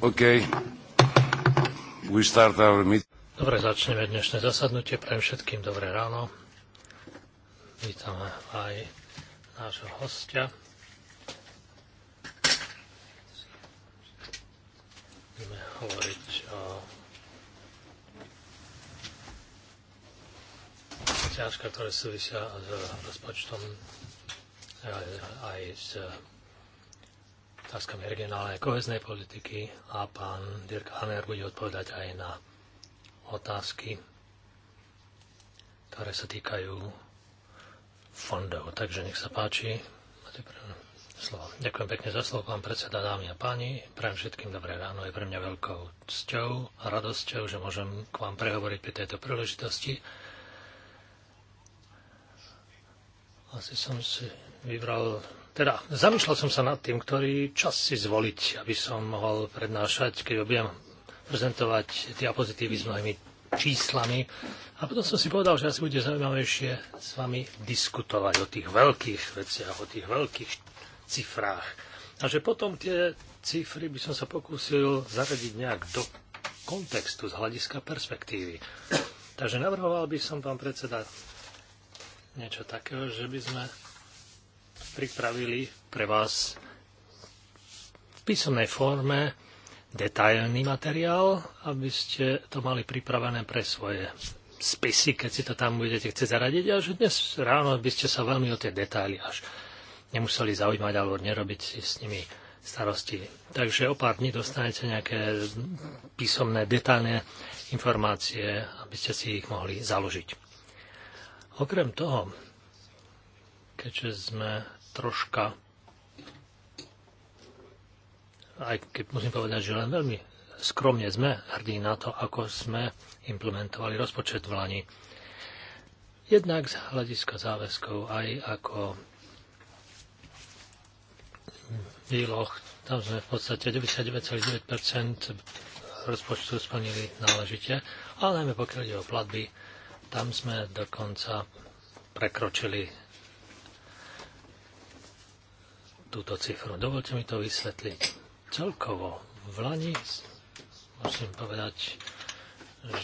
Okay. We start our meet. Dobre, začneme dnešné zasadnutie. Prajem všetkým dobré ráno. Vítame aj nášho hostia. Budeme hovoriť o ťažka, ktoré súvisia s rozpočtom aj s otázkami regionálnej koheznej politiky a pán Dirk Hammer bude odpovedať aj na otázky, ktoré sa týkajú fondov. Takže nech sa páči, máte pravdu. Slovo. Ďakujem pekne za slovo, pán predseda, dámy a páni. Prajem všetkým dobré ráno. Je pre mňa veľkou cťou a radosťou, že môžem k vám prehovoriť pri tejto príležitosti. Asi som si vybral teda zamýšľal som sa nad tým, ktorý čas si zvoliť, aby som mohol prednášať, keď budem prezentovať diapozitívy s mnohými číslami. A potom som si povedal, že asi bude zaujímavejšie s vami diskutovať o tých veľkých veciach, o tých veľkých cifrách. A že potom tie cifry by som sa pokúsil zaradiť nejak do kontextu z hľadiska perspektívy. Takže navrhoval by som vám predseda niečo takého, že by sme pripravili pre vás v písomnej forme detailný materiál, aby ste to mali pripravené pre svoje spisy, keď si to tam budete chcieť zaradiť a že dnes ráno by ste sa veľmi o tie detaily až nemuseli zaujímať alebo nerobiť si s nimi starosti. Takže o pár dní dostanete nejaké písomné, detailné informácie, aby ste si ich mohli založiť. Okrem toho, keďže sme troška aj keď musím povedať, že len veľmi skromne sme hrdí na to, ako sme implementovali rozpočet v Lani. Jednak z hľadiska záväzkov, aj ako výloh, tam sme v podstate 99,9% rozpočtu splnili náležite, ale najmä pokiaľ ide o platby, tam sme dokonca prekročili túto cifru. Dovolte mi to vysvetliť. Celkovo v Lani musím povedať,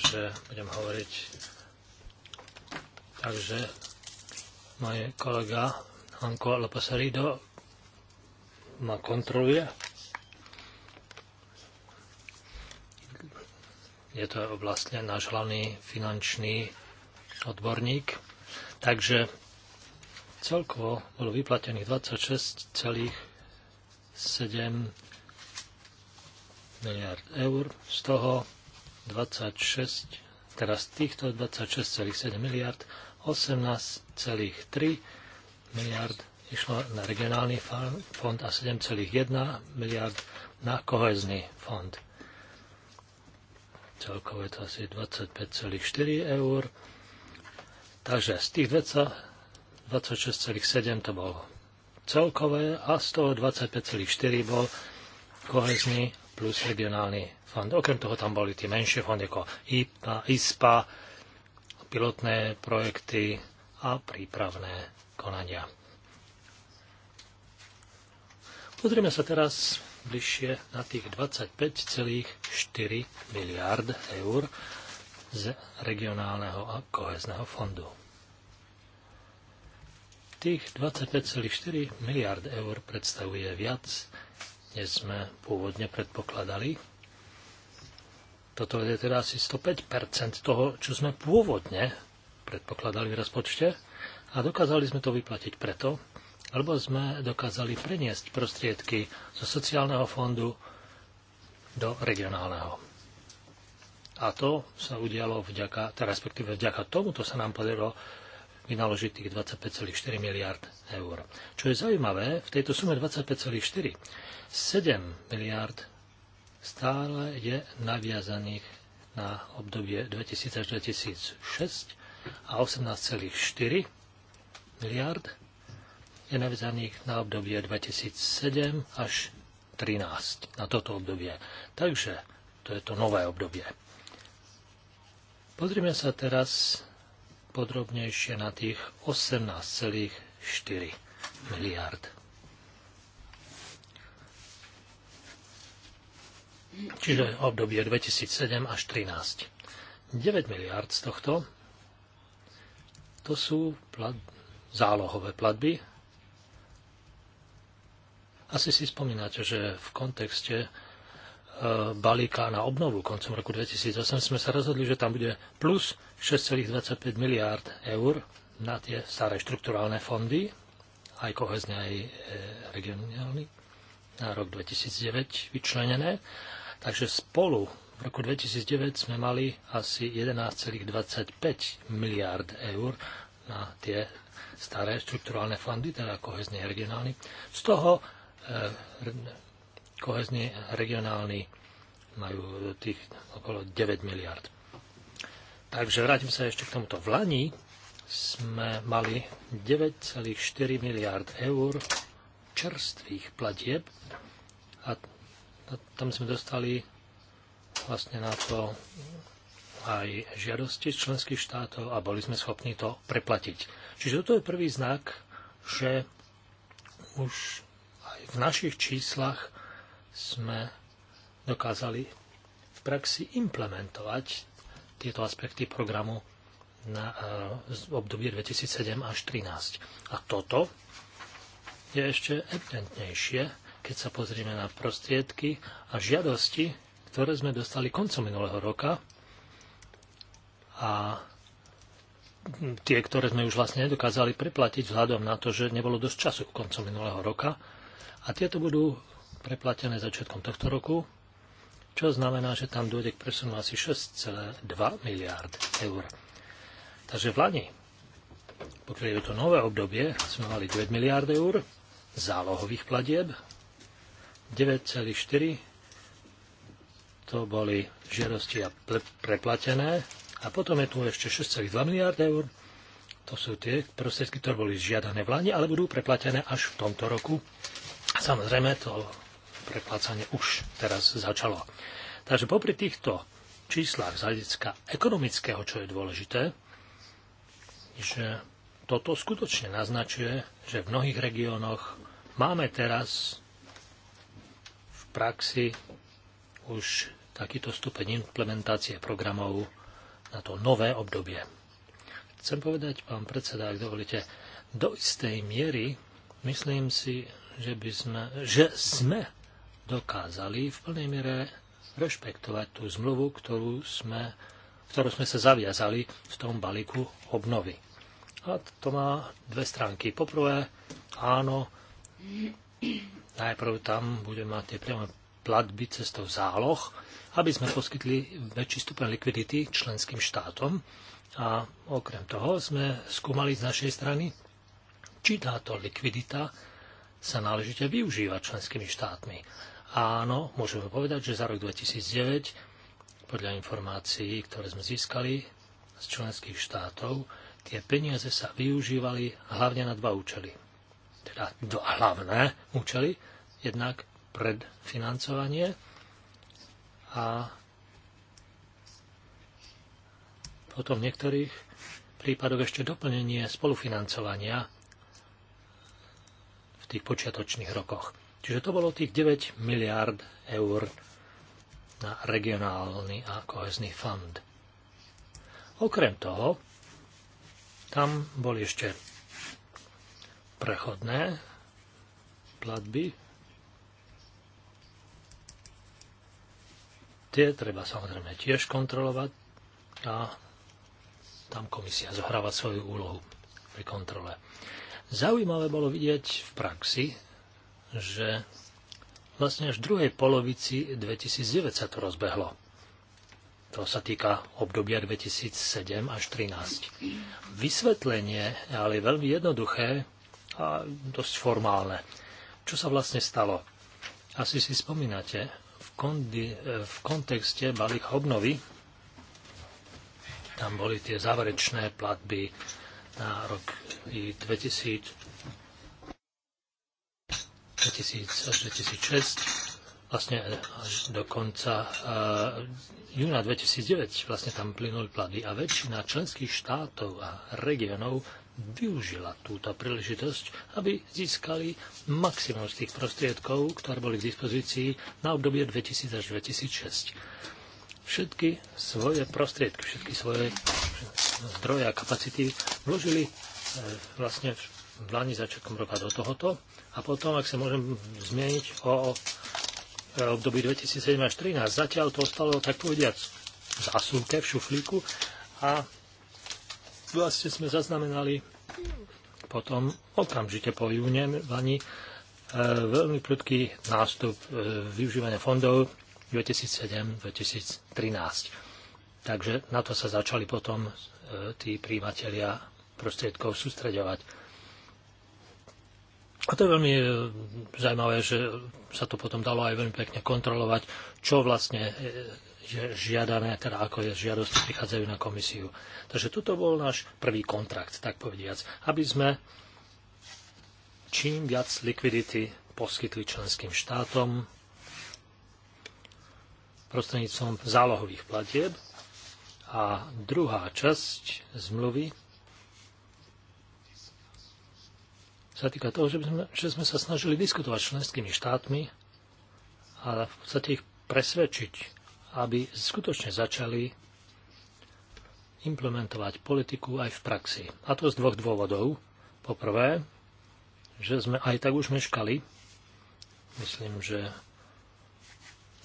že budem hovoriť takže môj kolega Hanko Lopasarido ma kontroluje. Je to vlastne náš hlavný finančný odborník. Takže Celkovo bolo vyplatených 26,7 miliard eur, z toho 26, teraz týchto 26,7 miliard, 18,3 miliard išlo na regionálny fond a 7,1 miliard na kohezný fond. Celkovo je to asi 25,4 eur. Takže z tých 20, 26,7 to bolo celkové a z toho 25,4 bol kohezný plus regionálny fond. Okrem toho tam boli tie menšie fondy ako IPA, ISPA, pilotné projekty a prípravné konania. Pozrieme sa teraz bližšie na tých 25,4 miliard eur z regionálneho a kohezného fondu. Tých 25,4 miliard eur predstavuje viac, než sme pôvodne predpokladali. Toto je teda asi 105 toho, čo sme pôvodne predpokladali v rozpočte a dokázali sme to vyplatiť preto, lebo sme dokázali preniesť prostriedky zo sociálneho fondu do regionálneho. A to sa udialo vďaka, teda respektíve vďaka tomuto sa nám podarilo vynaložiť tých 25,4 miliard eur. Čo je zaujímavé, v tejto sume 25,4 7 miliard stále je naviazaných na obdobie 2000 až 2006 a 18,4 miliard je naviazaných na obdobie 2007 až 13 na toto obdobie. Takže to je to nové obdobie. Pozrieme sa teraz podrobnejšie na tých 18,4 miliard. Čiže obdobie 2007 až 2013. 9 miliard z tohto to sú plat, zálohové platby. Asi si spomínate, že v kontexte e, balíka na obnovu koncom roku 2008 sme sa rozhodli, že tam bude plus 6,25 miliárd eur na tie staré štrukturálne fondy, aj kohezne, aj e, regionálny, na rok 2009 vyčlenené. Takže spolu v roku 2009 sme mali asi 11,25 miliárd eur na tie staré štrukturálne fondy, teda kohezný regionálny. Z toho e, kohezný regionálny majú tých okolo 9 miliard. Takže vrátim sa ešte k tomuto. V Lani sme mali 9,4 miliard eur čerstvých platieb a tam sme dostali vlastne na to aj žiadosti z členských štátov a boli sme schopní to preplatiť. Čiže toto je prvý znak, že už aj v našich číslach sme dokázali v praxi implementovať tieto aspekty programu na eh, obdobie 2007 až 2013. A toto je ešte evidentnejšie, keď sa pozrieme na prostriedky a žiadosti, ktoré sme dostali koncom minulého roka a tie, ktoré sme už vlastne nedokázali preplatiť vzhľadom na to, že nebolo dosť času koncom minulého roka. A tieto budú preplatené začiatkom tohto roku čo znamená, že tam dojde k presunu asi 6,2 miliard eur. Takže v Lani, pokiaľ je to nové obdobie, sme mali 9 miliard eur zálohových platieb, 9,4 to boli žiadosti a preplatené a potom je tu ešte 6,2 miliard eur, to sú tie prostriedky, ktoré boli žiadané v Lani, ale budú preplatené až v tomto roku. Samozrejme, to preplácanie už teraz začalo. Takže popri týchto číslach z hľadiska ekonomického, čo je dôležité, že toto skutočne naznačuje, že v mnohých regiónoch máme teraz v praxi už takýto stupeň implementácie programov na to nové obdobie. Chcem povedať, pán predseda, ak dovolíte, do istej miery myslím si, že, by sme, že sme dokázali v plnej miere rešpektovať tú zmluvu, ktorú sme, ktorú sme sa zaviazali v tom balíku obnovy. A to má dve stránky. Poprvé, áno, najprv tam budeme mať tie priame platby cestou záloh, aby sme poskytli väčší stupeň likvidity členským štátom. A okrem toho sme skúmali z našej strany, či táto likvidita sa náležite využíva členskými štátmi áno, môžeme povedať, že za rok 2009, podľa informácií, ktoré sme získali z členských štátov, tie peniaze sa využívali hlavne na dva účely. Teda dva hlavné účely. Jednak predfinancovanie a potom v niektorých prípadoch ešte doplnenie spolufinancovania v tých počiatočných rokoch. Čiže to bolo tých 9 miliard eur na regionálny a kohezný fond. Okrem toho, tam boli ešte prechodné platby. Tie treba samozrejme tiež kontrolovať a tam komisia zohráva svoju úlohu pri kontrole. Zaujímavé bolo vidieť v praxi, že vlastne až v druhej polovici 2009 sa to rozbehlo. To sa týka obdobia 2007 až 2013. Vysvetlenie je ale veľmi jednoduché a dosť formálne. Čo sa vlastne stalo? Asi si spomínate, v, kondi, v kontexte balík obnovy tam boli tie záverečné platby na rok 2000, 2000 až 2006, vlastne až do konca eh, júna 2009 vlastne tam plynuli plady a väčšina členských štátov a regionov využila túto príležitosť, aby získali maximum z tých prostriedkov, ktoré boli k dispozícii na obdobie 2000 až 2006. Všetky svoje prostriedky, všetky svoje zdroje a kapacity vložili eh, vlastne v Lani začiatkom roka do tohoto a potom, ak sa môžem zmieniť o e, období 2007 až 2013, zatiaľ to ostalo, tak povediať, zasunuté v šuflíku a vlastne sme zaznamenali potom okamžite po vani e, veľmi prudký nástup e, využívania fondov 2007-2013. Takže na to sa začali potom tí príjimatelia prostriedkov sústreďovať. A to je veľmi e, zaujímavé, že sa to potom dalo aj veľmi pekne kontrolovať, čo vlastne je žiadané, teda ako je žiadosti prichádzajú na komisiu. Takže toto bol náš prvý kontrakt, tak povediac, aby sme čím viac likvidity poskytli členským štátom prostredníctvom zálohových platieb. A druhá časť zmluvy sa týka toho, že, sme, že sme sa snažili diskutovať s členskými štátmi a v podstate ich presvedčiť, aby skutočne začali implementovať politiku aj v praxi. A to z dvoch dôvodov. Poprvé, že sme aj tak už meškali. Myslím, že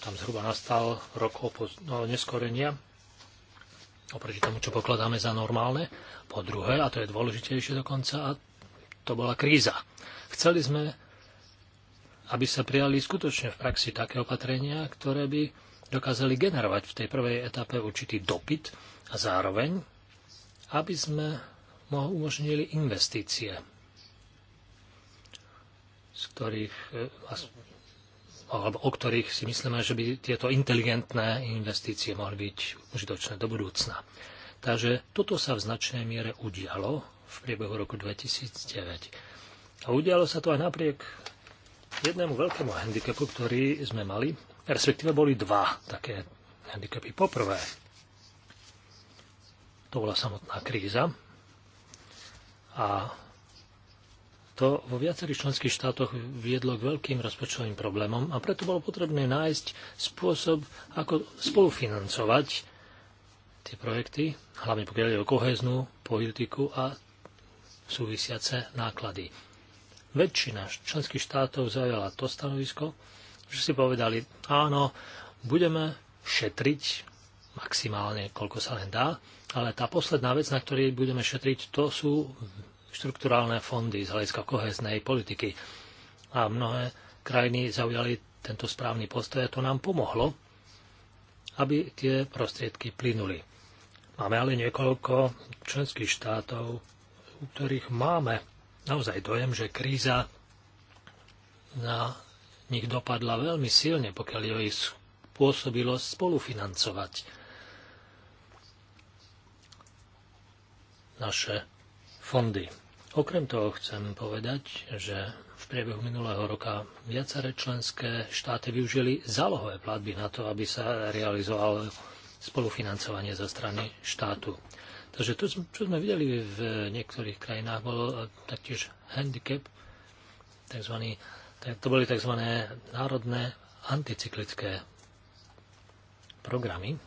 tam zhruba nastal rok no, neskorenia oproti tomu, čo pokladáme za normálne. Po druhé, a to je dôležitejšie dokonca, a to bola kríza. Chceli sme, aby sa prijali skutočne v praxi také opatrenia, ktoré by dokázali generovať v tej prvej etape určitý dopyt a zároveň, aby sme umožnili investície, z ktorých, e, alebo o ktorých si myslíme, že by tieto inteligentné investície mohli byť užitočné do budúcna. Takže toto sa v značnej miere udialo v priebehu roku 2009. A udialo sa to aj napriek jednému veľkému handicapu, ktorý sme mali, respektíve boli dva také handicapy. Poprvé, to bola samotná kríza a to vo viacerých členských štátoch viedlo k veľkým rozpočtovým problémom a preto bolo potrebné nájsť spôsob, ako spolufinancovať tie projekty, hlavne pokiaľ je o koheznú politiku a súvisiace náklady. Väčšina členských štátov zaujala to stanovisko, že si povedali, áno, budeme šetriť maximálne, koľko sa len dá, ale tá posledná vec, na ktorej budeme šetriť, to sú štrukturálne fondy z hľadiska koheznej politiky. A mnohé krajiny zaujali tento správny postoj a to nám pomohlo, aby tie prostriedky plynuli. Máme ale niekoľko členských štátov, ktorých máme naozaj dojem, že kríza na nich dopadla veľmi silne, pokiaľ je ich spolufinancovať naše fondy. Okrem toho chcem povedať, že v priebehu minulého roka viaceré členské štáty využili zálohové platby na to, aby sa realizovalo spolufinancovanie zo strany štátu. Takže to, čo sme videli v niektorých krajinách, bolo eh, taktiež handicap, tzv. to boli tzv. národné anticyklické programy.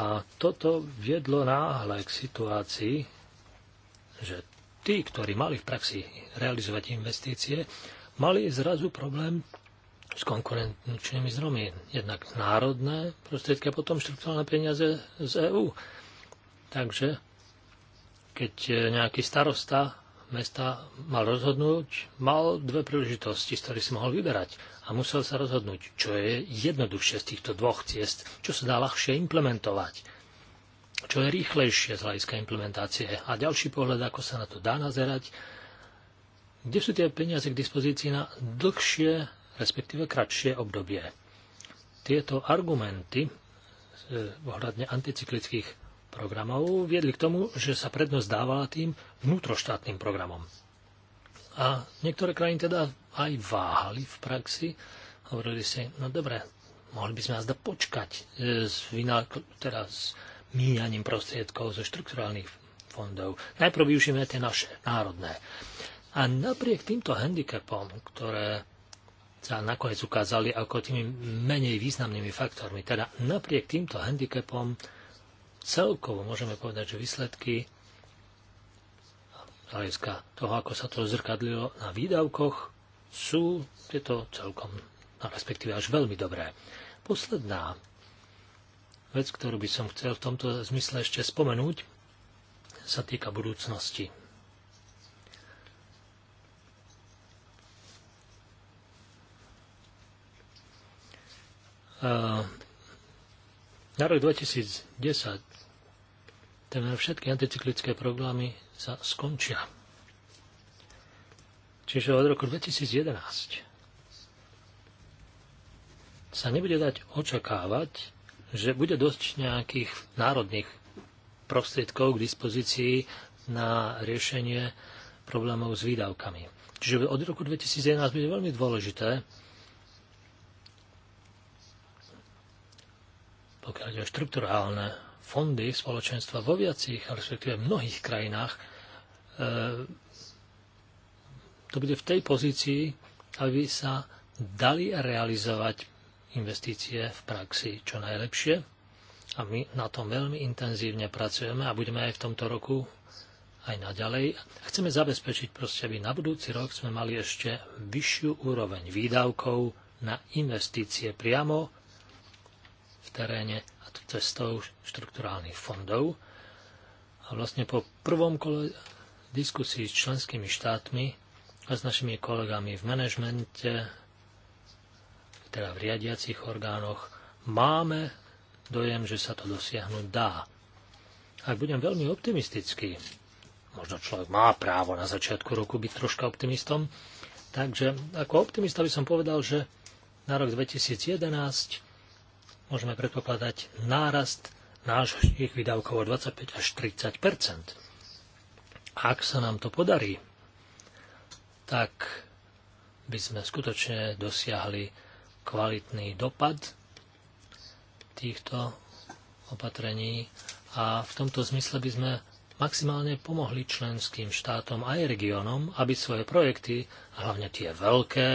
A toto viedlo náhle k situácii, že tí, ktorí mali v praxi realizovať investície, mali zrazu problém s konkurenčnými zdromi. Jednak národné prostriedky a potom štruktúrne peniaze z EÚ. Takže keď e, nejaký starosta mesta mal rozhodnúť, mal dve príležitosti, z ktorých si mohol vyberať. A musel sa rozhodnúť, čo je jednoduchšie z týchto dvoch ciest, čo sa dá ľahšie implementovať, čo je rýchlejšie z hľadiska implementácie. A ďalší pohľad, ako sa na to dá nazerať, kde sú tie peniaze k dispozícii na dlhšie, respektíve kratšie obdobie. Tieto argumenty e, ohľadne anticyklických programov viedli k tomu, že sa prednosť dávala tým vnútroštátnym programom. A niektoré krajiny teda aj váhali v praxi. Hovorili si, no dobre, mohli by sme nás počkať e, s, teda s míňaním prostriedkov zo štrukturálnych fondov. Najprv využijeme tie naše, národné. A napriek týmto handicapom, ktoré sa nakoniec ukázali ako tými menej významnými faktormi, teda napriek týmto handicapom celkovo môžeme povedať, že výsledky hľadiska toho, ako sa to zrkadlilo na výdavkoch, sú tieto celkom, respektíve až veľmi dobré. Posledná vec, ktorú by som chcel v tomto zmysle ešte spomenúť, sa týka budúcnosti. Ehm, na rok 2010 teda všetky anticyklické programy sa skončia. Čiže od roku 2011 sa nebude dať očakávať, že bude dosť nejakých národných prostriedkov k dispozícii na riešenie problémov s výdavkami. Čiže od roku 2011 bude veľmi dôležité, pokiaľ ide o štrukturálne fondy spoločenstva vo viacich, respektíve mnohých krajinách, e, to bude v tej pozícii, aby sa dali realizovať investície v praxi čo najlepšie. A my na tom veľmi intenzívne pracujeme a budeme aj v tomto roku aj naďalej. Chceme zabezpečiť proste, aby na budúci rok sme mali ešte vyššiu úroveň výdavkov na investície priamo v teréne cestou štruktúrálnych fondov. A vlastne po prvom kole diskusii s členskými štátmi a s našimi kolegami v manažmente, teda v riadiacich orgánoch, máme dojem, že sa to dosiahnuť dá. Ak budem veľmi optimistický, možno človek má právo na začiatku roku byť troška optimistom, takže ako optimista by som povedal, že na rok 2011 môžeme predpokladať nárast nášich výdavkov o 25 až 30 Ak sa nám to podarí, tak by sme skutočne dosiahli kvalitný dopad týchto opatrení a v tomto zmysle by sme maximálne pomohli členským štátom aj regiónom, aby svoje projekty, hlavne tie veľké,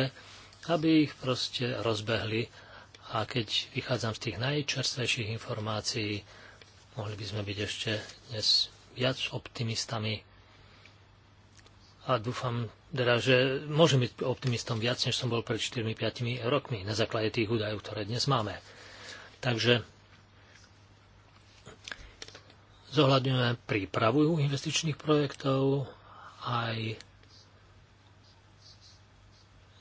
aby ich proste rozbehli a keď vychádzam z tých najčerstvejších informácií, mohli by sme byť ešte dnes viac optimistami. A dúfam, teda, že môžem byť optimistom viac, než som bol pred 4-5 rokmi na základe tých údajov, ktoré dnes máme. Takže zohľadňujeme prípravu investičných projektov, aj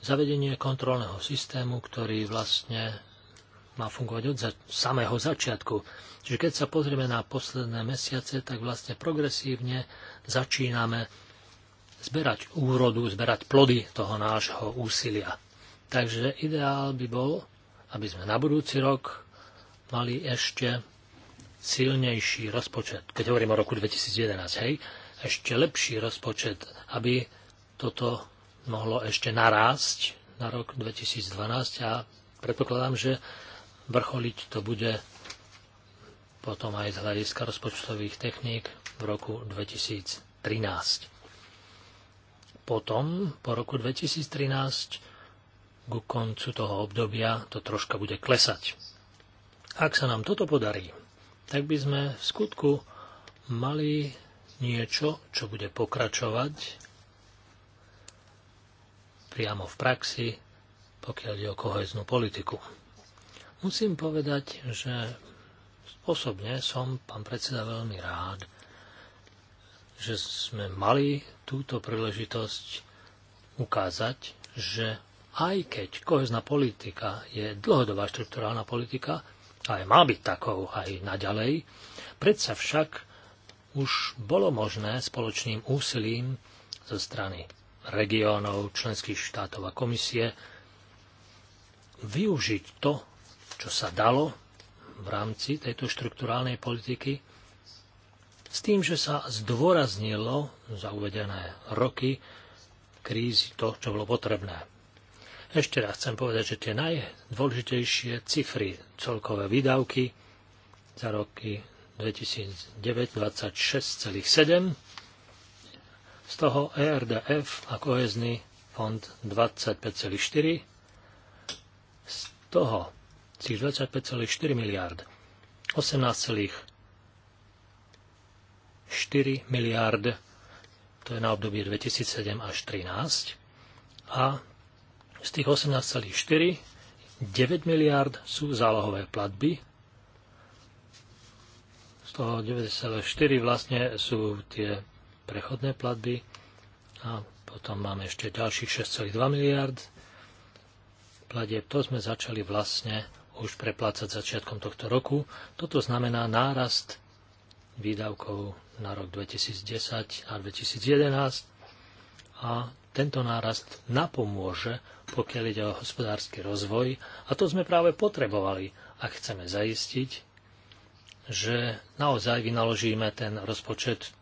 zavedenie kontrolného systému, ktorý vlastne má fungovať od za- samého začiatku. Čiže keď sa pozrieme na posledné mesiace, tak vlastne progresívne začíname zberať úrodu, zberať plody toho nášho úsilia. Takže ideál by bol, aby sme na budúci rok mali ešte silnejší rozpočet, keď hovorím o roku 2011, hej, ešte lepší rozpočet, aby toto mohlo ešte narásť na rok 2012 a predpokladám, že vrcholiť to bude potom aj z hľadiska rozpočtových techník v roku 2013. Potom, po roku 2013, ku koncu toho obdobia to troška bude klesať. Ak sa nám toto podarí, tak by sme v skutku mali niečo, čo bude pokračovať priamo v praxi, pokiaľ je o koheznú politiku. Musím povedať, že osobne som, pán predseda, veľmi rád, že sme mali túto príležitosť ukázať, že aj keď kohezná politika je dlhodobá štruktúrálna politika, a aj má byť takou aj naďalej, predsa však už bolo možné spoločným úsilím zo strany regiónov, členských štátov a komisie využiť to, čo sa dalo v rámci tejto štrukturálnej politiky, s tým, že sa zdôraznilo za uvedené roky krízy to, čo bolo potrebné. Ešte raz chcem povedať, že tie najdôležitejšie cifry, celkové výdavky za roky 2009 26,7, z toho ERDF a kohezný fond 25,4, z toho tých 25,4 miliárd, 18,4 miliárd, to je na obdobie 2007 až 2013, a z tých 18,4 9 miliárd sú zálohové platby, z toho 9,4 vlastne sú tie prechodné platby a potom máme ešte ďalších 6,2 miliard platieb. To sme začali vlastne už preplácať začiatkom tohto roku. Toto znamená nárast výdavkov na rok 2010 a 2011 a tento nárast napomôže, pokiaľ ide o hospodársky rozvoj a to sme práve potrebovali, a chceme zaistiť, že naozaj vynaložíme ten rozpočet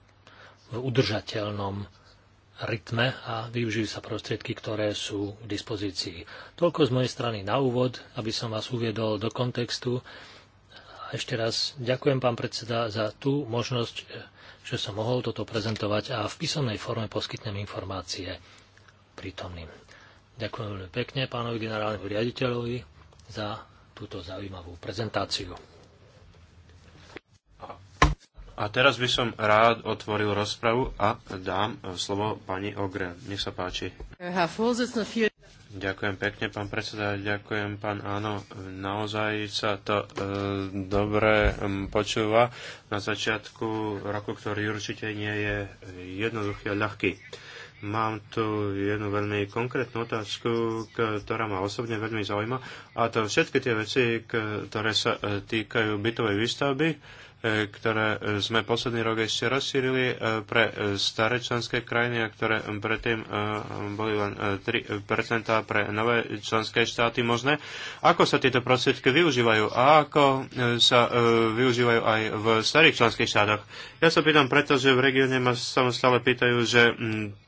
v udržateľnom rytme a využijú sa prostriedky, ktoré sú k dispozícii. Toľko z mojej strany na úvod, aby som vás uviedol do kontextu. A ešte raz ďakujem, pán predseda, za tú možnosť, že som mohol toto prezentovať a v písomnej forme poskytnem informácie prítomným. Ďakujem veľmi pekne pánovi generálnemu riaditeľovi za túto zaujímavú prezentáciu. A teraz by som rád otvoril rozpravu a dám eh, slovo pani Ogre. Nech sa páči. Ďakujem pekne, pán predseda, ďakujem, pán Áno. Naozaj sa to e, dobre hm, počúva na začiatku roku, ktorý určite nie je jednoduchý a ľahký. Mám tu jednu veľmi konkrétnu otázku, ktorá ma osobne veľmi zaujíma, a to všetky tie veci, ktoré sa eh, týkajú bytovej výstavby, E, ktoré e, sme posledný rok ešte rozšírili e, pre staré členské krajiny a ktoré predtým boli len 3% pre nové členské štáty možné. Ako sa tieto prostriedky využívajú a ako sa využívajú aj v starých členských štátoch? Ja sa pýtam, pretože v regióne ma samostále pýtajú, že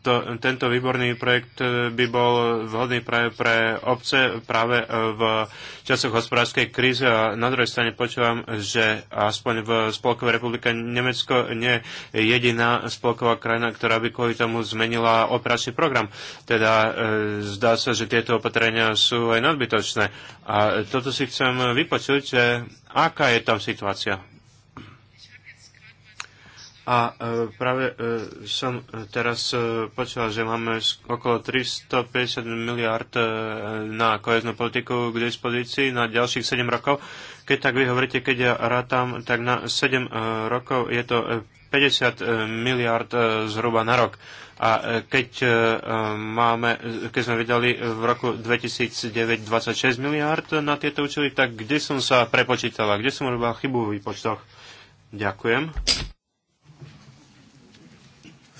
to, tento výborný projekt by bol vhodný práve pre obce práve v časoch hospodárskej kríze a na druhej strane počúvam, že aspoň v Spolková republika Nemecko nie je jediná spolková krajina, ktorá by kvôli tomu zmenila operačný program. Teda e, zdá sa, že tieto opatrenia sú aj nadbytočné. A toto si chcem vypočuť, e, aká je tam situácia. A e, práve e, som teraz e, počula, že máme okolo 350 miliard na koheznú politiku k dispozícii na ďalších 7 rokov. Keď tak vy hovoríte, keď ja rátam, tak na 7 rokov je to 50 miliard zhruba na rok. A keď, máme, keď sme vydali v roku 2009 26 miliard na tieto účely, tak kde som sa prepočítala? Kde som robila chybu v výpočtoch? Ďakujem.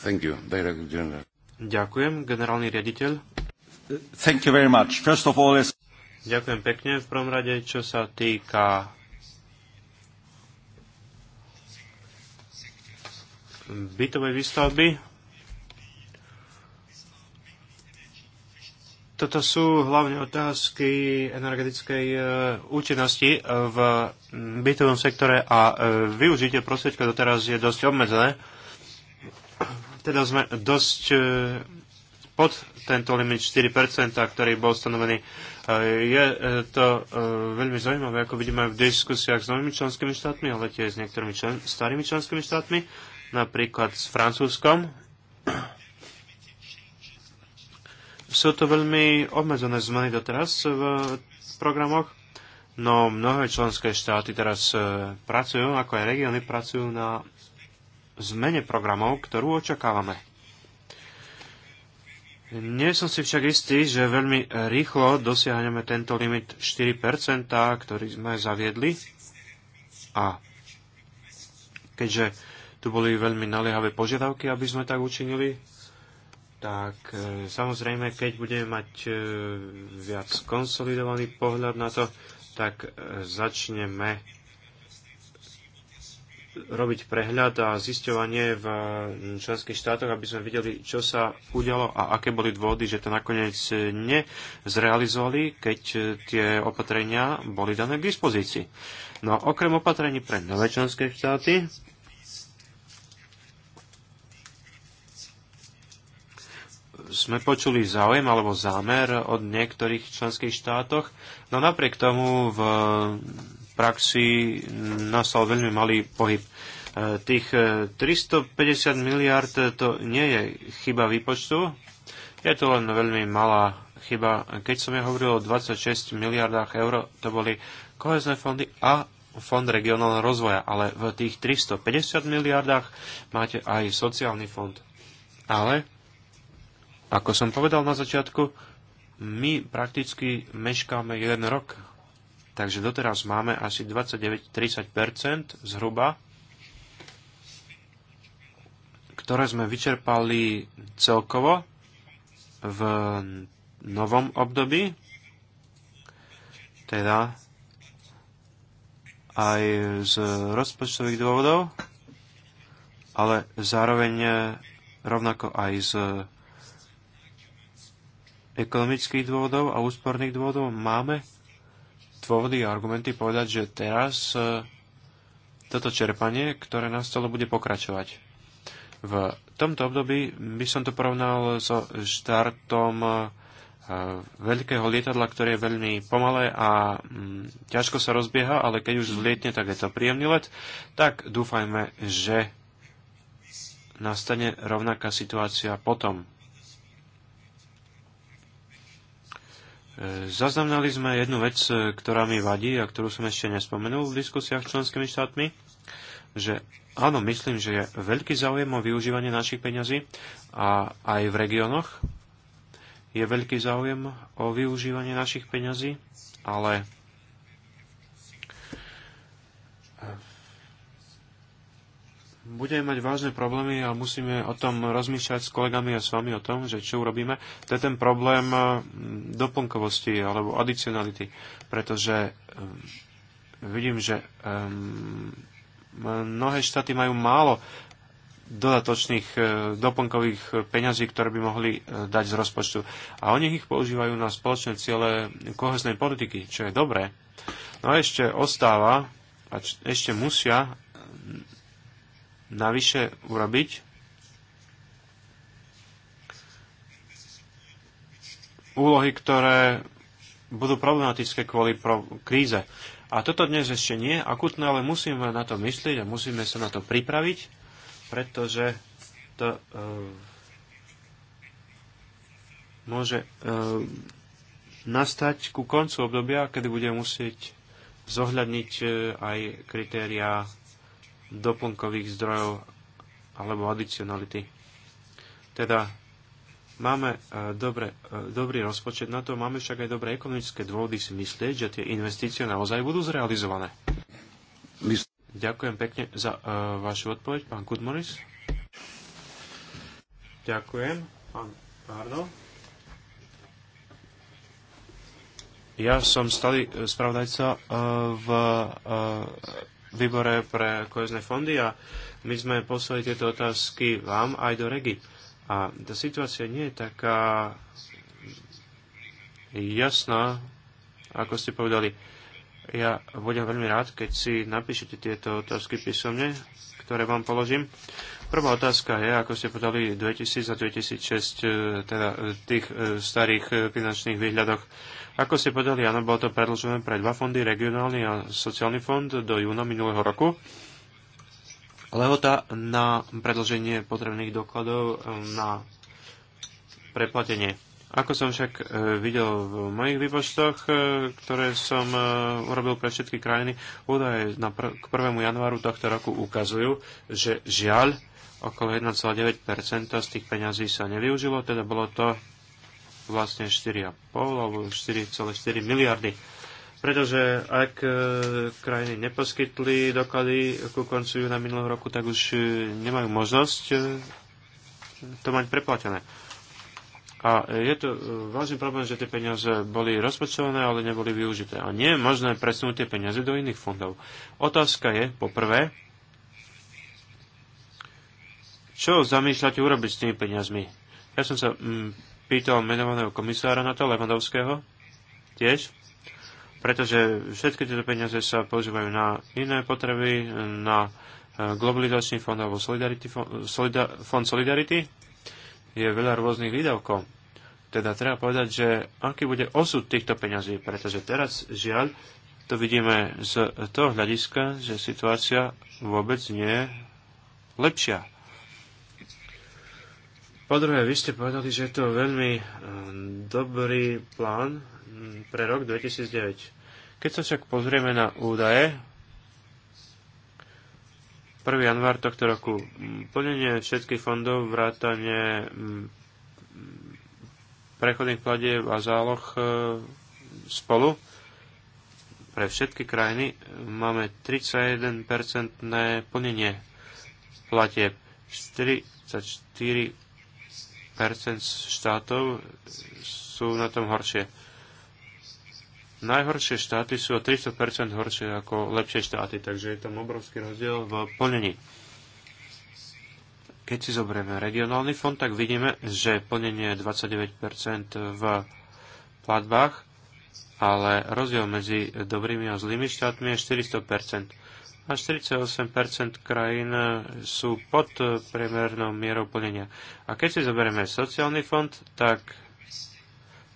Thank you, Director General. Ďakujem, generálny riaditeľ. Thank you very much. First of all is... Ďakujem pekne. V prvom rade, čo sa týka bytovej výstavby, toto sú hlavne otázky energetickej e, účinnosti v bytovom sektore a e, využitie prostriedka doteraz je dosť obmedzené. Teda sme dosť e, pod tento limit 4%, ktorý bol stanovený. E, je e, to veľmi zaujímavé, ako vidíme v diskusiách s novými členskými štátmi, ale tiež s niektorými člen- starými členskými štátmi, napríklad s Francúzskom. Sú to veľmi obmedzené zmeny doteraz v programoch, no mnohé členské štáty teraz pracujú, ako aj regióny pracujú na zmene programov, ktorú očakávame. Nie som si však istý, že veľmi rýchlo dosiahneme tento limit 4%, ktorý sme zaviedli. A keďže tu boli veľmi naliehavé požiadavky, aby sme tak učinili, tak e, samozrejme, keď budeme mať e, viac konsolidovaný pohľad na to, tak e, začneme robiť prehľad a zisťovanie v mm, členských štátoch, aby sme videli, čo sa udialo a aké boli dôvody, že to nakoniec nezrealizovali, keď e, tie opatrenia boli dané k dispozícii. No okrem opatrení pre nové členské štáty, sme počuli záujem alebo zámer od niektorých členských štátoch, no napriek tomu v praxi nastal veľmi malý pohyb. E, tých 350 e, miliard e, to nie je chyba výpočtu, je to len veľmi malá chyba. Keď som ja hovoril o 26 miliardách eur, to boli kohezné fondy a fond regionálneho rozvoja, ale v tých 350 miliardách máte aj sociálny fond. Ale, ako som povedal na začiatku, my prakticky meškáme jeden rok Takže doteraz máme asi 29-30 zhruba, ktoré sme vyčerpali celkovo v novom období, teda aj z rozpočtových dôvodov, ale zároveň rovnako aj z ekonomických dôvodov a úsporných dôvodov máme dôvody a argumenty povedať, že teraz e, toto čerpanie, ktoré nastalo, bude pokračovať. V tomto období by som to porovnal so štartom e, veľkého lietadla, ktoré je veľmi pomalé a mm, ťažko sa rozbieha, ale keď už zlietne, tak je to príjemný let, tak dúfajme, že nastane rovnaká situácia potom. Zaznamenali sme jednu vec, e, ktorá mi vadí a ktorú som ešte nespomenul v diskusiách s členskými štátmi, že áno, myslím, že je veľký záujem o využívanie našich peňazí a aj v regiónoch je veľký záujem o využívanie našich peňazí, ale budeme mať vážne problémy a musíme o tom rozmýšľať s kolegami a s vami o tom, že čo urobíme. To je ten problém eh, doplnkovosti alebo adicionality, pretože eh, vidím, že eh, mnohé štáty majú málo dodatočných doplnkových peňazí, ktoré by mohli dať z rozpočtu. A oni ich používajú na spoločné ciele koheznej politiky, čo je dobré. No a ešte ostáva, a ešte musia navyše urobiť. Úlohy, ktoré budú problematické kvôli pro- kríze. A toto dnes ešte nie je akutné, ale musíme na to myslieť a musíme sa na to pripraviť, pretože to uh, môže uh, nastať ku koncu obdobia, kedy budeme musieť zohľadniť e, aj kritériá doplnkových zdrojov alebo adicionality. Teda máme e, dobre, e, dobrý rozpočet na to, máme však aj dobré ekonomické dôvody si myslieť, že tie investície naozaj budú zrealizované. Ďakujem pekne za uh, vašu odpoveď, pán Kudmoris. Ďakujem, pán Pardo. Ja som stály spravodajca uh, v uh, výbore pre kohezné fondy a my sme poslali tieto otázky vám aj do regi. A tá situácia nie je taká jasná, ako ste povedali. Ja budem veľmi rád, keď si napíšete tieto otázky písomne, ktoré vám položím. Prvá otázka je, ako ste podali 2000 a 2006, eh, teda eh, tých eh, starých finančných výhľadoch. Ako ste povedali, áno, bolo to predlžené pre dva fondy, regionálny a sociálny fond do júna minulého roku. Lehota na predlženie potrebných dokladov um, na preplatenie. Ako som však e, videl v mojich výpočtoch, e, ktoré som e, urobil pre všetky krajiny, údaje na pr- k 1. januáru tohto roku ukazujú, že žiaľ okolo 1,9% z tých peňazí sa nevyužilo, teda bolo to vlastne 4,5 alebo 4,4 miliardy. Pretože ak e, krajiny neposkytli doklady ku koncu júna minulého roku, tak už e, nemajú možnosť e, to mať preplatené. A je to vážny problém, že tie peniaze boli rozpočované, ale neboli využité. A nie je možné presunúť tie peniaze do iných fondov. Otázka je, poprvé, čo zamýšľate urobiť s tými peniazmi? Ja som sa mm, pýtal menovaného komisára na to, Levandovského, tiež, pretože všetky tieto peniaze sa používajú na iné potreby, na e, globalizačný fond alebo Solidarity, fond, Solida, fond Solidarity. Je veľa rôznych výdavkov. Teda treba povedať, že aký bude osud týchto peňazí, pretože teraz žiaľ to vidíme z toho hľadiska, že situácia vôbec nie je lepšia. Po druhé, vy ste povedali, že je to veľmi e, dobrý plán pre rok 2009. Keď sa však pozrieme na údaje, 1. január tohto roku, plnenie všetkých fondov, vrátanie prechodných platieb a záloh e, spolu pre všetky krajiny máme 31 plnenie platieb, 44 štátov sú na tom horšie. Najhoršie štáty sú o 300 horšie ako lepšie štáty, takže je tam obrovský rozdiel v plnení. Keď si zoberieme regionálny fond, tak vidíme, že plnenie je 29 v platbách, ale rozdiel medzi dobrými a zlými štátmi je 400 a 48% krajín e, sú pod e, priemernou mierou plnenia. A keď si zoberieme sociálny fond, tak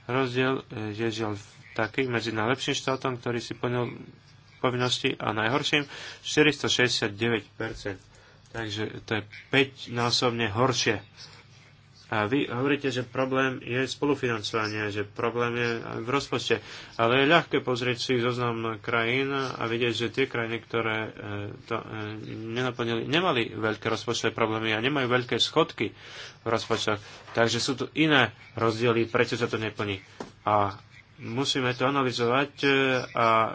rozdiel e, je žiaľ taký medzi najlepším štátom, ktorý si plnil povinnosti a najhorším 469%. Takže to je 5 násobne horšie a vy hovoríte, že problém je spolufinancovanie, že problém je v rozpočte. Ale je ľahké pozrieť si zoznam krajín a vidieť, že tie krajiny, ktoré e, to e, nenaplnili, nemali veľké rozpočtové problémy a nemajú veľké schodky v rozpočtoch. Takže sú tu iné rozdiely, prečo sa to neplní. A musíme to analyzovať e, a e,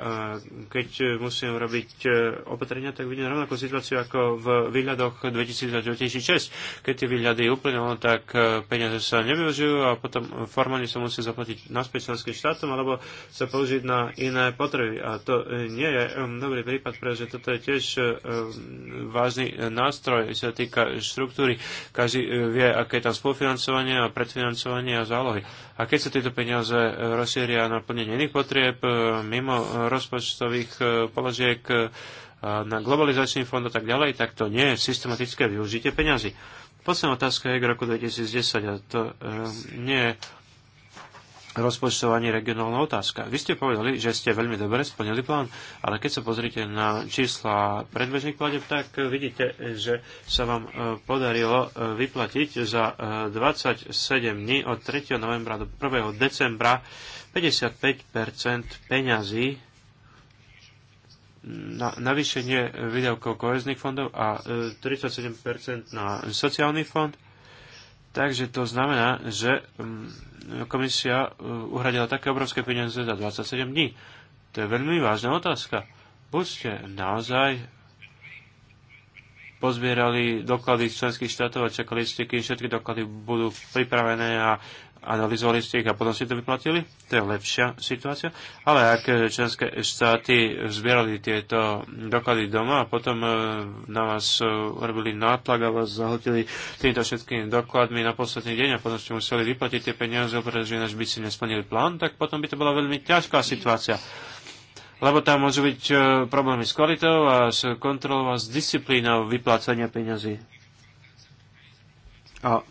keď musíme robiť e, opatrenia, tak vidím rovnakú situáciu ako v výhľadoch 2000-2006. Keď tie výhľady uplynulo, tak peniaze sa nevyužijú a potom formálne sa musí zaplatiť naspäť členským štátom alebo sa použiť na iné potreby. A to nie je dobrý prípad, pretože toto je tiež vážny nástroj, sa týka štruktúry. Každý vie, aké je tam spolufinancovanie a predfinancovanie a zálohy. A keď sa tieto peniaze rozšíri zameria na plnenie iných potrieb e, mimo rozpočtových e, položiek e, na globalizačný fond a tak ďalej, tak to nie je systematické využitie peňazí. Posledná otázka je k roku 2010 a to nie je rozpočtovanie regionálna otázka. Vy ste povedali, že ste veľmi dobre splnili plán, ale keď sa pozrite na čísla predbežných pladeb, tak vidíte, že sa vám podarilo vyplatiť za 27 dní od 3. novembra do 1. decembra 55 peňazí na navýšenie výdavkov kohezných fondov a 37 e, na sociálny fond. Takže to znamená, že mm, komisia e, uhradila také obrovské peniaze za 27 dní. To je veľmi vážna otázka. Buď ste naozaj pozbierali doklady z členských štátov a čakali ste, kým všetky doklady budú pripravené a analyzovali ste ich a potom si to vyplatili? To je lepšia situácia. Ale ak členské štáty zbierali tieto doklady doma a potom e, na vás e, robili nátlak a vás zahotili týmto všetkými dokladmi na posledný deň a potom ste museli vyplatiť tie peniaze, pretože ináč by si nesplnili plán, tak potom by to bola veľmi ťažká situácia. Lebo tam môžu byť e, problémy s kvalitou a s kontrolou a s disciplínou vyplácania peniazy. A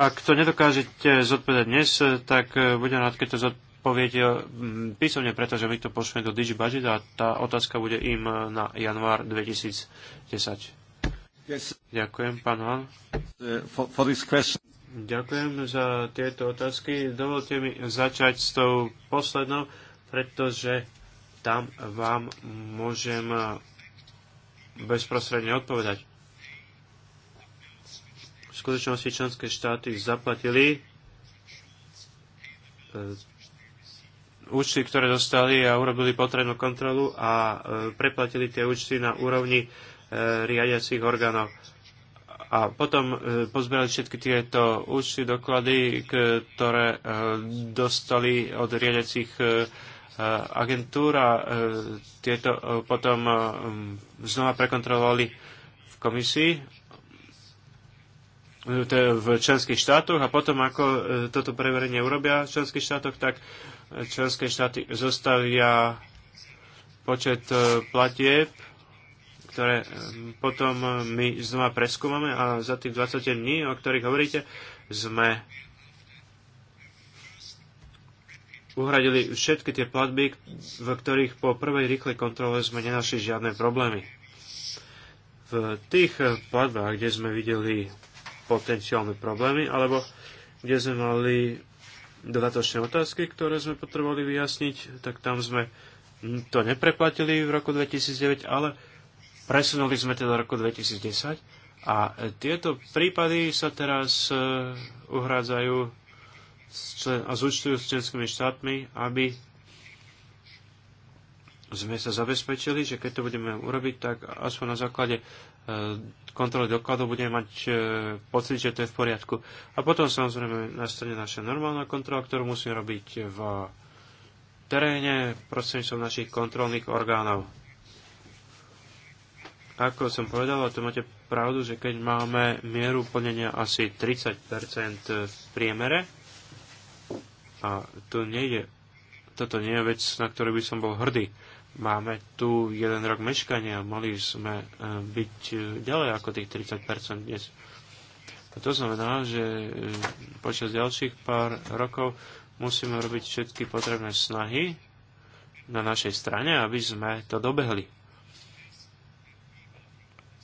ak to nedokážete zodpovedať dnes, tak eh, budem rád, keď to zodpoviete hm, písomne, pretože my to pošleme do DigiBudget a tá otázka bude im eh, na január 2010. Yes. Ďakujem, pán Han. Eh, for, for this question. Ďakujem za tieto otázky. Dovolte mi začať s tou poslednou, pretože tam vám môžem bezprostredne odpovedať. V skutočnosti členské štáty zaplatili e, účty, ktoré dostali a urobili potrebnú kontrolu a e, preplatili tie účty na úrovni e, riadiacich orgánov. A potom pozbierali všetky tieto účty, doklady, ktoré dostali od riadiacich agentúr a tieto potom znova prekontrolovali v komisii E, v členských štátoch a potom ako e, toto preverenie urobia v členských štátoch, tak e, členské štáty zostavia počet platieb, ktoré potom my znova preskúmame a za tých 20 dní, o ktorých hovoríte, sme uhradili všetky tie platby, v ktorých po prvej rýchlej kontrole sme nenašli žiadne problémy. V tých platbách, kde sme videli potenciálne problémy, alebo kde sme mali dodatočné otázky, ktoré sme potrebovali vyjasniť, tak tam sme to nepreplatili v roku 2009, ale presunuli sme to do roku 2010 a tieto prípady sa teraz e, uhrádzajú a zúčtujú s členskými štátmi, aby sme sa zabezpečili, že keď to budeme urobiť, tak aspoň na základe e, kontroly dokladov budeme mať e, pocit, že to je v poriadku. A potom samozrejme nastane naša normálna kontrola, ktorú musíme robiť v teréne prostredníctvom našich kontrolných orgánov. Ako som povedal, a to máte pravdu, že keď máme mieru plnenia asi 30% v priemere, a tu nejde, toto nie je vec, na ktorú by som bol hrdý máme tu jeden rok meškania, mohli sme e, byť e, ďalej ako tých 30% dnes. A to znamená, že e, počas ďalších pár rokov musíme robiť všetky potrebné snahy na našej strane, aby sme to dobehli.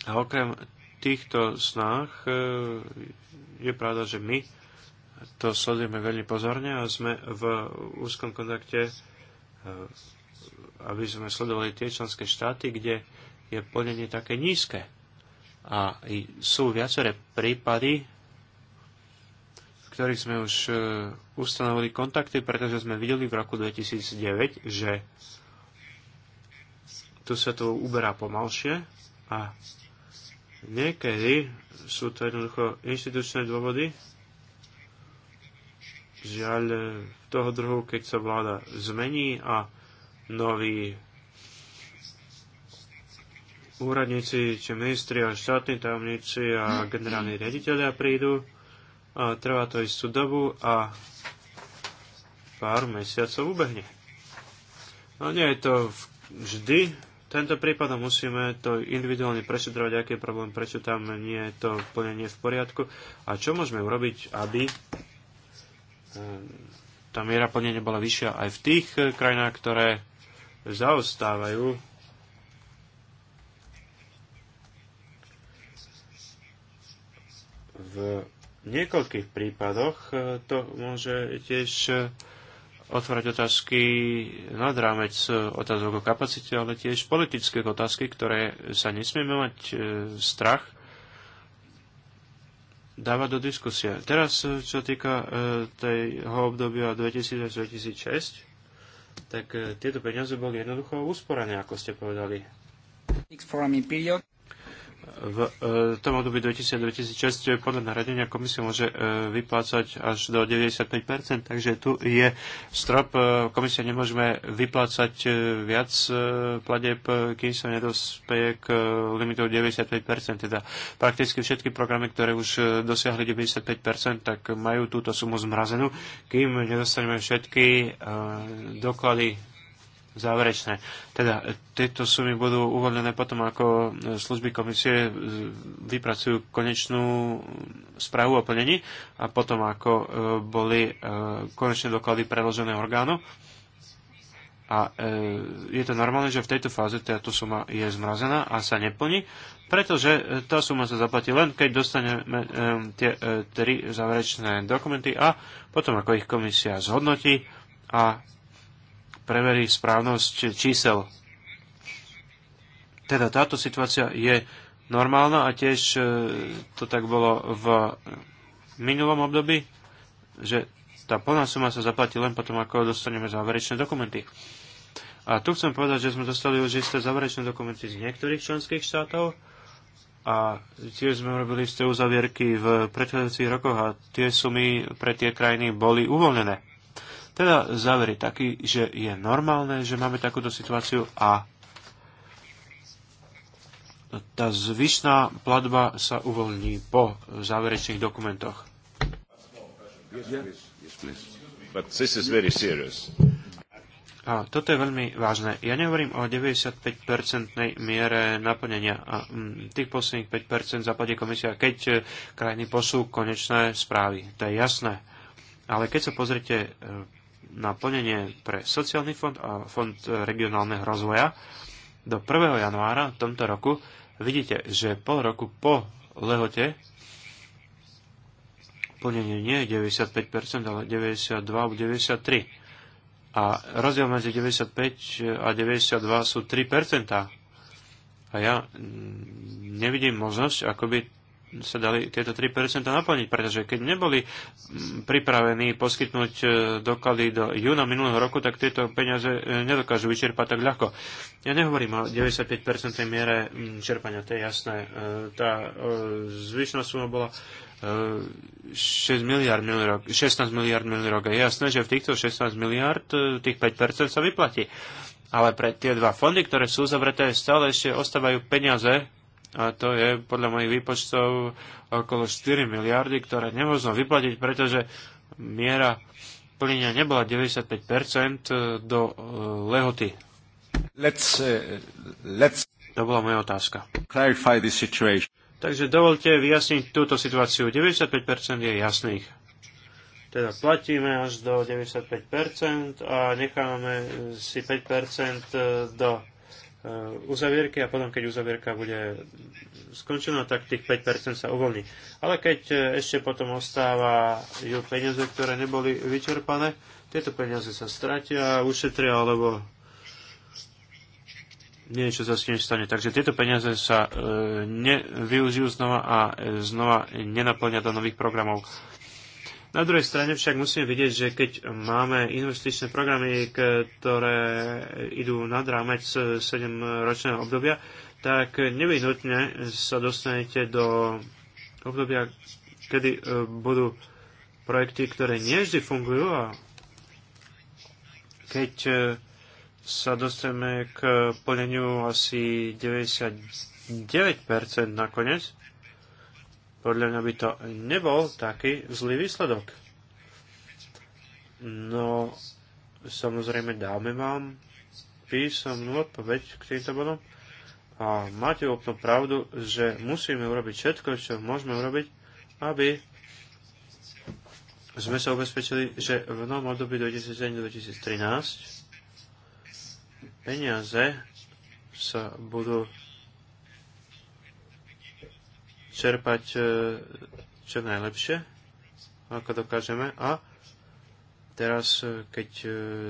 A okrem týchto snah je pravda, že my to sledujeme veľmi pozorne a sme v úzkom kontakte aby sme sledovali tie členské štáty, kde je plnenie také nízke. A sú viaceré prípady, v ktorých sme už e, ustanovili kontakty, pretože sme videli v roku 2009, že tu sa to uberá pomalšie a niekedy sú to jednoducho inštitučné dôvody. Žiaľ, e, toho druhu, keď sa vláda zmení a noví úradníci, či ministri a štátni tajomníci a generálni riaditeľia prídu. A trvá to istú dobu a pár mesiacov ubehne. No nie je to vždy tento prípad a musíme to individuálne prešetrovať, aký je problém, prečo tam nie je to plne nie v poriadku a čo môžeme urobiť, aby eh, tá miera plne nebola vyššia aj v tých eh, krajinách, ktoré zaostávajú v niekoľkých prípadoch e, to môže tiež e, otvárať otázky nad rámec e, otázok o kapacite, ale tiež politické otázky, ktoré sa nesmieme mať strach Dávať do diskusie. Teraz, čo týka e, tej obdobia 2000-2006, tak e, tieto peniaze boli jednoducho usporané, ako ste povedali v e, tom období 2000-2006 podľa naradenia komisie môže e, vyplácať až do 95%, takže tu je strop. E, komisia nemôžeme vyplácať viac pladeb, kým sa nedospeje k limitu 95%. Teda prakticky všetky programy, ktoré už dosiahli 95%, tak majú túto sumu zmrazenú, kým nedostaneme všetky doklady záverečné. Teda e, tieto sumy budú uvoľnené potom, ako e, služby komisie e, vypracujú konečnú správu o plnení a potom, ako boli konečné doklady preložené orgánu. A je to normálne, že v tejto fáze táto suma je zmrazená a sa neplní, pretože tá suma sa zaplatí len, keď dostaneme tie tri záverečné dokumenty a potom, ako ich komisia zhodnotí a preverí správnosť čísel. Teda táto situácia je normálna a tiež e, to tak bolo v minulom období, že tá plná suma sa zaplatí len potom, ako dostaneme záverečné dokumenty. A tu chcem povedať, že sme dostali už isté záverečné dokumenty z niektorých členských štátov a tiež sme robili isté uzavierky v predchádzajúcich rokoch a tie sumy pre tie krajiny boli uvoľnené. Teda záver je taký, že je normálne, že máme takúto situáciu a tá zvyšná platba sa uvoľní po záverečných dokumentoch. A toto je veľmi vážne. Ja nehovorím o 95-percentnej miere naplnenia. A, mm, tých posledných 5% zapadne komisia, keď e, krajiny posú konečné správy. To je jasné. Ale keď sa pozrite e, na plnenie pre sociálny fond a fond e, regionálneho rozvoja do 1. januára tomto roku vidíte, že pol roku po lehote plnenie nie je 95%, ale 92 93. A rozdiel medzi 95 a 92 sú 3%. A ja mm, nevidím možnosť, ako by sa dali tieto 3% naplniť, pretože keď neboli mm, pripravení poskytnúť e, doklady do júna minulého roku, tak tieto peniaze e, nedokážu vyčerpať tak ľahko. Ja nehovorím o 95% miere mm, čerpania, to je jasné. E, tá zvyšná suma bola 6 miliard milý rok, 16 miliard milý rok. Je jasné, že v týchto 16 miliard tých 5% sa vyplatí. Ale pre tie dva fondy, ktoré sú zavreté, stále ešte ostávajú peniaze a to je podľa mojich výpočtov okolo 4 miliardy, ktoré nemôžno vyplatiť, pretože miera plynia nebola 95% do e, lehoty. Let's, e, let's to bola moja otázka. Clarify this situation. Takže dovolte vyjasniť túto situáciu. 95% je jasných. Teda platíme až do 95% a necháme si 5% do Uh, uzavierky a potom, keď uzavierka bude skončená, tak tých 5% sa uvoľní. Ale keď uh, ešte potom ostáva ju peniaze, ktoré neboli vyčerpané, tieto peniaze sa stratia, ušetria alebo niečo sa s tým stane. Takže tieto peniaze sa e, nevyužijú znova a e, znova nenaplňa do nových programov. Na druhej strane však musíme vidieť, že keď máme investičné programy, ktoré idú nad rámec 7-ročného obdobia, tak nevyhnutne sa dostanete do obdobia, kedy e, budú projekty, ktoré nie vždy fungujú a keď e, sa dostaneme k plneniu asi 99% nakoniec, podľa mňa by to nebol taký zlý výsledok. No, samozrejme dáme vám písomnú odpoveď k týmto bodom a máte úplnú pravdu, že musíme urobiť všetko, čo môžeme urobiť, aby sme sa ubezpečili, že v novom období 2007-2013 peniaze sa budú čerpať e, čo najlepšie, ako dokážeme. A teraz, e, keď e,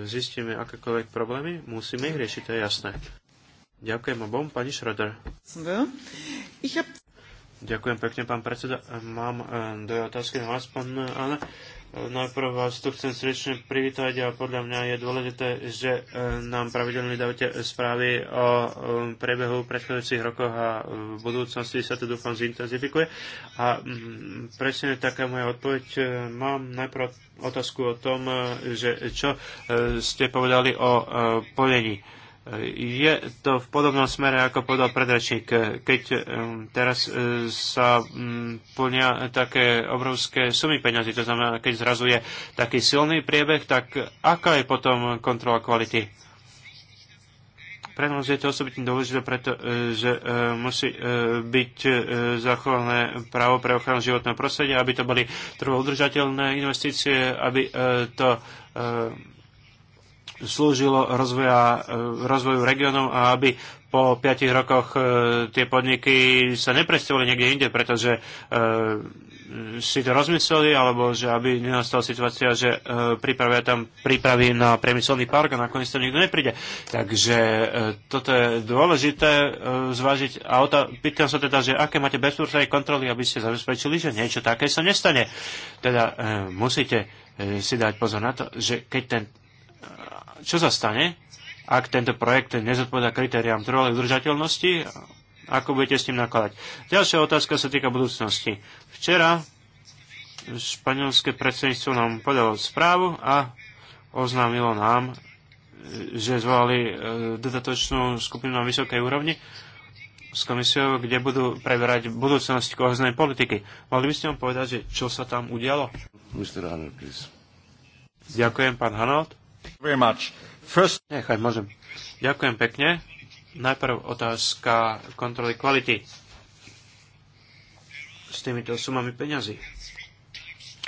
zistíme akékoľvek problémy, musíme ich riešiť, to je jasné. Ďakujem obom, pani Schroeder. Ďakujem pekne, pán predseda. Mám dve otázky na vás, pán Ale. Najprv vás tu chcem srdečne privítať a podľa mňa je dôležité, že e, nám pravidelne dávate správy o e, prebehu predchádzajúcich rokoch a e, v budúcnosti sa to dúfam zintenzifikuje. A mm, presne taká moja odpoveď. Mám najprv otázku o tom, že čo ste povedali o plnení je to v podobnom smere, ako povedal predračník, Keď teraz e, sa plnia také obrovské sumy peňazí, to znamená, keď zrazu je taký silný priebeh, tak aká je potom kontrola kvality? pre nás je to osobitne dôležité, pretože e, e, musí byť zachované právo pre ochranu životného prostredia, aby to boli trvoudržateľné investície, aby to slúžilo rozvoja, e, rozvoju regionov a aby po piatich rokoch e, tie podniky sa nepresťovali niekde inde, pretože e, si to rozmysleli, alebo že aby nenastala situácia, že pripravia tam prípravy na priemyselný park a nakoniec tam nikto nepríde. Takže toto je dôležité zvážiť. A otá- pýtam sa teda, že aké máte bezprostredné kontroly, aby ste zabezpečili, že niečo také sa nestane. Teda musíte si dať pozor na to, že keď ten čo sa stane, ak tento projekt nezodpovedá kritériám trvalej udržateľnosti? Ako budete s tým nakladať? Ďalšia otázka sa týka budúcnosti. Včera španielské predsedníctvo nám podalo správu a oznámilo nám, že zvolali e, dodatočnú skupinu na vysokej úrovni s komisiou, kde budú preberať budúcnosť kohoznej politiky. Mohli by ste vám povedať, že čo sa tam udialo? Mr. Ďakujem, pán Hanold. Nechaj, môžem. Ďakujem pekne. Najprv otázka kontroly kvality. S týmito sumami peňazí.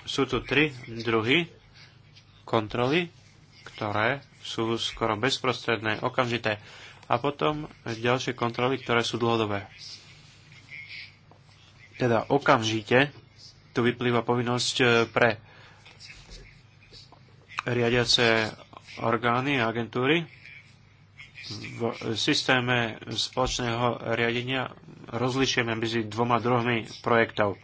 Sú tu tri druhy kontroly, ktoré sú skoro bezprostredné, okamžité. A potom ďalšie kontroly, ktoré sú dlhodobé. Teda okamžite tu vyplýva povinnosť e, pre riadiace orgány a agentúry v systéme spoločného riadenia rozlišujeme medzi dvoma druhmi projektov.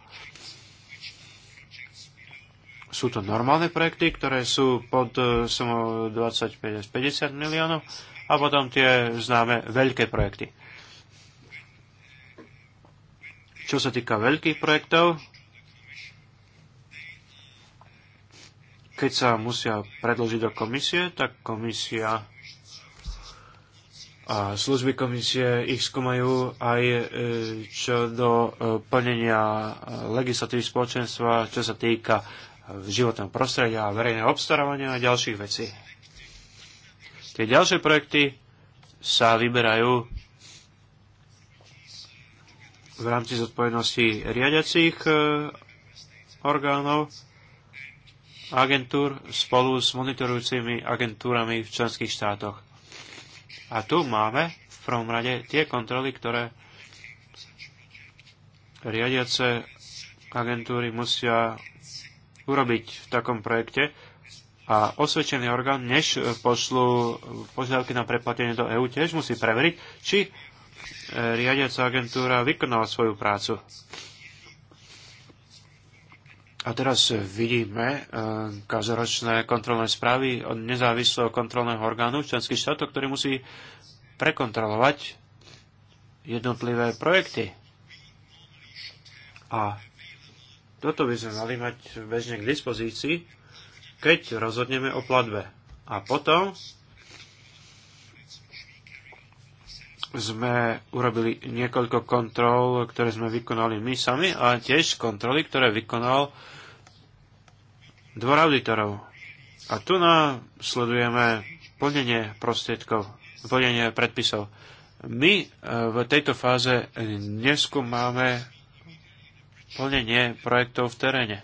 Sú to normálne projekty, ktoré sú pod sumou 25 až 50 miliónov a potom tie známe veľké projekty. Čo sa týka veľkých projektov, keď sa musia predložiť do komisie, tak komisia a služby komisie ich skúmajú aj e, čo do e, plnenia legislatívy spoločenstva, čo sa týka životného prostredia, verejného obstarávania a ďalších vecí. Tie ďalšie projekty sa vyberajú v rámci zodpovednosti riadiacich e, orgánov agentúr spolu s monitorujúcimi agentúrami v členských štátoch. A tu máme v prvom rade tie kontroly, ktoré riadiace agentúry musia urobiť v takom projekte a osvedčený orgán, než pošlú požiadavky na preplatenie do EÚ, tiež musí preveriť, či e, riadiaca agentúra vykonala svoju prácu. A teraz vidíme e, každoročné kontrolné správy od nezávislého kontrolného orgánu členských štátov, ktorý musí prekontrolovať jednotlivé projekty. A toto by sme mali mať bežne k dispozícii, keď rozhodneme o platbe. A potom sme urobili niekoľko kontrol, ktoré sme vykonali my sami a tiež kontroly, ktoré vykonal dvor auditorov. A tu sledujeme plnenie prostriedkov, plnenie predpisov. My e, v tejto fáze neskúmame plnenie projektov v teréne.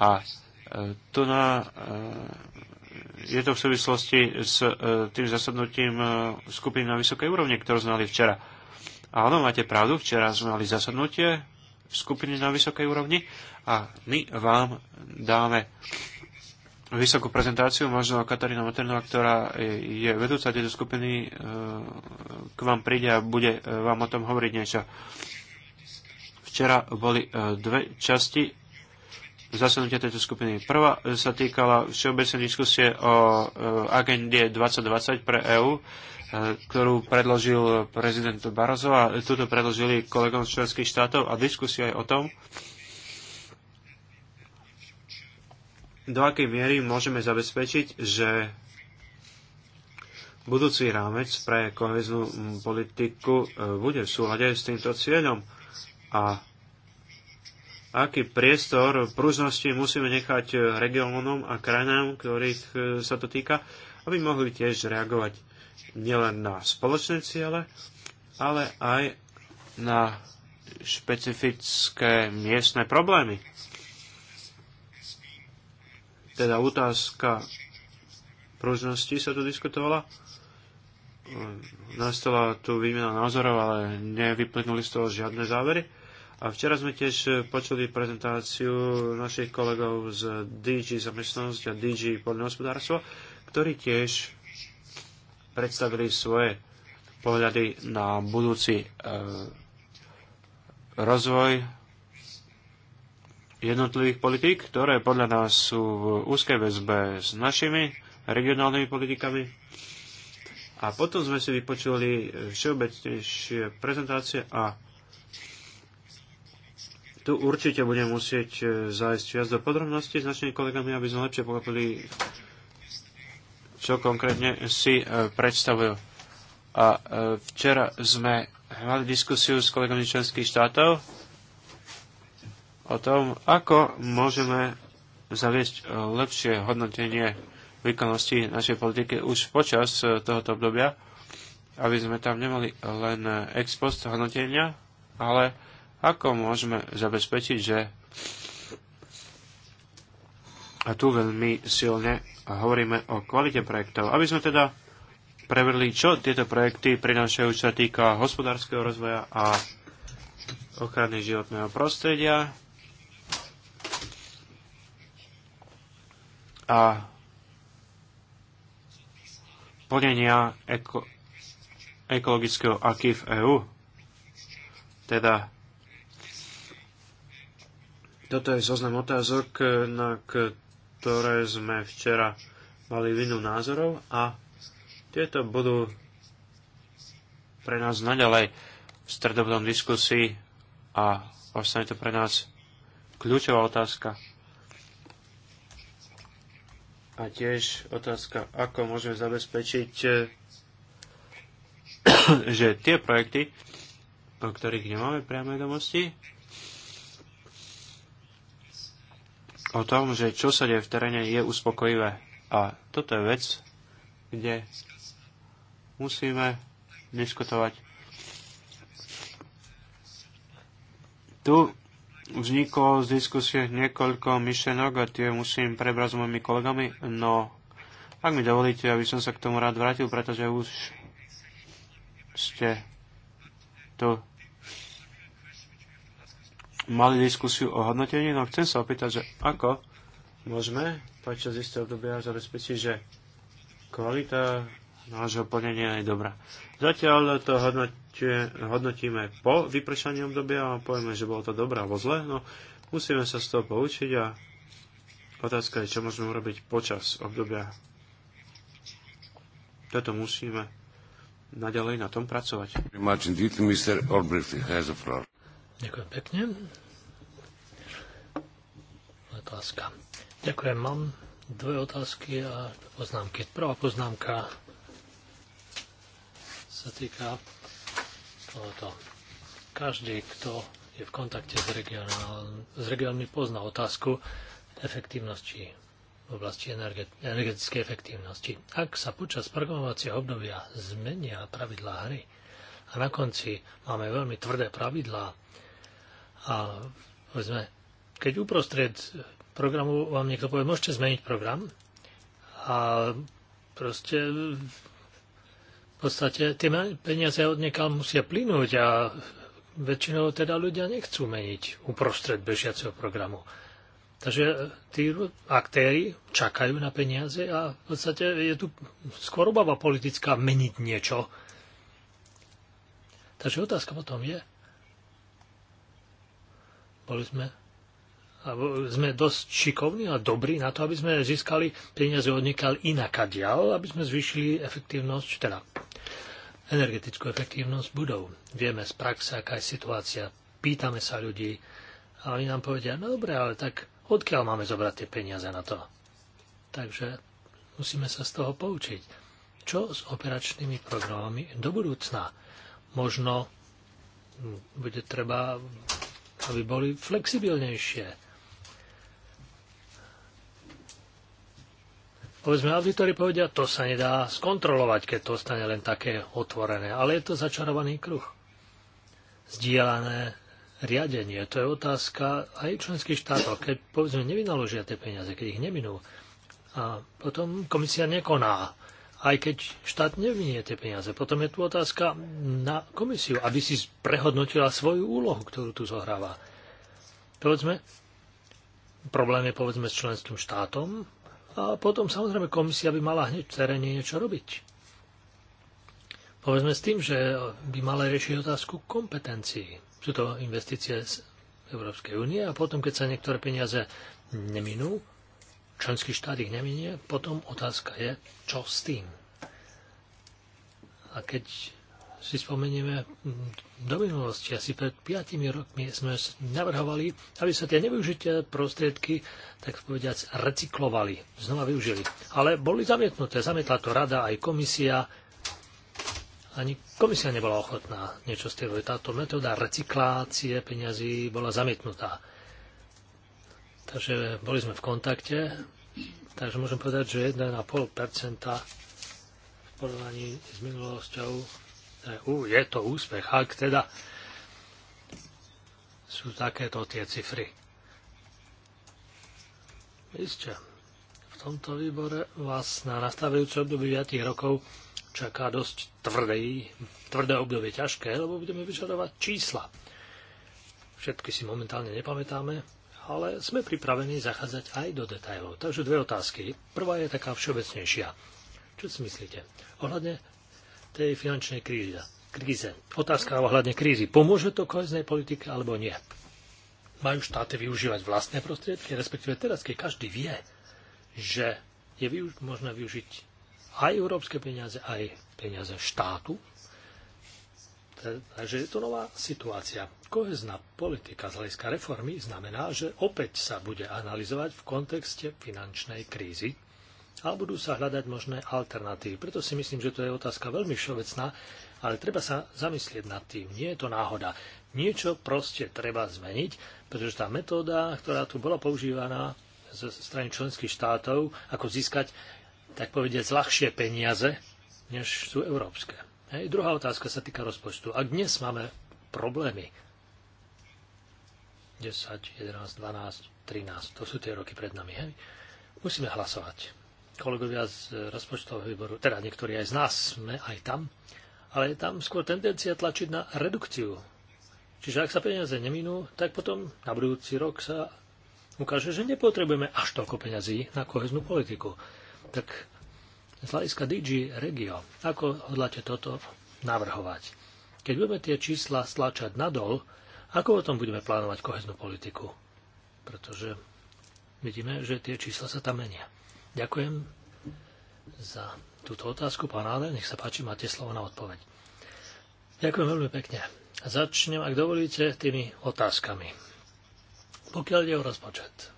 A e, tu na, e, je to v súvislosti s tým zasadnutím skupiny na vysokej úrovni, ktorú sme mali včera. Áno, máte pravdu, včera sme mali zasadnutie skupiny na vysokej úrovni a my vám dáme vysokú prezentáciu, možno Katarína Maternová, ktorá je vedúca tejto skupiny, e, k vám príde a bude e, vám o tom hovoriť niečo. Včera boli e, dve časti zasadnutia tejto skupiny. Prvá sa týkala všeobecnej diskusie o agende 2020 pre EÚ E, ktorú predložil prezident Barozo a túto predložili kolegom z členských štátov a diskusia je o tom, do akej miery môžeme zabezpečiť, že budúci rámec pre koheznú politiku e, bude v súhľade s týmto cieľom a aký priestor pružnosti musíme nechať regiónom a krajinám, ktorých e, sa to týka, aby mohli tiež reagovať nielen na spoločné ciele, ale aj na špecifické miestne problémy. Teda otázka pružnosti sa tu diskutovala. Nastala tu výmena názorov, ale nevyplynuli z toho žiadne závery. A včera sme tiež počuli prezentáciu našich kolegov z DG zamestnanosť a DG poľnohospodárstvo, ktorí tiež predstavili svoje pohľady na budúci e, rozvoj jednotlivých politík, ktoré podľa nás sú v úzkej väzbe s našimi regionálnymi politikami. A potom sme si vypočuli všeobecnejšie prezentácie a tu určite budem musieť e, zájsť viac do podrobností s našimi kolegami, aby sme lepšie pochopili čo konkrétne si e, predstavujú. A e, včera sme mali diskusiu s kolegami členských štátov o tom, ako môžeme zaviesť e, lepšie hodnotenie výkonnosti našej politiky už počas tohoto obdobia, aby sme tam nemali len ex post hodnotenia, ale ako môžeme zabezpečiť, že a tu veľmi silne hovoríme o kvalite projektov. Aby sme teda prevedli, čo tieto projekty prinášajú, čo sa týka hospodárskeho rozvoja a ochrany životného prostredia. A plnenia eko, ekologického aký EU. EÚ. Teda toto je zoznam otázok, na ktoré sme včera mali vinu názorov a tieto budú pre nás naďalej v stredobodom diskusii a ostane to pre nás kľúčová otázka. A tiež otázka, ako môžeme zabezpečiť, že tie projekty, o ktorých nemáme priame vedomosti, o tom, že čo sa deje v teréne je uspokojivé. A toto je vec, kde musíme diskutovať. Tu vzniklo z diskusie niekoľko myšlenok a tie musím prebrať s mojimi kolegami, no ak mi dovolíte, aby som sa k tomu rád vrátil, pretože už ste tu mali diskusiu o hodnotení, no chcem sa opýtať, že ako môžeme počas istého obdobia zabezpečiť, že kvalita nášho plnenia je dobrá. Zatiaľ to hodnotíme po vypršaní obdobia a povieme, že bolo to dobré alebo zlé, no musíme sa z toho poučiť a otázka je, čo môžeme urobiť počas obdobia. Toto musíme naďalej na tom pracovať. Ďakujem pekne. Otázka. Ďakujem, mám dve otázky a poznámky. Prvá poznámka sa týka tohoto. Každý, kto je v kontakte s, regionál, s pozná otázku efektívnosti v oblasti energe, energetickej efektívnosti. Ak sa počas programovacieho obdobia zmenia pravidlá hry a na konci máme veľmi tvrdé pravidlá, a povedzme, keď uprostred programu vám niekto povie, môžete zmeniť program a proste v podstate tie peniaze od niekam musia plynúť a väčšinou teda ľudia nechcú meniť uprostred bežiaceho programu. Takže e, tí aktéry čakajú na peniaze a v podstate je tu skôr obava politická meniť niečo. Takže otázka potom je, boli sme, sme dosť šikovní a dobrí na to, aby sme získali peniaze odnikal inakadial, aby sme zvýšili efektívnosť, teda energetickú efektívnosť budov. Vieme z praxe, aká je situácia. Pýtame sa ľudí a oni nám povedia, no dobre, ale tak odkiaľ máme zobrať tie peniaze na to? Takže musíme sa z toho poučiť. Čo s operačnými programami do budúcna? Možno hm, bude treba aby boli flexibilnejšie. Povedzme, auditori povedia, to sa nedá skontrolovať, keď to ostane len také otvorené. Ale je to začarovaný kruh. Zdielané riadenie, to je otázka aj členských štátov. Keď, povedzme, nevynaložia tie peniaze, keď ich neminú, a potom komisia nekoná aj keď štát nevinie tie peniaze. Potom je tu otázka na komisiu, aby si prehodnotila svoju úlohu, ktorú tu zohráva. Povedzme, problém je povedzme s členským štátom a potom samozrejme komisia by mala hneď v teréne niečo robiť. Povedzme s tým, že by mala riešiť otázku kompetencií. Sú to investície z Európskej únie a potom, keď sa niektoré peniaze neminú, členský štát ich neminie, potom otázka je, čo s tým. A keď si spomenieme mm, do minulosti, asi pred 5 rokmi sme navrhovali, aby sa tie nevyužité prostriedky, tak povediac, recyklovali, znova využili. Ale boli zamietnuté, zamietla to rada aj komisia. Ani komisia nebola ochotná niečo z tej Táto metóda recyklácie peňazí bola zamietnutá. Takže boli sme v kontakte, takže môžem povedať, že 1,5% v porovnaní s minulosťou je to úspech, ak teda sú takéto tie cifry. Isté, v tomto výbore vás na nastavujúce obdobie 5 rokov čaká dosť tvrdý, tvrdé obdobie ťažké, lebo budeme vyžadovať čísla. Všetky si momentálne nepamätáme, ale sme pripravení zachádzať aj do detajlov. Takže dve otázky. Prvá je taká všeobecnejšia. Čo si myslíte? Ohľadne tej finančnej kríze. kríze. Otázka ohľadne krízy. Pomôže to koheznej politike alebo nie? Majú štáty využívať vlastné prostriedky, respektíve teraz, keď každý vie, že je využ- možné využiť aj európske peniaze, aj peniaze štátu Takže je to nová situácia. Kohezná politika z hľadiska reformy znamená, že opäť sa bude analyzovať v kontexte finančnej krízy a budú sa hľadať možné alternatívy. Preto si myslím, že to je otázka veľmi všeobecná, ale treba sa zamyslieť nad tým. Nie je to náhoda. Niečo proste treba zmeniť, pretože tá metóda, ktorá tu bola používaná zo strany členských štátov, ako získať, tak povediať, ľahšie peniaze, než sú európske. Hej, druhá otázka sa týka rozpočtu. Ak dnes máme problémy, 10, 11, 12, 13, to sú tie roky pred nami, hej, musíme hlasovať. Kolegovia z rozpočtového výboru, teda niektorí aj z nás sme aj tam, ale je tam skôr tendencia tlačiť na redukciu. Čiže ak sa peniaze neminú, tak potom na budúci rok sa ukáže, že nepotrebujeme až toľko peňazí na koheznú politiku. Tak z hľadiska DG Regio, ako hodláte toto navrhovať? Keď budeme tie čísla stlačať nadol, ako o tom budeme plánovať koheznú politiku? Pretože vidíme, že tie čísla sa tam menia. Ďakujem za túto otázku, pán Ale. Nech sa páči, máte slovo na odpoveď. Ďakujem veľmi pekne. Začnem, ak dovolíte, tými otázkami. Pokiaľ ide o rozpočet,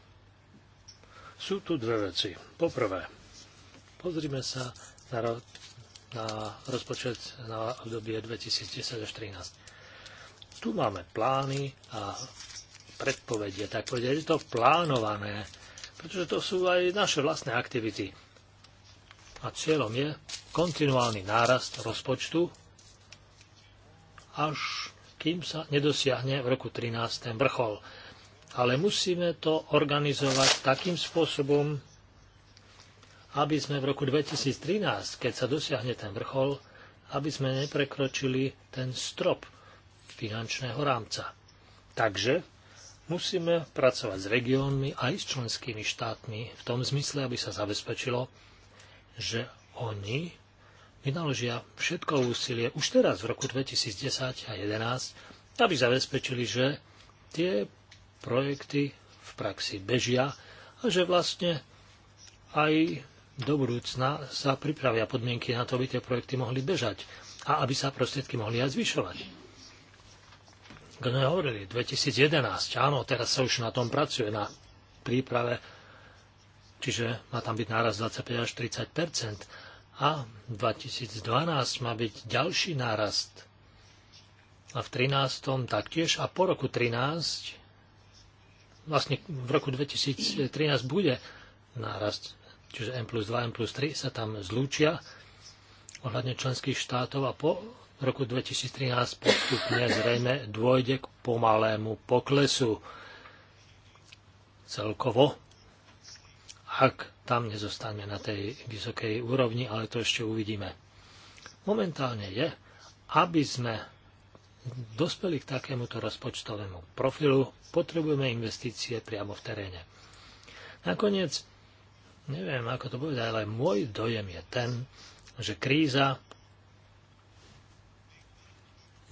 sú tu dve veci. Poprvé, Pozrime sa na, ro- na rozpočet na obdobie 2010 až 2013. Tu máme plány a predpovedie, tak povedať, je to plánované, pretože to sú aj naše vlastné aktivity. A cieľom je kontinuálny nárast rozpočtu až kým sa nedosiahne v roku 13. vrchol. Ale musíme to organizovať takým spôsobom, aby sme v roku 2013, keď sa dosiahne ten vrchol, aby sme neprekročili ten strop finančného rámca. Takže musíme pracovať s regiónmi aj s členskými štátmi v tom zmysle, aby sa zabezpečilo, že oni vynaložia všetko úsilie už teraz v roku 2010 a 2011, aby zabezpečili, že tie projekty v praxi bežia a že vlastne aj do budúcna sa pripravia podmienky na to, aby tie projekty mohli bežať a aby sa prostriedky mohli aj zvyšovať. Kto hovorili, 2011, áno, teraz sa už na tom pracuje, na príprave, čiže má tam byť náraz 25 až 30 a 2012 má byť ďalší nárast a v 13. taktiež a po roku 13 vlastne v roku 2013 bude nárast čiže M plus 2, M plus 3 sa tam zlúčia ohľadne členských štátov a po roku 2013 postupne zrejme dôjde k pomalému poklesu celkovo, ak tam nezostane na tej vysokej úrovni, ale to ešte uvidíme. Momentálne je, aby sme dospeli k takémuto rozpočtovému profilu, potrebujeme investície priamo v teréne. Nakoniec neviem ako to povedať, ale môj dojem je ten, že kríza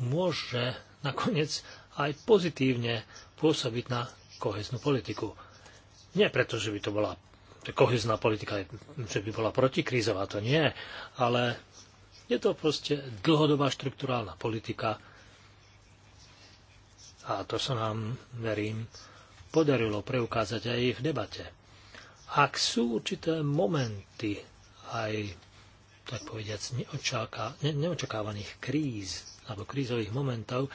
môže nakoniec aj pozitívne pôsobiť na koheznú politiku. Nie preto, že by to bola kohezná politika, že by bola protikrízová, to nie, ale je to proste dlhodobá štruktúrálna politika a to sa nám, verím, podarilo preukázať aj v debate ak sú určité momenty aj tak povediac neočaká, ne, neočakávaných kríz alebo krízových momentov,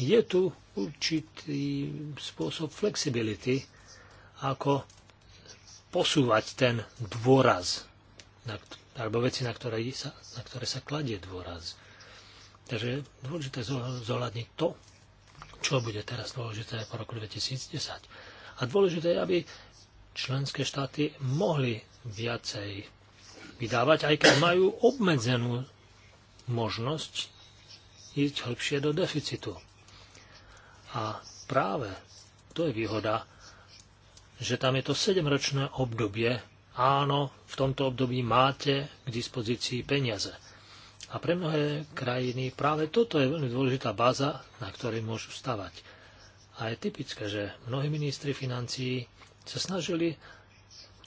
je tu určitý spôsob flexibility, ako posúvať ten dôraz, na, alebo veci, na ktoré, sa, na ktoré sa kladie dôraz. Takže je dôležité zohľadniť to, čo bude teraz dôležité po roku 2010. A dôležité je, aby členské štáty mohli viacej vydávať, aj keď majú obmedzenú možnosť ísť hĺbšie do deficitu. A práve to je výhoda, že tam je to 7-ročné obdobie. Áno, v tomto období máte k dispozícii peniaze. A pre mnohé krajiny práve toto je veľmi dôležitá báza, na ktorej môžu stavať. A je typické, že mnohí ministri financií sa snažili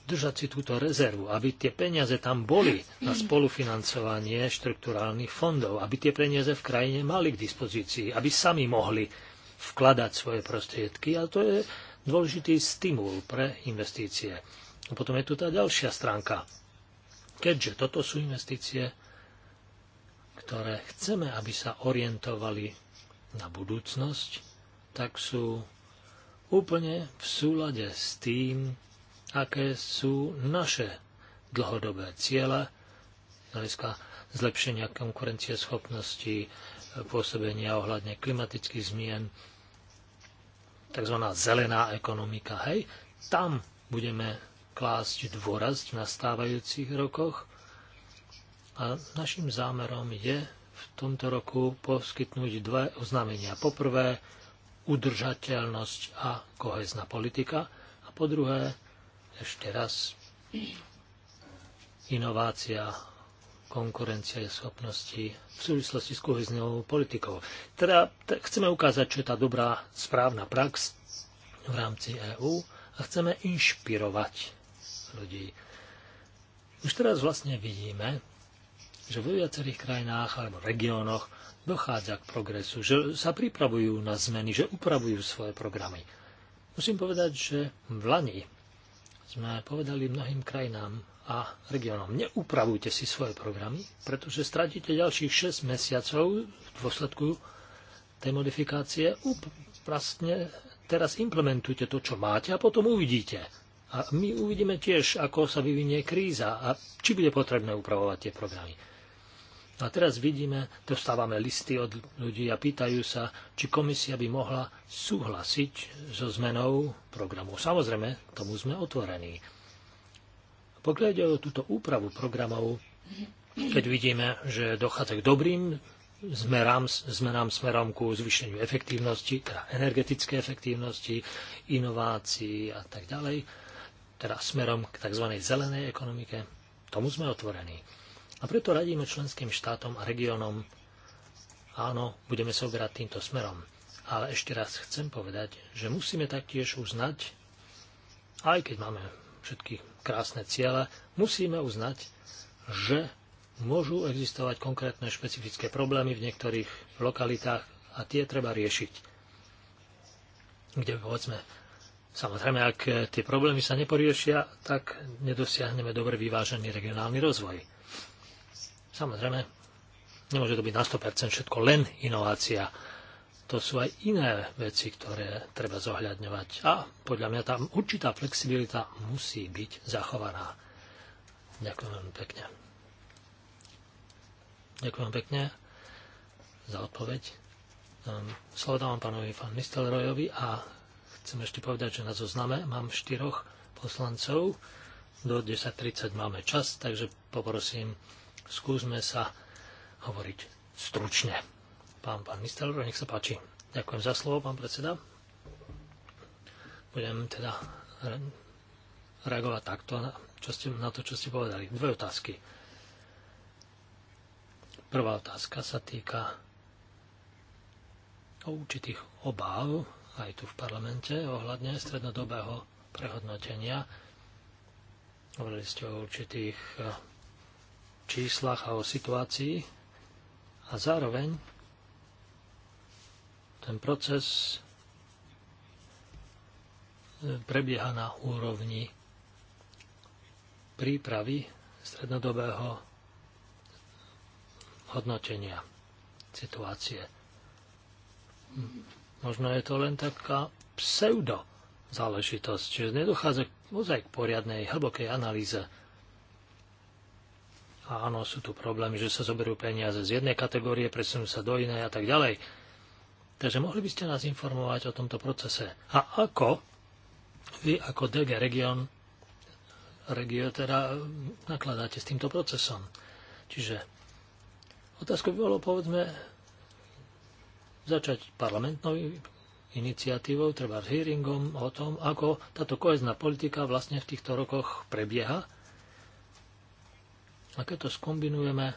držať si túto rezervu, aby tie peniaze tam boli na spolufinancovanie štrukturálnych fondov, aby tie peniaze v krajine mali k dispozícii, aby sami mohli vkladať svoje prostriedky a to je dôležitý stimul pre investície. A potom je tu tá ďalšia stránka. Keďže toto sú investície, ktoré chceme, aby sa orientovali na budúcnosť, tak sú úplne v súlade s tým, aké sú naše dlhodobé ciele z hľadiska zlepšenia konkurencieschopnosti, pôsobenia ohľadne klimatických zmien, tzv. zelená ekonomika. Hej, tam budeme klásť dôraz v nastávajúcich rokoch a našim zámerom je v tomto roku poskytnúť dve oznámenia. Poprvé, udržateľnosť a kohezná politika. A po druhé, ešte raz, inovácia konkurencia schopnosti v súvislosti s koheznou politikou. Teda chceme ukázať, čo je tá dobrá správna prax v rámci EÚ a chceme inšpirovať ľudí. Už teraz vlastne vidíme, že vo viacerých krajinách alebo regiónoch dochádza k progresu, že sa pripravujú na zmeny, že upravujú svoje programy. Musím povedať, že v Lani sme povedali mnohým krajinám a regiónom, neupravujte si svoje programy, pretože stratíte ďalších 6 mesiacov v dôsledku tej modifikácie. Vlastne teraz implementujte to, čo máte a potom uvidíte. A my uvidíme tiež, ako sa vyvinie kríza a či bude potrebné upravovať tie programy. No a teraz vidíme, dostávame listy od ľudí a pýtajú sa, či komisia by mohla súhlasiť so zmenou programu. Samozrejme, tomu sme otvorení. Pokiaľ ide o túto úpravu programov, keď vidíme, že dochádza k dobrým zmerám, zmenám smerom ku zvýšeniu efektívnosti, teda energetickej efektívnosti, inovácií a tak ďalej, teda smerom k tzv. zelenej ekonomike, tomu sme otvorení. A preto radíme členským štátom a regiónom, áno, budeme sa uberať týmto smerom. Ale ešte raz chcem povedať, že musíme taktiež uznať, aj keď máme všetky krásne ciele, musíme uznať, že môžu existovať konkrétne špecifické problémy v niektorých lokalitách a tie treba riešiť. Kde povedzme, samozrejme, ak tie problémy sa neporiešia, tak nedosiahneme dobre vyvážený regionálny rozvoj. Samozrejme, nemôže to byť na 100% všetko len inovácia. To sú aj iné veci, ktoré treba zohľadňovať. A podľa mňa tam určitá flexibilita musí byť zachovaná. Ďakujem veľmi pekne. Ďakujem pekne za odpoveď. Slovo dávam pánovi pán Nistelrojovi a chcem ešte povedať, že na zozname mám štyroch poslancov. Do 10.30 máme čas, takže poprosím skúsme sa hovoriť stručne. Pán, pán Mistelro, nech sa páči. Ďakujem za slovo, pán predseda. Budem teda reagovať takto na, čo ste, na to, čo ste povedali. Dve otázky. Prvá otázka sa týka určitých obáv aj tu v parlamente ohľadne strednodobého prehodnotenia. Hovorili ste o určitých číslach a o situácii a zároveň ten proces e, prebieha na úrovni prípravy strednodobého hodnotenia situácie. Možno je to len taká pseudo záležitosť, čiže nedochádza k poriadnej, hlbokej analýze áno, sú tu problémy, že sa zoberú peniaze z jednej kategórie, presunú sa do inej a tak ďalej. Takže mohli by ste nás informovať o tomto procese. A ako vy ako DG Region, regio teda nakladáte s týmto procesom? Čiže otázka by bolo, povedzme, začať parlamentnou iniciatívou, treba s hearingom o tom, ako táto koezná politika vlastne v týchto rokoch prebieha a keď to skombinujeme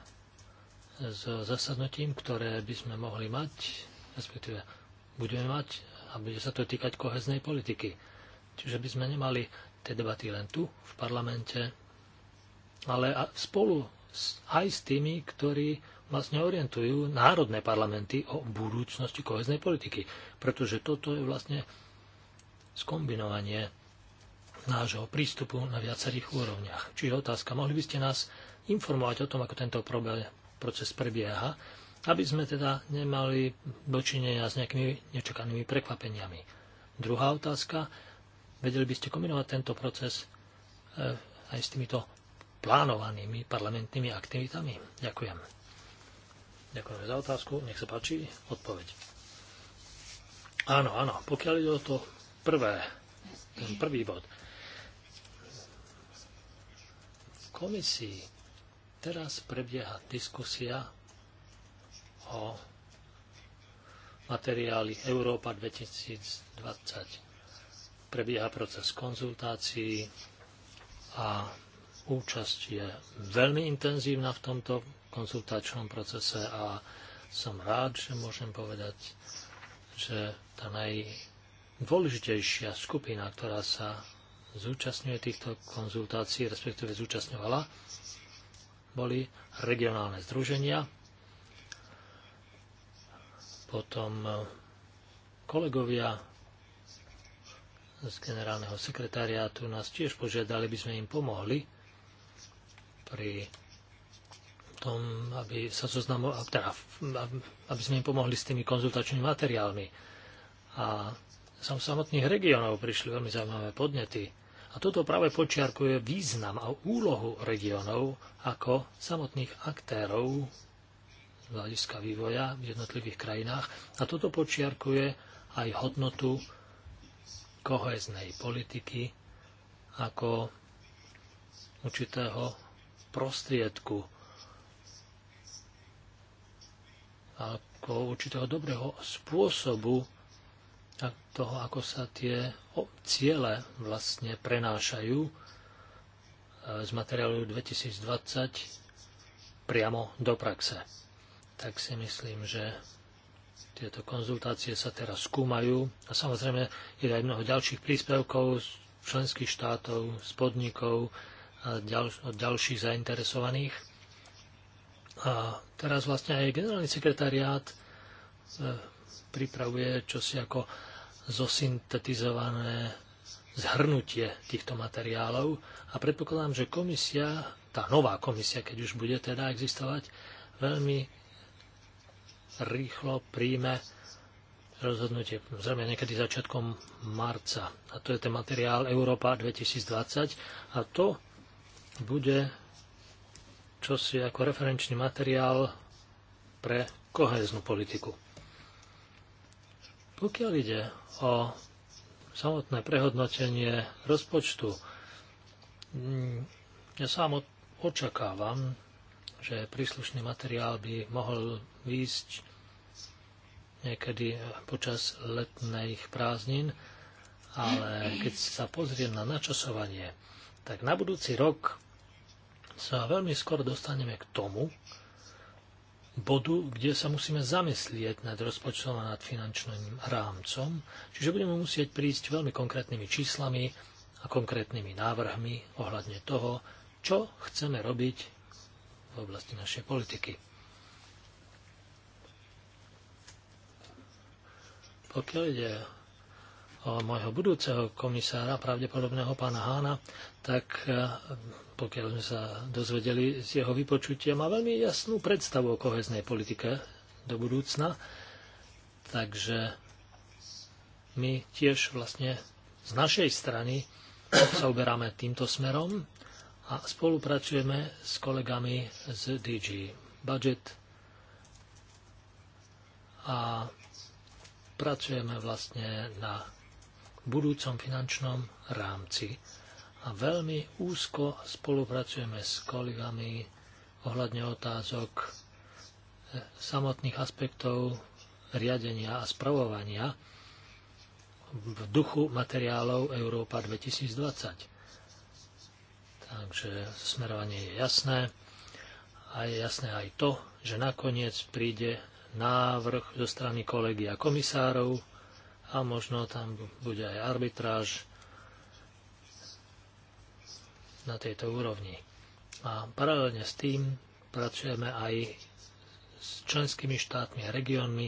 s zasadnutím, ktoré by sme mohli mať, respektíve budeme mať, a bude sa to týkať koheznej politiky. Čiže by sme nemali tie debaty len tu, v parlamente, ale spolu aj s tými, ktorí vlastne orientujú národné parlamenty o budúcnosti koheznej politiky. Pretože toto je vlastne skombinovanie nášho prístupu na viacerých úrovniach. Čiže otázka, mohli by ste nás informovať o tom, ako tento problém, proces prebieha, aby sme teda nemali dočinenia s nejakými nečakanými prekvapeniami. Druhá otázka. Vedeli by ste kombinovať tento proces eh, aj s týmito plánovanými parlamentnými aktivitami? Ďakujem. Ďakujem za otázku. Nech sa páči odpoveď. Áno, áno. Pokiaľ ide o to prvé, ten prvý bod, komisii Teraz prebieha diskusia o materiáli Európa 2020. Prebieha proces konzultácií a účasť je veľmi intenzívna v tomto konzultačnom procese a som rád, že môžem povedať, že tá najdôležitejšia skupina, ktorá sa zúčastňuje týchto konzultácií, respektíve zúčastňovala, boli regionálne združenia, potom eh, kolegovia z generálneho sekretariátu nás tiež požiadali, aby sme im pomohli pri tom, aby sa zoznamo, teda, aby sme im pomohli s tými konzultačnými materiálmi. A som samotných regiónov prišli veľmi zaujímavé podnety a toto práve počiarkuje význam a úlohu regiónov ako samotných aktérov z hľadiska vývoja v jednotlivých krajinách. A toto počiarkuje aj hodnotu koheznej politiky ako určitého prostriedku ako určitého dobrého spôsobu toho, ako sa tie ciele vlastne prenášajú e, z materiálu 2020 priamo do praxe. Tak si myslím, že tieto konzultácie sa teraz skúmajú a samozrejme je aj mnoho ďalších príspevkov z členských štátov, z podnikov a ďal, od ďalších zainteresovaných. A teraz vlastne aj generálny sekretariát e, pripravuje čosi ako zosyntetizované zhrnutie týchto materiálov a predpokladám, že komisia, tá nová komisia, keď už bude teda existovať, veľmi rýchlo príjme rozhodnutie, zrejme niekedy začiatkom marca. A to je ten materiál Európa 2020 a to bude čosi ako referenčný materiál pre koheznú politiku. Pokiaľ ide o samotné prehodnotenie rozpočtu, mm, ja sám očakávam, že príslušný materiál by mohol výjsť niekedy počas letných prázdnin, ale keď sa pozriem na načasovanie, tak na budúci rok sa veľmi skoro dostaneme k tomu, bodu, kde sa musíme zamyslieť nad rozpočtom a nad finančným rámcom, čiže budeme musieť prísť veľmi konkrétnymi číslami a konkrétnymi návrhmi ohľadne toho, čo chceme robiť v oblasti našej politiky. Pokiaľ ide môjho budúceho komisára, pravdepodobného pána Hána, tak e, pokiaľ sme sa dozvedeli z jeho vypočutia, má veľmi jasnú predstavu o koheznej politike do budúcna. Takže my tiež vlastne z našej strany sa uberáme týmto smerom a spolupracujeme s kolegami z DG Budget a pracujeme vlastne na budúcom finančnom rámci a veľmi úzko spolupracujeme s kolegami ohľadne otázok eh, samotných aspektov riadenia a spravovania v duchu materiálov Európa 2020. Takže smerovanie je jasné a je jasné aj to, že nakoniec príde návrh zo strany kolegia komisárov a možno tam bude aj arbitráž na tejto úrovni. A paralelne s tým pracujeme aj s členskými štátmi a regiónmi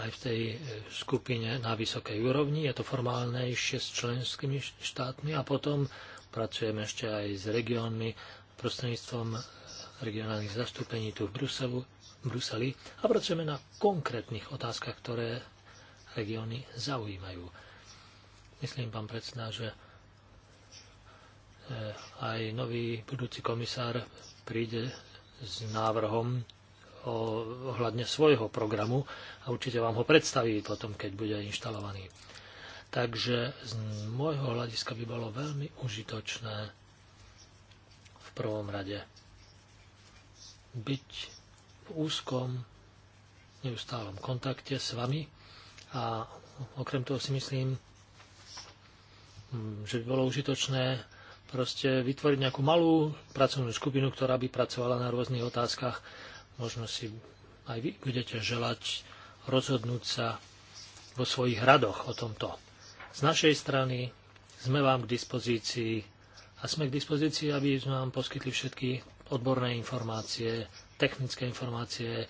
aj v tej e, skupine na vysokej úrovni. Je to formálnejšie s členskými štátmi a potom pracujeme ešte aj s regiónmi prostredníctvom e, regionálnych zastúpení tu v Bruselu, Bruseli a pracujeme na konkrétnych otázkach, ktoré regióny zaujímajú. Myslím, pán predseda, že e, aj nový budúci komisár príde s návrhom o, ohľadne svojho programu a určite vám ho predstaví potom, keď bude inštalovaný. Takže z môjho hľadiska by bolo veľmi užitočné v prvom rade byť v úzkom, neustálom kontakte s vami a okrem toho si myslím, mm, že by bolo užitočné proste vytvoriť nejakú malú pracovnú skupinu, ktorá by pracovala na rôznych otázkach. Možno si aj vy budete želať rozhodnúť sa vo svojich radoch o tomto. Z našej strany sme vám k dispozícii a sme k dispozícii, aby sme vám poskytli všetky odborné informácie, technické informácie,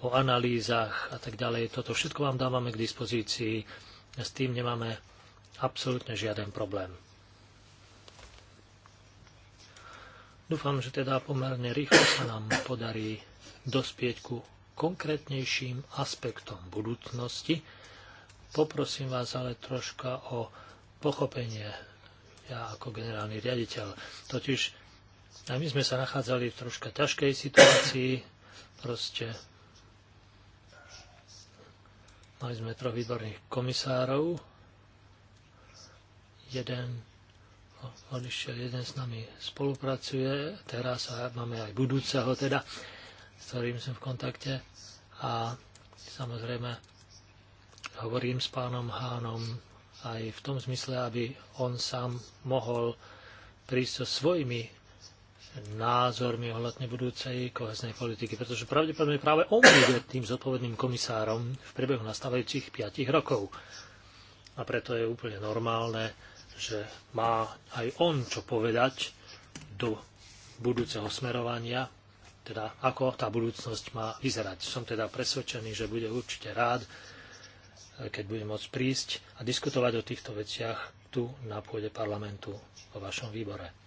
o analýzach a tak ďalej. Toto všetko vám dávame k dispozícii. S tým nemáme absolútne žiaden problém. Dúfam, že teda pomerne rýchlo sa nám podarí dospieť ku konkrétnejším aspektom budúcnosti. Poprosím vás ale troška o pochopenie, ja ako generálny riaditeľ. Totiž aj my sme sa nachádzali v troška ťažkej situácii, proste Mali sme troch výborných komisárov. Jeden odišiel, jeden s nami spolupracuje, teraz a máme aj budúceho teda, s ktorým som v kontakte. A samozrejme hovorím s pánom Hánom aj v tom zmysle, aby on sám mohol prísť so svojimi názormi ohľadne budúcej kohesnej politiky, pretože pravdepodobne práve on bude tým zodpovedným komisárom v priebehu nastávajúcich 5 rokov. A preto je úplne normálne, že má aj on čo povedať do budúceho smerovania, teda ako tá budúcnosť má vyzerať. Som teda presvedčený, že bude určite rád, keď bude môcť prísť a diskutovať o týchto veciach tu na pôde parlamentu vo vašom výbore.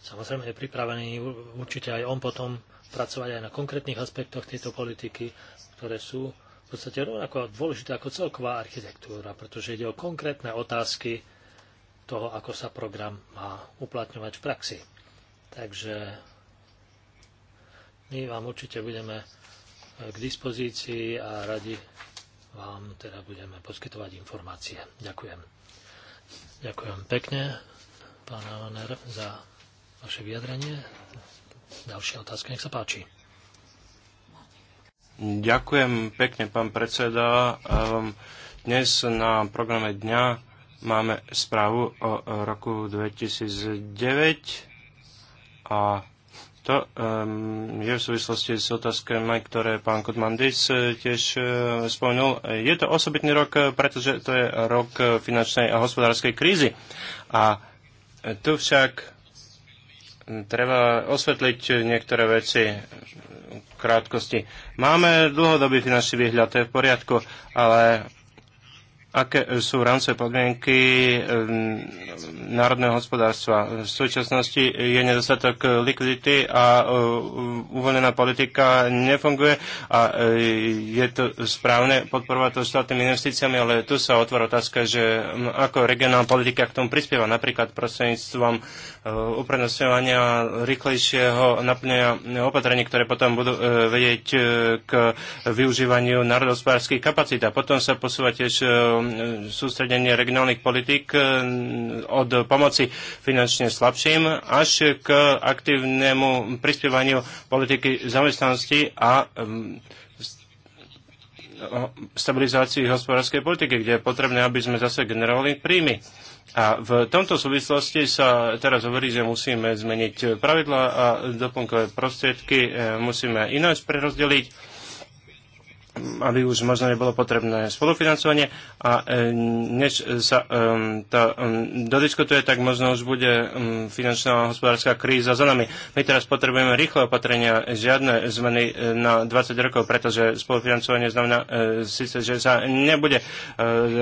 Samozrejme je pripravený určite aj on potom pracovať aj na konkrétnych aspektoch tejto politiky, ktoré sú v podstate rovnako dôležité ako celková architektúra, pretože ide o konkrétne otázky toho, ako sa program má uplatňovať v praxi. Takže my vám určite budeme eh, k dispozícii a radi vám teda budeme poskytovať informácie. Ďakujem. Ďakujem pekne, pán Oner, za vaše vyjadrenie. Ďalšia otázka, nech sa páči. Ďakujem pekne, pán predseda. Ehm, dnes na programe dňa máme správu o roku 2009 a to ehm, je v súvislosti s otázkami, ktoré pán Kutmandis eh, tiež eh, spomenul. Je to osobitný rok, pretože to je rok finančnej a hospodárskej krízy. A tu však treba osvetliť niektoré veci v krátkosti. Máme dlhodobý finančný výhľad, to je v poriadku, ale aké sú rámcové podmienky národného hospodárstva. V súčasnosti je nedostatok likvidity a e, uvoľnená politika nefunguje a e, je to správne podporovať to štátnymi investíciami, ale tu sa otvára otázka, že ako regionálna politika k tomu prispieva, napríklad prostredníctvom e, uprednostňovania rýchlejšieho naplnenia opatrení, ktoré potom budú vedieť k využívaniu národospodárských kapacít. A potom sa posúva tiež E, sústredenie regionálnych politik e, od pomoci finančne slabším až k aktívnemu prispievaniu politiky zamestnanosti a e, stabilizácii hospodárskej politiky, kde je potrebné, aby sme zase generovali príjmy. A v tomto súvislosti sa teraz hovorí, že musíme zmeniť pravidla a doplnkové prostriedky musíme ináč prerozdeliť aby už možno nebolo potrebné spolufinancovanie a e, než sa e, tá e, dodiskutuje, tak možno už bude e, finančná a hospodárska kríza za nami. My teraz potrebujeme rýchle opatrenia, žiadne zmeny e, na 20 rokov, pretože spolufinancovanie znamená e, síce, že sa nebude e,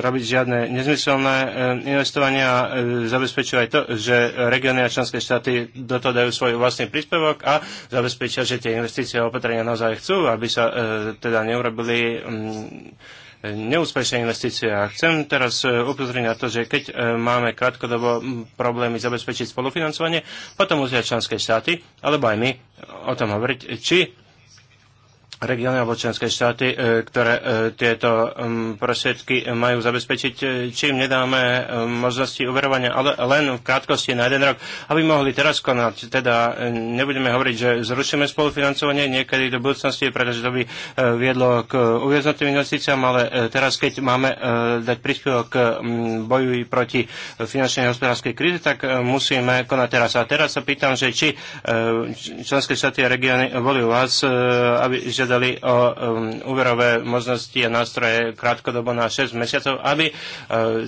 robiť žiadne nezmyselné e, investovania a e, zabezpečuje aj to, že regióny a členské štáty do toho dajú svoj vlastný príspevok a zabezpečia, že tie investície a opatrenia naozaj chcú, aby sa e, teda neurobili boli mm, neúspešné investície. A chcem teraz e, upozorniť na to, že keď e, máme krátkodobo problémy zabezpečiť spolufinancovanie, potom musia členské štáty, alebo aj my, o tom hovoriť, či regióny alebo členské štáty, e, ktoré e, tieto prostriedky majú zabezpečiť, e, či im nedáme možnosti uverovania, ale len v krátkosti na jeden rok, aby mohli teraz konať. Teda nebudeme hovoriť, že zrušíme spolufinancovanie niekedy do budúcnosti, pretože to by viedlo k uviaznutým investíciám, ale teraz, keď máme dať príspevok k boju proti finančnej a hospodárskej kríze, tak musíme konať teraz. A teraz sa pýtam, že či členské štáty a regióny boli u vás, aby povedali o um, úverové možnosti a nástroje krátkodobo na 6 mesiacov, aby uh,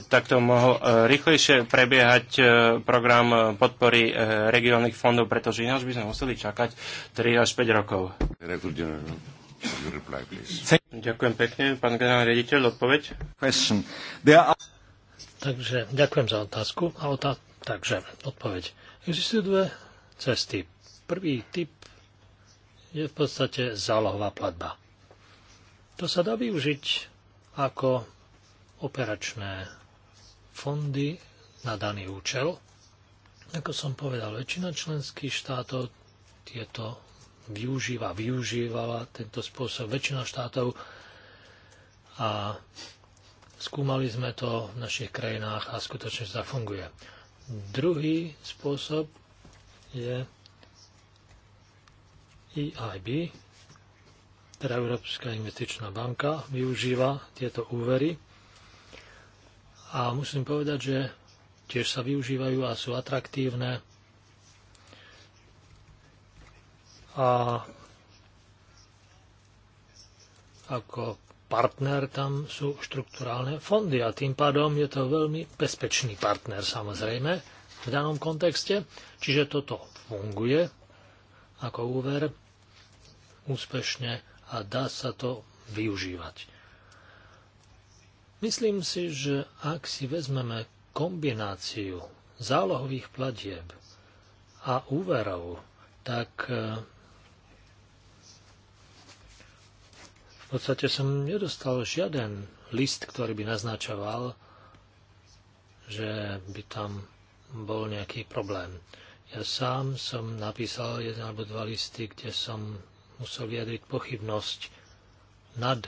takto mohol uh, rýchlejšie prebiehať uh, program podpory uh, regionálnych fondov, pretože ináč by sme museli čakať 3 až 5 rokov. Reply, ďakujem pekne. Pán generálny rediteľ, odpoveď. Are... Takže ďakujem za otázku. A otá... Takže odpoveď. Existujú dve cesty. Prvý typ je v podstate zálohová platba. To sa dá využiť ako operačné fondy na daný účel. Ako som povedal, väčšina členských štátov tieto využíva, využívala tento spôsob. Väčšina štátov a skúmali sme to v našich krajinách a skutočne to funguje. Druhý spôsob je EIB, teda Európska investičná banka, využíva tieto úvery. A musím povedať, že tiež sa využívajú a sú atraktívne. A ako partner tam sú štrukturálne fondy a tým pádom je to veľmi bezpečný partner samozrejme v danom kontexte. Čiže toto funguje ako úver úspešne a dá sa to využívať. Myslím si, že ak si vezmeme kombináciu zálohových platieb a úverov, tak e, v podstate som nedostal žiaden list, ktorý by naznačoval, že by tam bol nejaký problém. Ja sám som napísal jeden alebo dva listy, kde som musel vyjadriť pochybnosť nad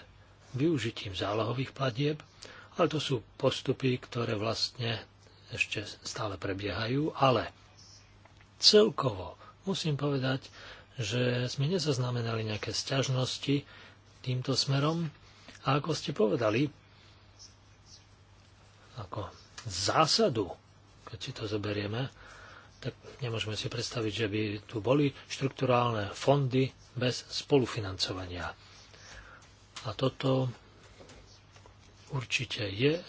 využitím zálohových platieb, ale to sú postupy, ktoré vlastne ešte stále prebiehajú, ale celkovo musím povedať, že sme nezaznamenali nejaké sťažnosti týmto smerom a ako ste povedali, ako zásadu, keď si to zoberieme, tak nemôžeme si predstaviť, že by tu boli štrukturálne fondy bez spolufinancovania. A toto určite je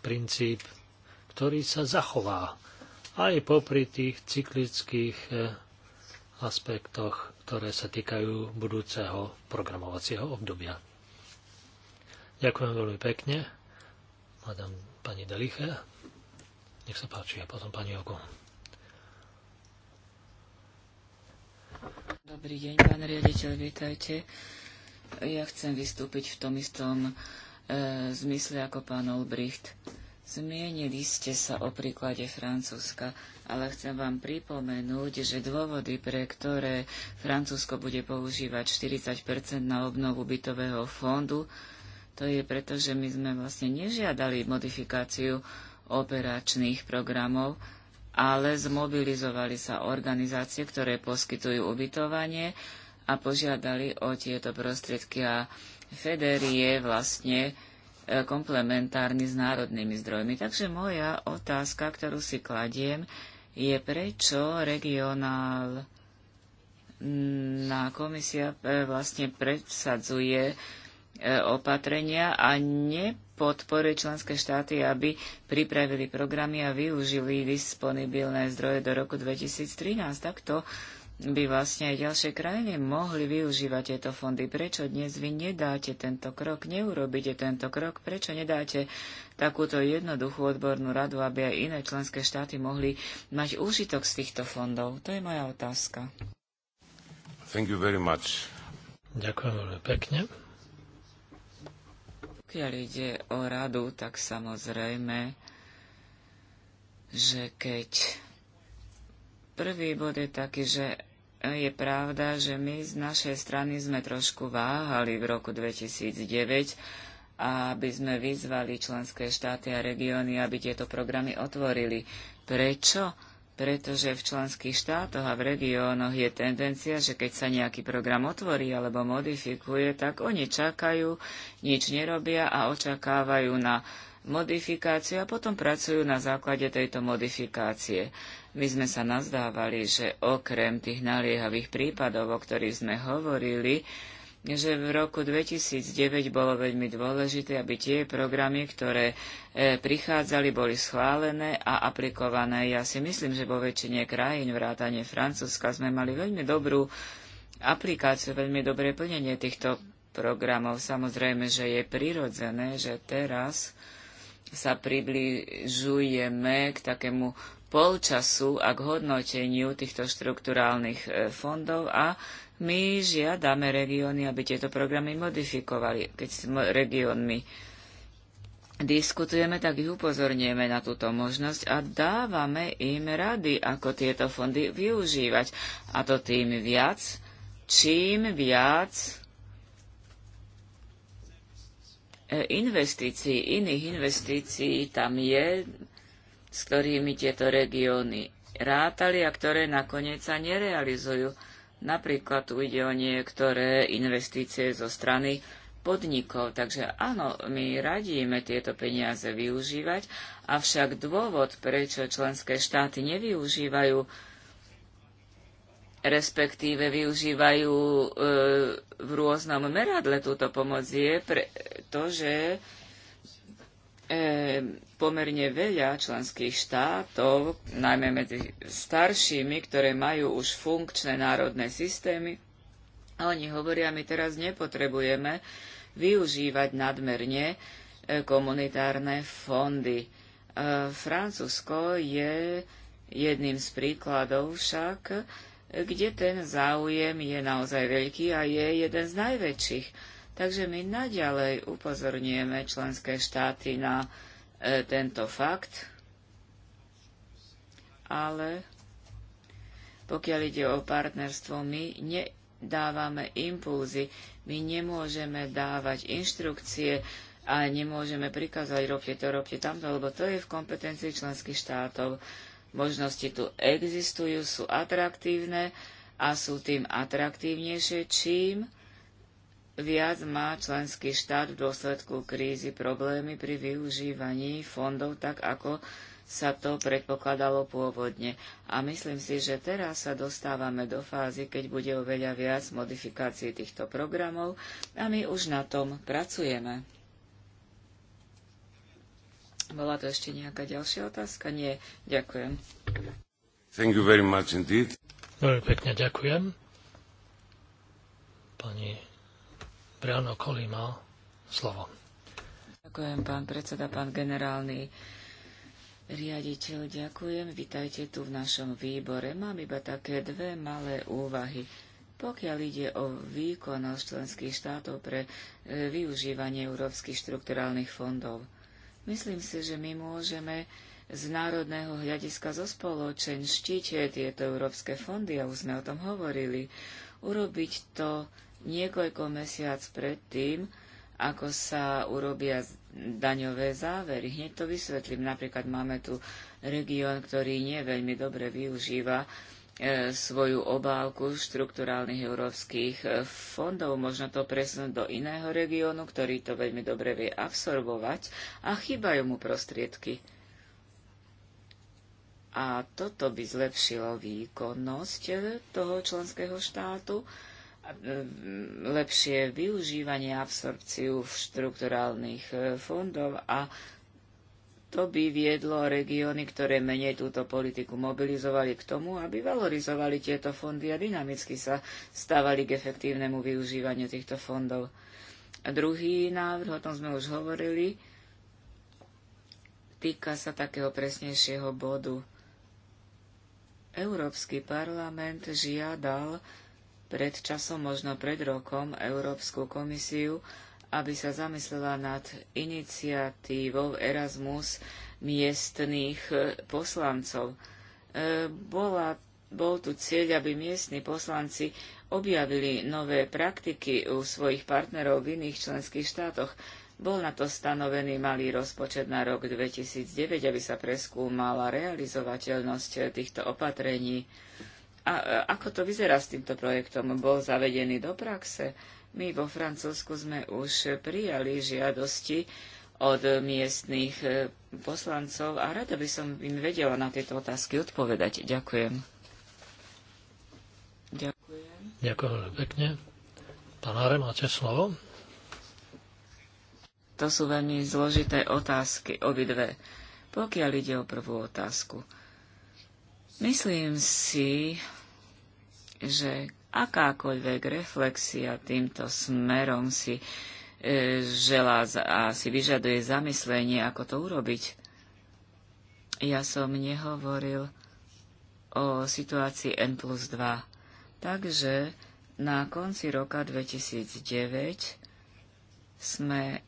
princíp, ktorý sa zachová aj popri tých cyklických eh, aspektoch, ktoré sa týkajú budúceho programovacieho obdobia. Ďakujem veľmi pekne, madam pani Deliche. Nech sa páči, a potom pani Ogo. Dobrý deň, pán riaditeľ, vítajte. Ja chcem vystúpiť v tom istom e, zmysle ako pán Olbricht. Zmienili ste sa o príklade Francúzska, ale chcem vám pripomenúť, že dôvody, pre ktoré Francúzsko bude používať 40 na obnovu bytového fondu, to je preto, že my sme vlastne nežiadali modifikáciu operačných programov, ale zmobilizovali sa organizácie, ktoré poskytujú ubytovanie a požiadali o tieto prostriedky a FEDER je vlastne e, komplementárny s národnými zdrojmi. Takže moja otázka, ktorú si kladiem, je prečo regionál na komisia e, vlastne predsadzuje. E, opatrenia a nepodporuje členské štáty, aby pripravili programy a využili disponibilné zdroje do roku 2013. Takto by vlastne aj ďalšie krajiny mohli využívať tieto fondy. Prečo dnes vy nedáte tento krok, neurobíte tento krok? Prečo nedáte takúto jednoduchú odbornú radu, aby aj iné členské štáty mohli mať úžitok z týchto fondov? To je moja otázka. Thank you very much. Ďakujem veľmi pekne. Pokiaľ ide o radu, tak samozrejme, že keď prvý bod je taký, že je pravda, že my z našej strany sme trošku váhali v roku 2009, aby sme vyzvali členské štáty a regióny, aby tieto programy otvorili. Prečo? pretože v členských štátoch a v regiónoch je tendencia, že keď sa nejaký program otvorí alebo modifikuje, tak oni čakajú, nič nerobia a očakávajú na modifikáciu a potom pracujú na základe tejto modifikácie. My sme sa nazdávali, že okrem tých naliehavých prípadov, o ktorých sme hovorili, že v roku 2009 bolo veľmi dôležité, aby tie programy, ktoré e, prichádzali, boli schválené a aplikované. Ja si myslím, že vo väčšine krajín, vrátane Francúzska, sme mali veľmi dobrú aplikáciu, veľmi dobré plnenie týchto programov. Samozrejme, že je prirodzené, že teraz sa približujeme k takému polčasu a k hodnoteniu týchto štruktúrálnych e, fondov a my žiadame regióny, aby tieto programy modifikovali. Keď s regiónmi diskutujeme, tak ich upozorňujeme na túto možnosť a dávame im rady, ako tieto fondy využívať. A to tým viac, čím viac e, investícií, iných investícií tam je, s ktorými tieto regióny rátali a ktoré nakoniec sa nerealizujú. Napríklad tu ide o niektoré investície zo strany podnikov. Takže áno, my radíme tieto peniaze využívať, avšak dôvod, prečo členské štáty nevyužívajú, respektíve využívajú e, v rôznom meradle túto pomoc, je pre to, že E, pomerne veľa členských štátov, najmä medzi staršími, ktoré majú už funkčné národné systémy. A oni hovoria, my teraz nepotrebujeme využívať nadmerne e, komunitárne fondy. E, Francúzsko je jedným z príkladov však, kde ten záujem je naozaj veľký a je jeden z najväčších Takže my naďalej upozorňujeme členské štáty na e, tento fakt, ale pokiaľ ide o partnerstvo, my nedávame impulzy, my nemôžeme dávať inštrukcie a nemôžeme prikázať robte to, robte tamto, lebo to je v kompetencii členských štátov. Možnosti tu existujú, sú atraktívne a sú tým atraktívnejšie, čím Viac má členský štát v dôsledku krízy problémy pri využívaní fondov tak, ako sa to predpokladalo pôvodne. A myslím si, že teraz sa dostávame do fázy, keď bude oveľa viac modifikácií týchto programov a my už na tom pracujeme. Bola to ešte nejaká ďalšia otázka? Nie, ďakujem. Thank you very much indeed. Veľmi pekne ďakujem. Pani Briano Kolima slovo. Ďakujem, pán predseda, pán generálny riaditeľ, ďakujem. Vítajte tu v našom výbore. Mám iba také dve malé úvahy. Pokiaľ ide o výkonnosť členských štátov pre e, využívanie európskych štrukturálnych fondov, myslím si, že my môžeme z národného hľadiska zo štíte tieto európske fondy, a už sme o tom hovorili, urobiť to niekoľko mesiac predtým, ako sa urobia daňové závery. Hneď to vysvetlím. Napríklad máme tu región, ktorý nie veľmi dobre využíva e, svoju obálku štrukturálnych európskych e, fondov. Možno to presunúť do iného regiónu, ktorý to veľmi dobre vie absorbovať a chýbajú mu prostriedky. A toto by zlepšilo výkonnosť e, toho členského štátu lepšie využívanie absorpciu štrukturálnych e, fondov a to by viedlo regióny, ktoré menej túto politiku mobilizovali k tomu, aby valorizovali tieto fondy a dynamicky sa stávali k efektívnemu využívaniu týchto fondov. A druhý návrh, o tom sme už hovorili, týka sa takého presnejšieho bodu. Európsky parlament žiadal pred časom, možno pred rokom, Európsku komisiu, aby sa zamyslela nad iniciatívou Erasmus miestných e, poslancov. E, bola, bol tu cieľ, aby miestni poslanci objavili nové praktiky u svojich partnerov v iných členských štátoch. Bol na to stanovený malý rozpočet na rok 2009, aby sa preskúmala realizovateľnosť týchto opatrení. A e, ako to vyzerá s týmto projektom? Bol zavedený do praxe? My vo Francúzsku sme už prijali žiadosti od miestných e, poslancov a rada by som im vedela na tieto otázky odpovedať. Ďakujem. Ďakujem. Ďakujem pekne. Pán máte slovo? To sú veľmi zložité otázky, obidve. Pokiaľ ide o prvú otázku. Myslím si, že akákoľvek reflexia týmto smerom si e, želá a si vyžaduje zamyslenie, ako to urobiť. Ja som nehovoril o situácii N plus 2. Takže na konci roka 2009 sme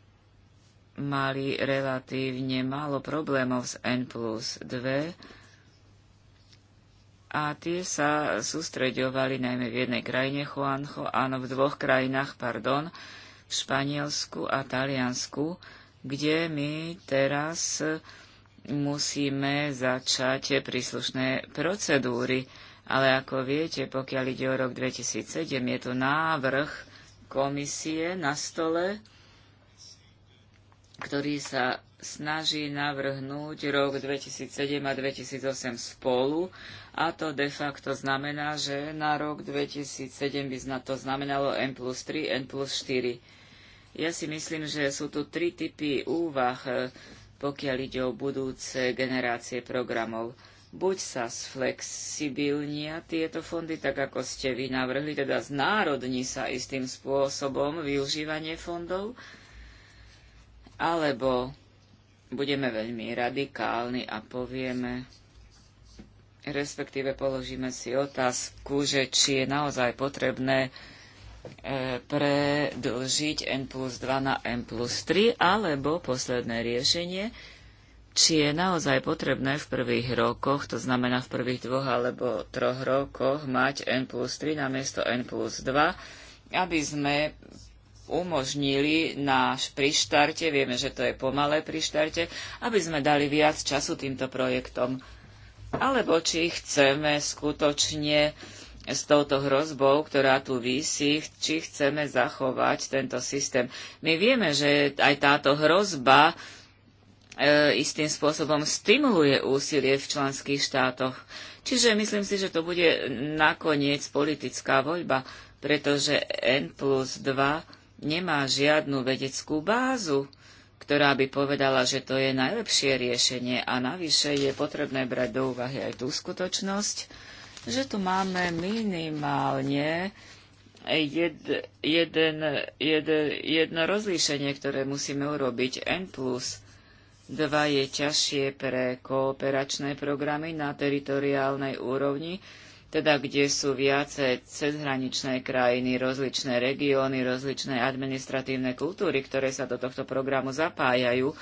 mali relatívne málo problémov s N plus 2, a tie sa sústreďovali najmä v jednej krajine, Juanjo, áno, v dvoch krajinách, pardon, v Španielsku a Taliansku, kde my teraz musíme začať príslušné procedúry. Ale ako viete, pokiaľ ide o rok 2007, je to návrh komisie na stole ktorý sa snaží navrhnúť rok 2007 a 2008 spolu a to de facto znamená, že na rok 2007 by to znamenalo N plus 3, N plus 4. Ja si myslím, že sú tu tri typy úvah, e, pokiaľ ide o budúce generácie programov. Buď sa sflexibilnia tieto fondy, tak ako ste vy navrhli, teda znárodní sa istým spôsobom využívanie fondov, alebo budeme veľmi radikálni a povieme, respektíve položíme si otázku, že či je naozaj potrebné e, predlžiť N plus 2 na N plus 3, alebo posledné riešenie, či je naozaj potrebné v prvých rokoch, to znamená v prvých dvoch alebo troch rokoch, mať N plus 3 na miesto N plus 2, aby sme umožnili náš prištarte, vieme, že to je pomalé prištarte, aby sme dali viac času týmto projektom. Alebo či chceme skutočne s touto hrozbou, ktorá tu vysí, či chceme zachovať tento systém. My vieme, že aj táto hrozba e, istým spôsobom stimuluje úsilie v členských štátoch. Čiže myslím si, že to bude nakoniec politická voľba, pretože N plus 2 nemá žiadnu vedeckú bázu, ktorá by povedala, že to je najlepšie riešenie a navyše je potrebné brať do úvahy aj tú skutočnosť, že tu máme minimálne jed, jeden, jed, jedno rozlíšenie, ktoré musíme urobiť. N plus 2 je ťažšie pre kooperačné programy na teritoriálnej úrovni, teda kde sú viacej cezhraničné krajiny, rozličné regióny, rozličné administratívne kultúry, ktoré sa do tohto programu zapájajú.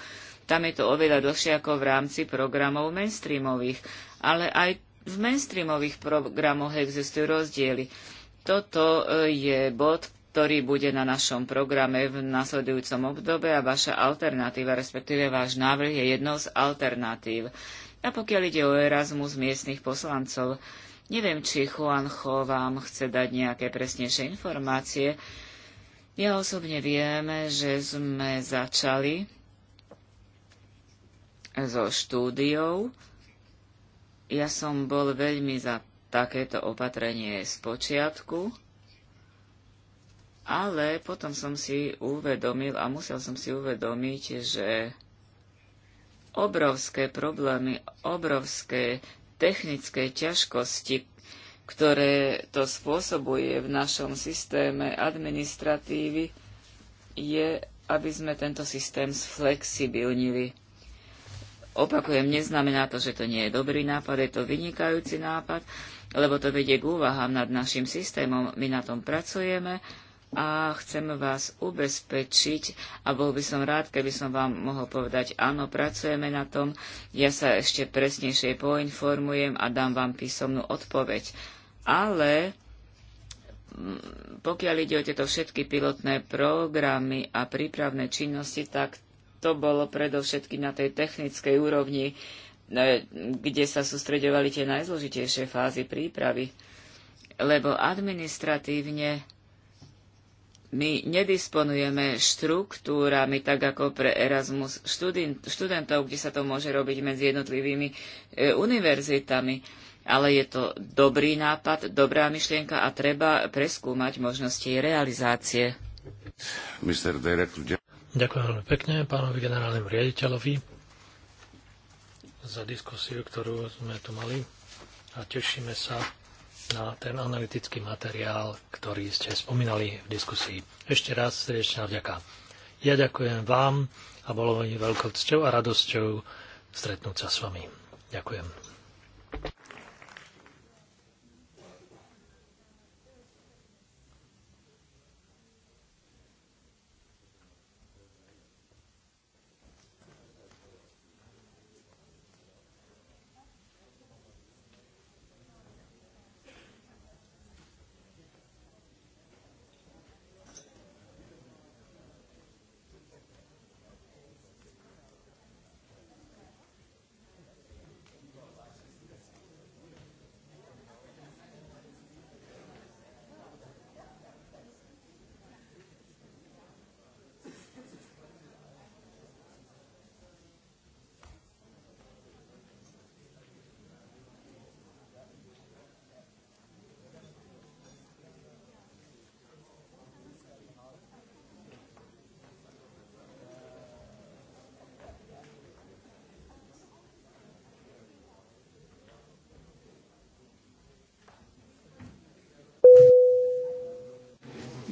Tam je to oveľa dlhšie ako v rámci programov mainstreamových, ale aj v mainstreamových programoch existujú rozdiely. Toto e, je bod, ktorý bude na našom programe v nasledujúcom obdobe a vaša alternatíva, respektíve váš návrh je jednou z alternatív. A pokiaľ ide o Erasmus miestnych poslancov, Neviem, či Juancho vám chce dať nejaké presnejšie informácie. Ja osobne viem, že sme začali so štúdiou. Ja som bol veľmi za takéto opatrenie z počiatku, ale potom som si uvedomil a musel som si uvedomiť, že obrovské problémy, obrovské technické ťažkosti, ktoré to spôsobuje v našom systéme administratívy, je, aby sme tento systém sflexibilnili. Opakujem, neznamená to, že to nie je dobrý nápad, je to vynikajúci nápad, lebo to vedie k úvahám nad našim systémom. My na tom pracujeme a chcem vás ubezpečiť a bol by som rád, keby som vám mohol povedať, áno, pracujeme na tom, ja sa ešte presnejšie poinformujem a dám vám písomnú odpoveď. Ale mm, pokiaľ ide o tieto všetky pilotné programy a prípravné činnosti, tak to bolo predovšetky na tej technickej úrovni, e, kde sa sústredovali tie najzložitejšie fázy prípravy. Lebo administratívne my nedisponujeme štruktúrami, tak ako pre Erasmus študentov, kde sa to môže robiť medzi jednotlivými e, univerzitami. Ale je to dobrý nápad, dobrá myšlienka a treba preskúmať možnosti jej realizácie. Ďakujem veľmi pekne pánovi generálnemu riaditeľovi za diskusiu, ktorú sme tu mali a tešíme sa na ten analytický materiál, ktorý ste spomínali v diskusii. Ešte raz srdečná vďaka. Ja ďakujem vám a bolo mi veľkou cťou a radosťou stretnúť sa s vami. Ďakujem.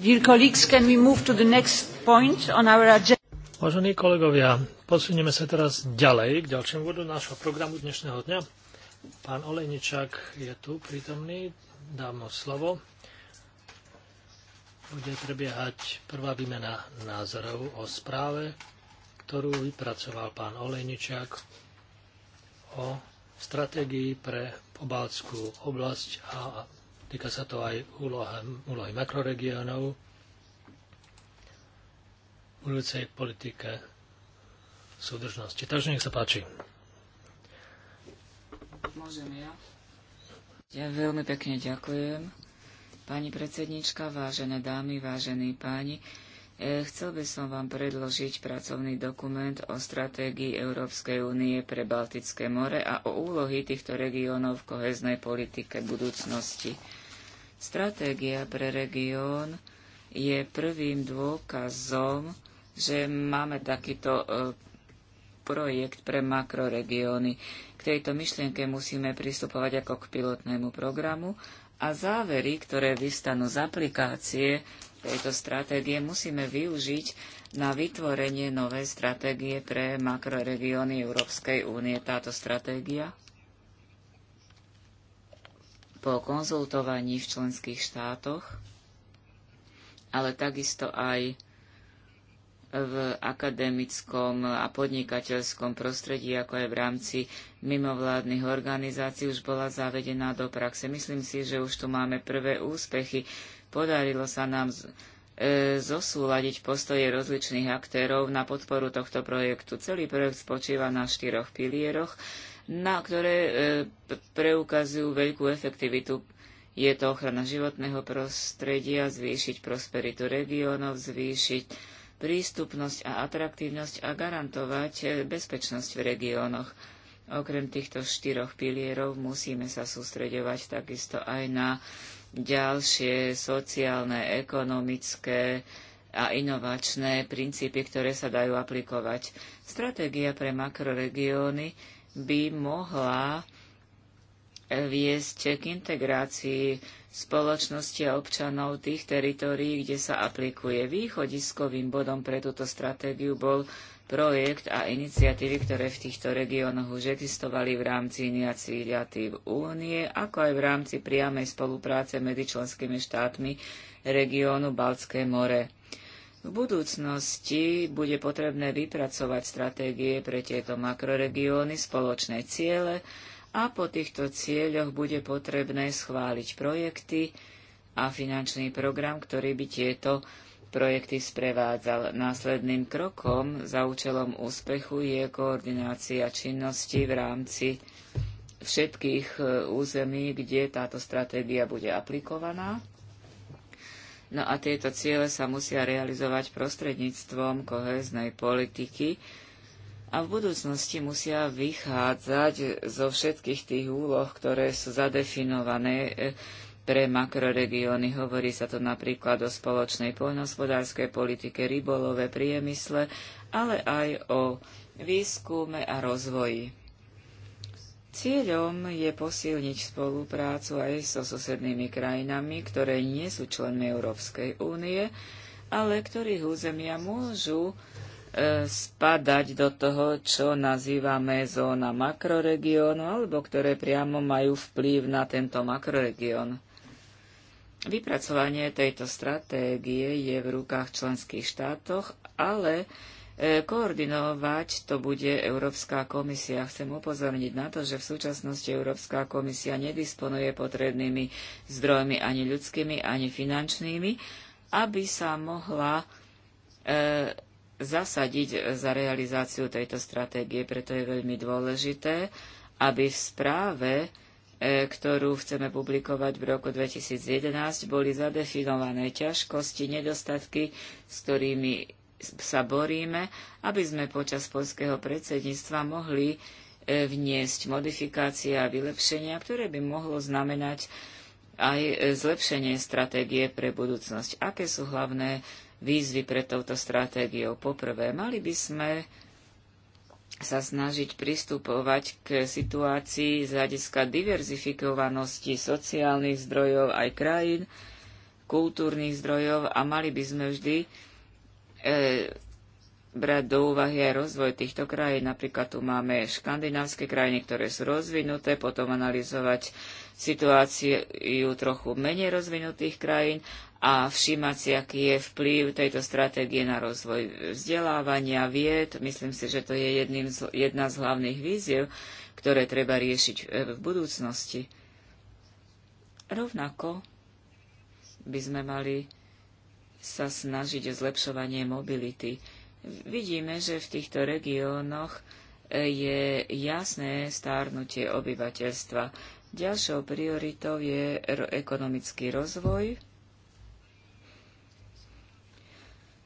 Vážení kolegovia, posunieme sa teraz ďalej k ďalšiemu bodu nášho programu dnešného dňa. Pán Olejničák je tu prítomný, dám mu slovo. Bude prebiehať prvá výmena názorov o správe, ktorú vypracoval pán Olejničák o stratégii pre pobalskú oblasť a Týka sa to aj úlohy, úlohy makroregiónov, budúcej politike súdržnosti. Takže nech sa páči. Môžem ja? Ja veľmi pekne ďakujem. Pani predsednička, vážené dámy, vážení páni, e, Chcel by som vám predložiť pracovný dokument o stratégii Európskej únie pre Baltické more a o úlohy týchto regiónov v koheznej politike budúcnosti. Stratégia pre región je prvým dôkazom, že máme takýto e, projekt pre makroregióny. K tejto myšlienke musíme pristupovať ako k pilotnému programu a závery, ktoré vystanú z aplikácie tejto stratégie, musíme využiť na vytvorenie novej stratégie pre makroregióny Európskej únie. Táto stratégia po konzultovaní v členských štátoch, ale takisto aj v akademickom a podnikateľskom prostredí, ako aj v rámci mimovládnych organizácií, už bola zavedená do praxe. Myslím si, že už tu máme prvé úspechy. Podarilo sa nám e, zosúladiť postoje rozličných aktérov na podporu tohto projektu. Celý projekt spočíva na štyroch pilieroch na ktoré e, preukazujú veľkú efektivitu. Je to ochrana životného prostredia, zvýšiť prosperitu regiónov, zvýšiť prístupnosť a atraktívnosť a garantovať e, bezpečnosť v regiónoch. Okrem týchto štyroch pilierov musíme sa sústreďovať takisto aj na ďalšie sociálne, ekonomické a inovačné princípy, ktoré sa dajú aplikovať. Stratégia pre makroregióny by mohla viesť k integrácii spoločnosti a občanov tých teritórií, kde sa aplikuje. Východiskovým bodom pre túto stratégiu bol projekt a iniciatívy, ktoré v týchto regiónoch už existovali v rámci iniciatív únie, ako aj v rámci priamej spolupráce medzi členskými štátmi regiónu Baltské more. V budúcnosti bude potrebné vypracovať stratégie pre tieto makroregióny, spoločné ciele a po týchto cieľoch bude potrebné schváliť projekty a finančný program, ktorý by tieto projekty sprevádzal. Následným krokom za účelom úspechu je koordinácia činnosti v rámci všetkých eh, území, kde táto stratégia bude aplikovaná No a tieto ciele sa musia realizovať prostredníctvom kohéznej politiky a v budúcnosti musia vychádzať zo všetkých tých úloh, ktoré sú zadefinované e, pre makroregióny. Hovorí sa to napríklad o spoločnej poľnohospodárskej politike, rybolove, priemysle, ale aj o výskume a rozvoji. Cieľom je posilniť spoluprácu aj so susednými krajinami, ktoré nie sú členmi Európskej únie, ale ktorých územia môžu e, spadať do toho, čo nazývame zóna makroregiónu, alebo ktoré priamo majú vplyv na tento makroregión. Vypracovanie tejto stratégie je v rukách členských štátoch, ale E, koordinovať to bude Európska komisia. Chcem upozorniť na to, že v súčasnosti Európska komisia nedisponuje potrebnými zdrojmi ani ľudskými, ani finančnými, aby sa mohla e, zasadiť za realizáciu tejto stratégie. Preto je veľmi dôležité, aby v správe, e, ktorú chceme publikovať v roku 2011, boli zadefinované ťažkosti, nedostatky, s ktorými sa boríme, aby sme počas polského predsedníctva mohli e, vniesť modifikácie a vylepšenia, ktoré by mohlo znamenať aj e, zlepšenie stratégie pre budúcnosť. Aké sú hlavné výzvy pre touto stratégiou? Poprvé, mali by sme sa snažiť pristupovať k situácii z hľadiska diverzifikovanosti sociálnych zdrojov aj krajín, kultúrnych zdrojov a mali by sme vždy E, brať do úvahy aj rozvoj týchto krajín. Napríklad tu máme škandinávske krajiny, ktoré sú rozvinuté, potom analyzovať situáciu trochu menej rozvinutých krajín a všímať si, aký je vplyv tejto stratégie na rozvoj vzdelávania, vied. Myslím si, že to je jedným z, jedna z hlavných víziev, ktoré treba riešiť e, v budúcnosti. Rovnako by sme mali sa snažiť o zlepšovanie mobility. Vidíme, že v týchto regiónoch e, je jasné stárnutie obyvateľstva. Ďalšou prioritou je ekonomický rozvoj.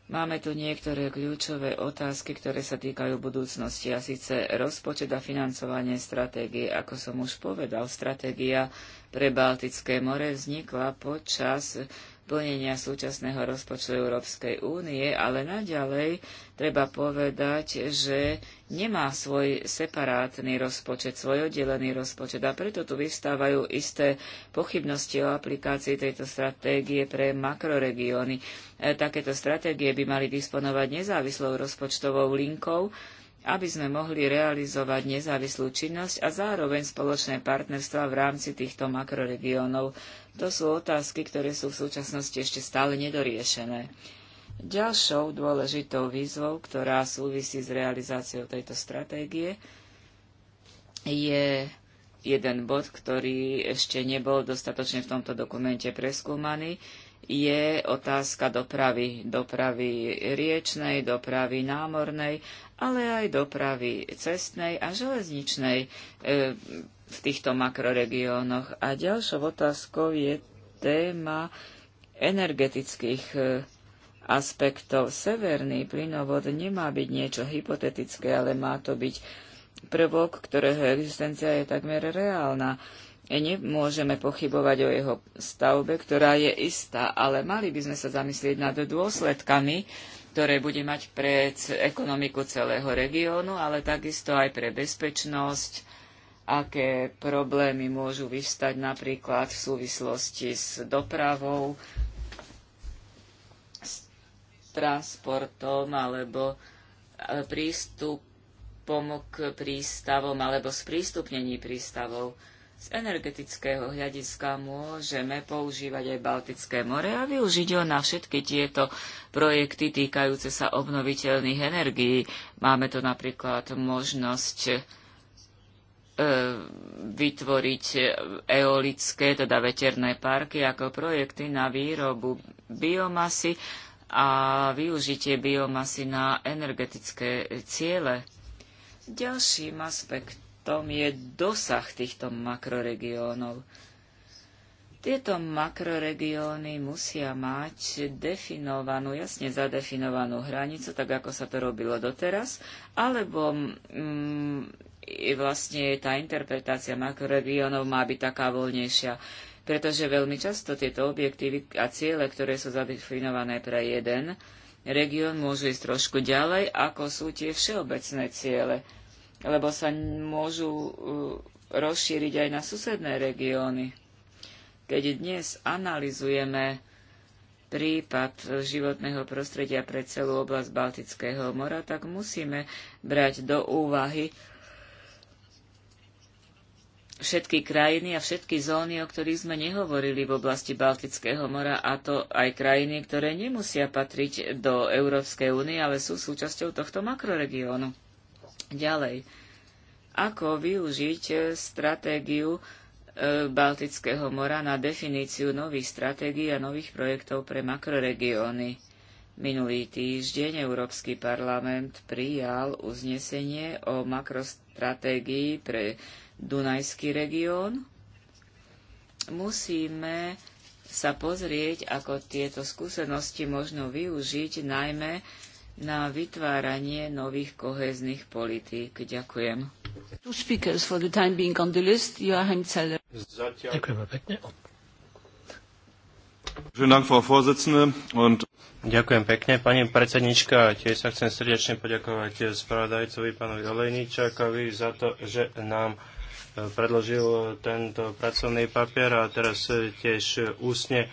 Máme tu niektoré kľúčové otázky, ktoré sa týkajú budúcnosti, a síce rozpočet a financovanie stratégie. Ako som už povedal, stratégia pre Baltické more vznikla počas plnenia súčasného rozpočtu Európskej únie, ale naďalej treba povedať, že nemá svoj separátny rozpočet, svoj oddelený rozpočet a preto tu vystávajú isté pochybnosti o aplikácii tejto stratégie pre makroregióny. E, takéto stratégie by mali disponovať nezávislou rozpočtovou linkou, aby sme mohli realizovať nezávislú činnosť a zároveň spoločné partnerstva v rámci týchto makroregiónov. To sú otázky, ktoré sú v súčasnosti ešte stále nedoriešené. Ďalšou dôležitou výzvou, ktorá súvisí s realizáciou tejto stratégie, je jeden bod, ktorý ešte nebol dostatočne v tomto dokumente preskúmaný, je otázka dopravy, dopravy riečnej, dopravy námornej ale aj dopravy cestnej a železničnej e, v týchto makroregiónoch. A ďalšou otázkou je téma energetických e, aspektov. Severný plynovod nemá byť niečo hypotetické, ale má to byť prvok, ktorého existencia je takmer reálna. Nemôžeme pochybovať o jeho stavbe, ktorá je istá, ale mali by sme sa zamyslieť nad dôsledkami, ktoré bude mať pre ekonomiku celého regiónu, ale takisto aj pre bezpečnosť, aké problémy môžu vyvstať napríklad v súvislosti s dopravou, s transportom alebo e, prístupom k prístavom alebo sprístupnení prístavov. Z energetického hľadiska môžeme používať aj Baltické more a využiť ho na všetky tieto projekty týkajúce sa obnoviteľných energií. Máme tu napríklad možnosť e, vytvoriť eolické, teda veterné parky, ako projekty na výrobu biomasy a využitie biomasy na energetické ciele. Ďalším aspektom tom je dosah týchto makroregiónov. Tieto makroregióny musia mať definovanú, jasne zadefinovanú hranicu, tak ako sa to robilo doteraz, alebo mm, vlastne tá interpretácia makroregiónov má byť taká voľnejšia, pretože veľmi často tieto objektívy a ciele, ktoré sú zadefinované pre jeden región, môžu ísť trošku ďalej, ako sú tie všeobecné ciele lebo sa môžu uh, rozšíriť aj na susedné regióny. Keď dnes analizujeme prípad životného prostredia pre celú oblasť Baltického mora, tak musíme brať do úvahy všetky krajiny a všetky zóny, o ktorých sme nehovorili v oblasti Baltického mora, a to aj krajiny, ktoré nemusia patriť do Európskej únie, ale sú súčasťou tohto makroregiónu. Ďalej, ako využiť e, stratégiu e, Baltického mora na definíciu nových stratégií a nových projektov pre makroregióny. Minulý týždeň Európsky parlament prijal uznesenie o makrostratégii pre Dunajský región. Musíme sa pozrieť, ako tieto skúsenosti možno využiť najmä na vytváranie nových kohezných politík. Ďakujem. pekne. Ďakujem pekne, pani predsednička. Tiež sa chcem srdečne poďakovať spravodajcovi pánovi Olejničakovi za to, že nám e, predložil tento pracovný papier a teraz e, tiež e, ústne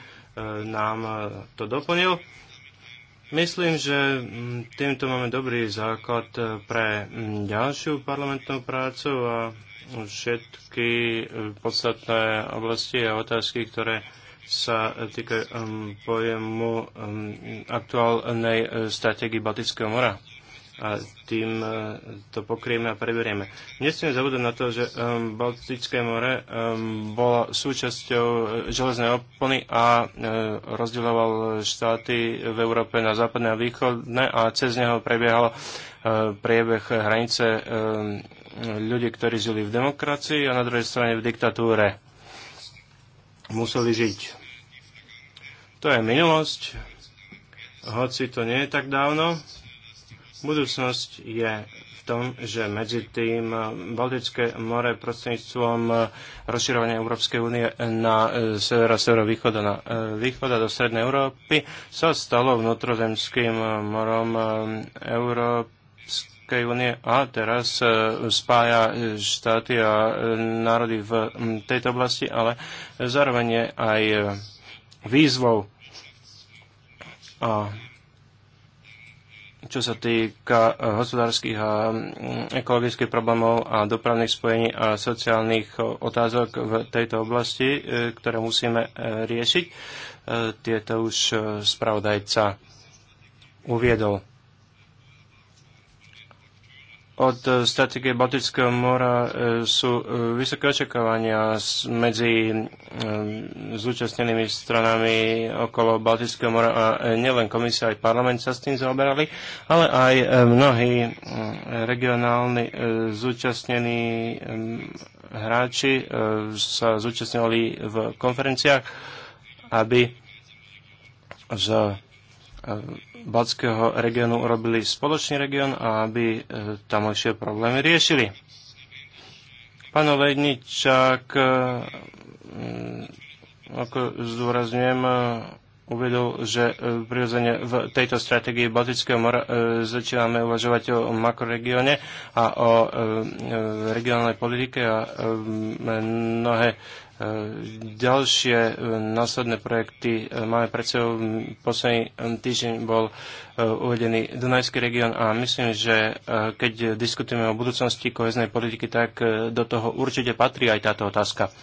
nám to doplnil. Myslím, že mm, týmto máme dobrý základ e, pre mm, ďalšiu parlamentnú prácu a všetky e, podstatné oblasti a otázky, ktoré sa týkajú mm, pojemu aktuálnej e, stratégie Baltického mora a tým e, to pokrieme a preberieme. Nesmieme zabúdať na to, že e, Baltické more e, bolo súčasťou železnej opony a rozdieloval štáty v Európe na západné a východné a cez neho prebiehal priebeh hranice ľudí, ktorí žili v demokracii a na druhej strane v diktatúre. Museli žiť. To je minulosť, hoci to nie je tak dávno. Budúcnosť je v tom, že medzi tým Baltické more prostredníctvom rozširovania Európskej únie na e, sever a severovýchod a na e, východ a do Strednej Európy sa stalo vnútrozemským morom e, Európskej únie a teraz spája štáty a národy v tejto oblasti, ale zároveň je aj výzvou a čo sa týka e, hospodárskych a ekologických problémov a dopravných spojení a sociálnych e, otázok v tejto oblasti, e, ktoré musíme riešiť. Tieto už spravodajca uviedol od e, stratégie Baltického mora e, sú e, vysoké očakávania medzi zúčastnenými stranami okolo Baltického mora a nielen komisia aj parlament sa s tým zaoberali, ale aj mnohí regionálni zúčastnení hráči sa zúčastňovali v konferenciách, aby z Balckého regiónu urobili spoločný región a aby e, tamojšie problémy riešili. Pán Ledničák, e, mm, ako zdôrazňujem, e, uvedol, že prirodzene v tejto stratégii Baltického mora začíname uvažovať o makroregióne a o regionálnej politike a mnohé E, ďalšie e, následné projekty e, máme pred sebou. Posledný týždeň bol uvedený Dunajský región a myslím, že keď diskutujeme o budúcnosti koheznej politiky, tak do toho určite patrí aj táto otázka.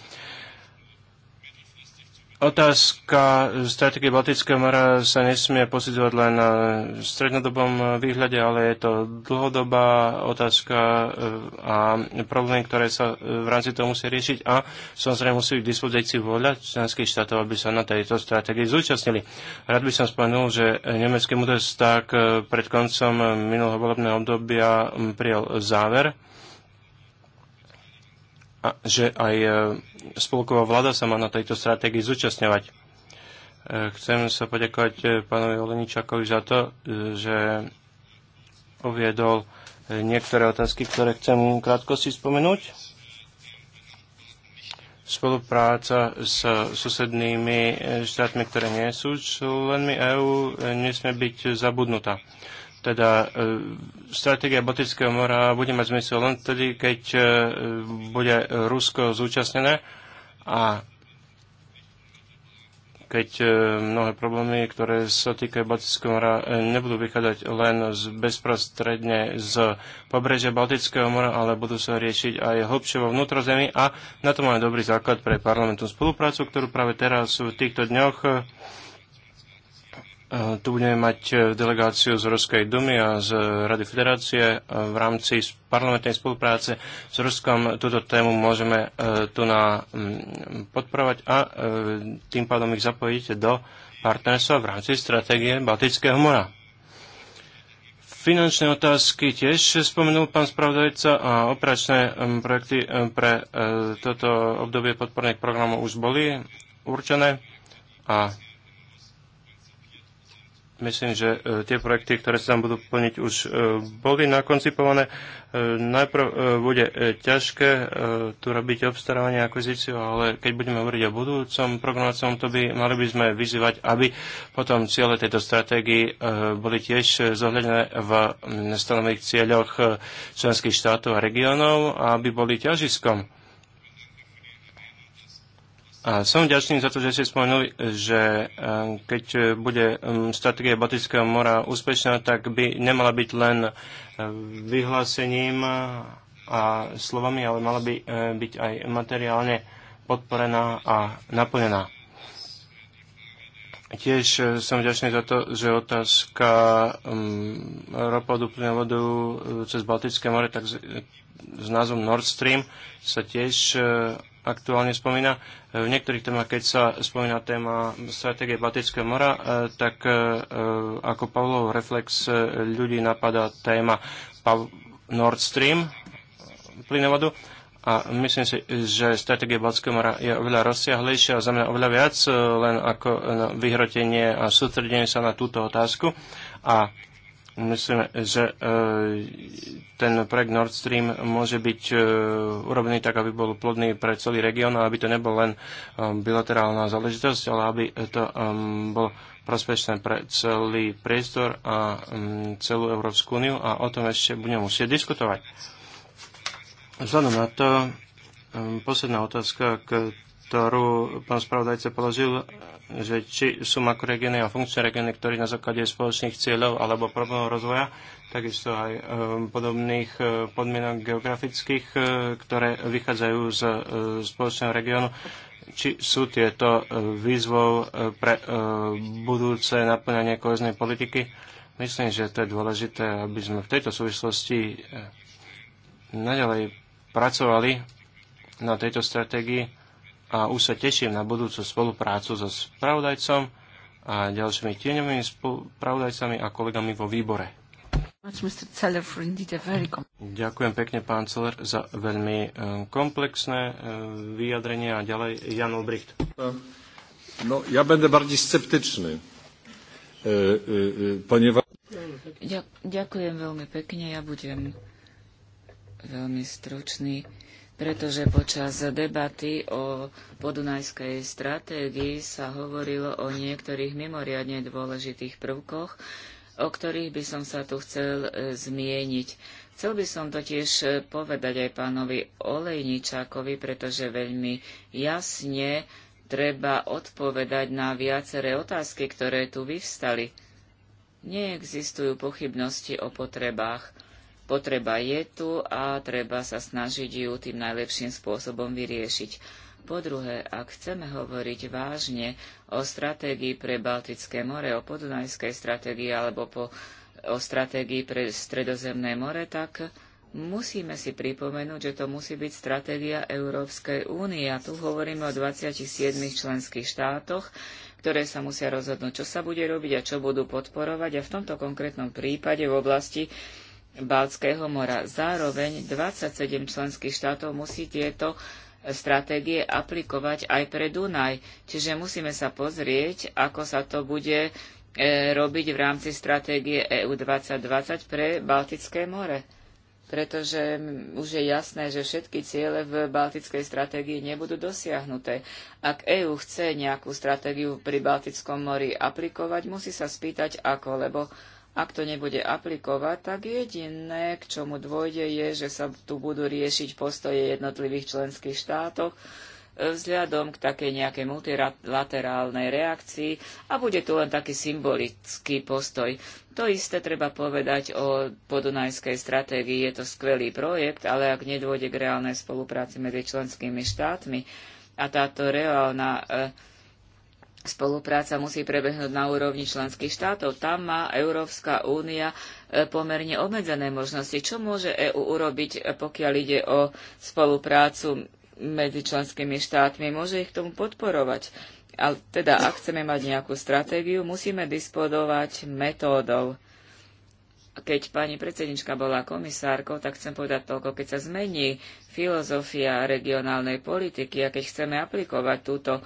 Otázka strategie Baltického mora sa nesmie posudzovať len na strednodobom výhľade, ale je to dlhodobá otázka e, a problémy, ktoré sa e, v rámci toho musí riešiť a samozrejme musí byť dispozícii voľa členských štátov, aby sa na tejto stratégii zúčastnili. Rád by som spomenul, že nemecký Bundestag e, pred koncom minulého volebného obdobia prijal záver, že aj e, spolková vláda sa má na tejto stratégii zúčastňovať. E, chcem sa poďakovať e, pánovi Oleničakovi za to, že uviedol niektoré otázky, ktoré chcem krátko si spomenúť. Spolupráca s susednými štátmi, ktoré nie sú členmi EÚ, nesmie byť zabudnutá. Teda e, stratégia Baltického mora bude mať zmysel len vtedy, keď e, bude Rusko zúčastnené a keď e, mnohé problémy, ktoré sa týkajú Baltického mora, nebudú vychádzať len z, bezprostredne z pobrežia Baltického mora, ale budú sa riešiť aj hlbšie vo vnútrozemí a na to máme dobrý základ pre parlamentnú spoluprácu, ktorú práve teraz v týchto dňoch tu budeme mať e, delegáciu z Ruskej dumy a z Rady federácie e, v rámci parlamentnej spolupráce s Ruskom. Túto tému môžeme e, tu na mm, podporovať a tým pádom ich zapojiť do partnerstva v rámci stratégie Baltického mora. Finančné otázky tiež spomenul pán spravodajca a operačné projekty pre toto obdobie podporných programov už boli určené a Myslím, že e, tie projekty, ktoré sa tam budú plniť, už e, boli nakoncipované. E, najprv bude ťažké tu robiť obstarávanie a akvizíciu, ale keď budeme hovoriť o budúcom programovacom, to by mali by sme vyzývať, aby potom ciele tejto stratégii boli tiež zohľadené v stanovených cieľoch členských štátov a regiónov a aby boli ťažiskom a som ďačný za to, že ste spomenuli, že eh, keď eh, bude mm, stratégia Baltického mora úspešná, tak by nemala byť len eh, vyhlásením a slovami, ale mala by byť aj materiálne podporená a naplnená. Tiež som vďačný za to, že otázka ropa mm, ropodu vodu cez Baltické more, tak s, názvom Nord Stream, sa tiež aktuálne spomína. E, v niektorých témach, keď sa spomína téma stratégie Baltického mora, e, tak e, ako Pavlov reflex ľudí napadá téma Nord Stream plynovodu. A myslím si, že stratégia Balckého mora je oveľa rozsiahlejšia a za mňa oveľa viac, len ako vyhrotenie a sústredenie sa na túto otázku. A Myslím, že e, ten projekt Nord Stream môže byť e, urobený tak, aby bol plodný pre celý región, aby to nebol len um, bilaterálna záležitosť, ale aby to um, bolo prospešné pre celý priestor a um, celú Európsku úniu a o tom ešte budeme musieť diskutovať. Vzhľadom na to, posledná otázka, ktorú pán spravodajca položil, že či sú makroregióny a funkčné regióny, ktoré na základe spoločných cieľov alebo problémov rozvoja, takisto aj e, podobných e, podmienok geografických, e, ktoré vychádzajú z spoločného regiónu, či sú tieto výzvou pre budúce naplňanie koheznej politiky. Myslím, že to je dôležité, aby sme v tejto súvislosti naďalej pracovali na tejto stratégii a už sa teším na budúcu spoluprácu so spravodajcom a ďalšími tieňovými spravodajcami a kolegami vo výbore. Ďakujem pekne, pán Celer, za veľmi eh, komplexné eh, vyjadrenie a ďalej Jan Olbricht. No, ja bude bardziej sceptyczny, e, e, e, ponieważ... Ďakujem veľmi pekne, ja budem veľmi stručný pretože počas debaty o podunajskej stratégii sa hovorilo o niektorých mimoriadne dôležitých prvkoch, o ktorých by som sa tu chcel e, zmieniť. Chcel by som totiž e, povedať aj pánovi Olejničákovi, pretože veľmi jasne treba odpovedať na viaceré otázky, ktoré tu vyvstali. Neexistujú pochybnosti o potrebách Potreba je tu a treba sa snažiť ju tým najlepším spôsobom vyriešiť. Po druhé, ak chceme hovoriť vážne o stratégii pre Baltické more, o podunajskej stratégii alebo po, o stratégii pre Stredozemné more, tak musíme si pripomenúť, že to musí byť stratégia Európskej únie. A tu hovoríme o 27 členských štátoch, ktoré sa musia rozhodnúť, čo sa bude robiť a čo budú podporovať. A v tomto konkrétnom prípade v oblasti Baltského mora. Zároveň 27 členských štátov musí tieto stratégie aplikovať aj pre Dunaj. Čiže musíme sa pozrieť, ako sa to bude e, robiť v rámci stratégie EU 2020 pre Baltické more. Pretože už je jasné, že všetky ciele v Baltickej stratégii nebudú dosiahnuté. Ak EÚ chce nejakú stratégiu pri Baltickom mori aplikovať, musí sa spýtať ako, lebo ak to nebude aplikovať, tak jediné, k čomu dôjde, je, že sa tu budú riešiť postoje jednotlivých členských štátoch e, vzhľadom k takej nejakej multilaterálnej reakcii a bude tu len taký symbolický postoj. To isté treba povedať o podunajskej stratégii. Je to skvelý projekt, ale ak nedôjde k reálnej spolupráci medzi členskými štátmi a táto reálna e, Spolupráca musí prebehnúť na úrovni členských štátov. Tam má Európska únia e, pomerne obmedzené možnosti. Čo môže EÚ urobiť, e, pokiaľ ide o spoluprácu medzi členskými štátmi? Môže ich k tomu podporovať. Ale teda, ak chceme mať nejakú stratégiu, musíme disponovať metódou. Keď pani predsednička bola komisárkou, tak chcem povedať toľko, keď sa zmení filozofia regionálnej politiky a keď chceme aplikovať túto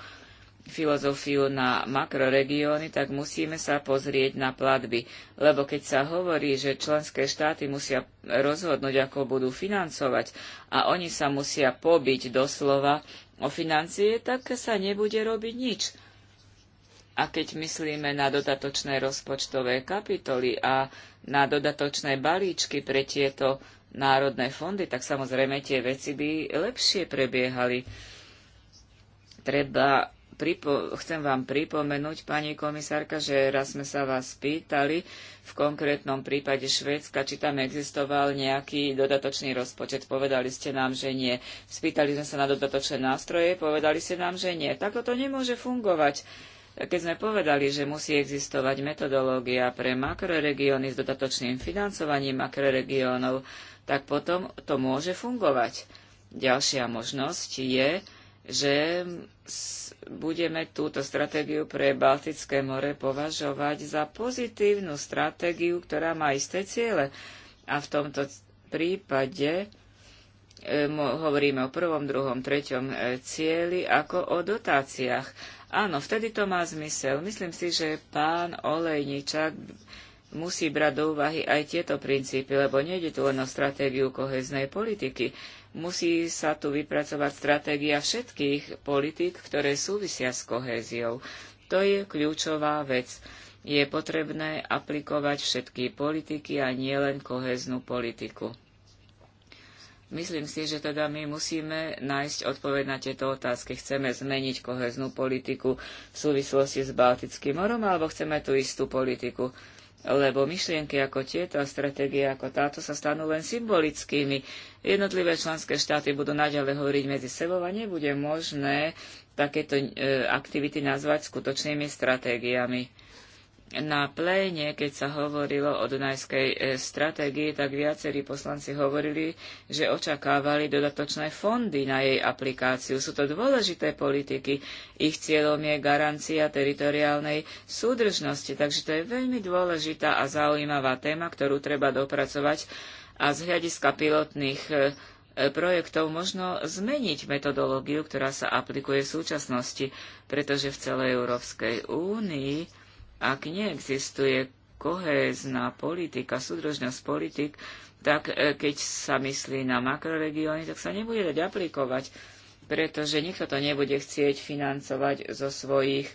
filozofiu na makroregióny, tak musíme sa pozrieť na platby. Lebo keď sa hovorí, že členské štáty musia rozhodnúť, ako budú financovať a oni sa musia pobiť doslova o financie, tak sa nebude robiť nič. A keď myslíme na dodatočné rozpočtové kapitoly a na dodatočné balíčky pre tieto národné fondy, tak samozrejme tie veci by lepšie prebiehali. Treba pripo- chcem vám pripomenúť, pani komisárka, že raz sme sa vás pýtali v konkrétnom prípade Švédska, či tam existoval nejaký dodatočný rozpočet. Povedali ste nám, že nie. Spýtali sme sa na dodatočné nástroje, povedali ste nám, že nie. Takto to nemôže fungovať. Keď sme povedali, že musí existovať metodológia pre makroregióny s dodatočným financovaním makroregiónov, tak potom to môže fungovať. Ďalšia možnosť je, že budeme túto stratégiu pre Baltické more považovať za pozitívnu stratégiu, ktorá má isté ciele. A v tomto prípade e, hovoríme o prvom, druhom, treťom e, cieli ako o dotáciách. Áno, vtedy to má zmysel. Myslím si, že pán Olejničák musí brať do úvahy aj tieto princípy, lebo nejde tu len o stratégiu koheznej politiky. Musí sa tu vypracovať stratégia všetkých politík, ktoré súvisia s kohéziou. To je kľúčová vec. Je potrebné aplikovať všetky politiky a nielen kohéznu politiku. Myslím si, že teda my musíme nájsť odpoveď na tieto otázky. Chceme zmeniť koheznú politiku v súvislosti s Baltickým morom, alebo chceme tú istú politiku lebo myšlienky ako tieto a stratégie ako táto sa stanú len symbolickými. Jednotlivé členské štáty budú naďalej hovoriť medzi sebou a nebude možné takéto e, aktivity nazvať skutočnými stratégiami na pléne, keď sa hovorilo o Dunajskej e, stratégii, tak viacerí poslanci hovorili, že očakávali dodatočné fondy na jej aplikáciu. Sú to dôležité politiky. Ich cieľom je garancia teritoriálnej súdržnosti, takže to je veľmi dôležitá a zaujímavá téma, ktorú treba dopracovať a z hľadiska pilotných e, e, projektov možno zmeniť metodológiu, ktorá sa aplikuje v súčasnosti, pretože v celej Európskej únii ak neexistuje kohézná politika, súdržnosť politik, tak e, keď sa myslí na makroregióny, tak sa nebude dať aplikovať, pretože nikto to nebude chcieť financovať zo svojich e,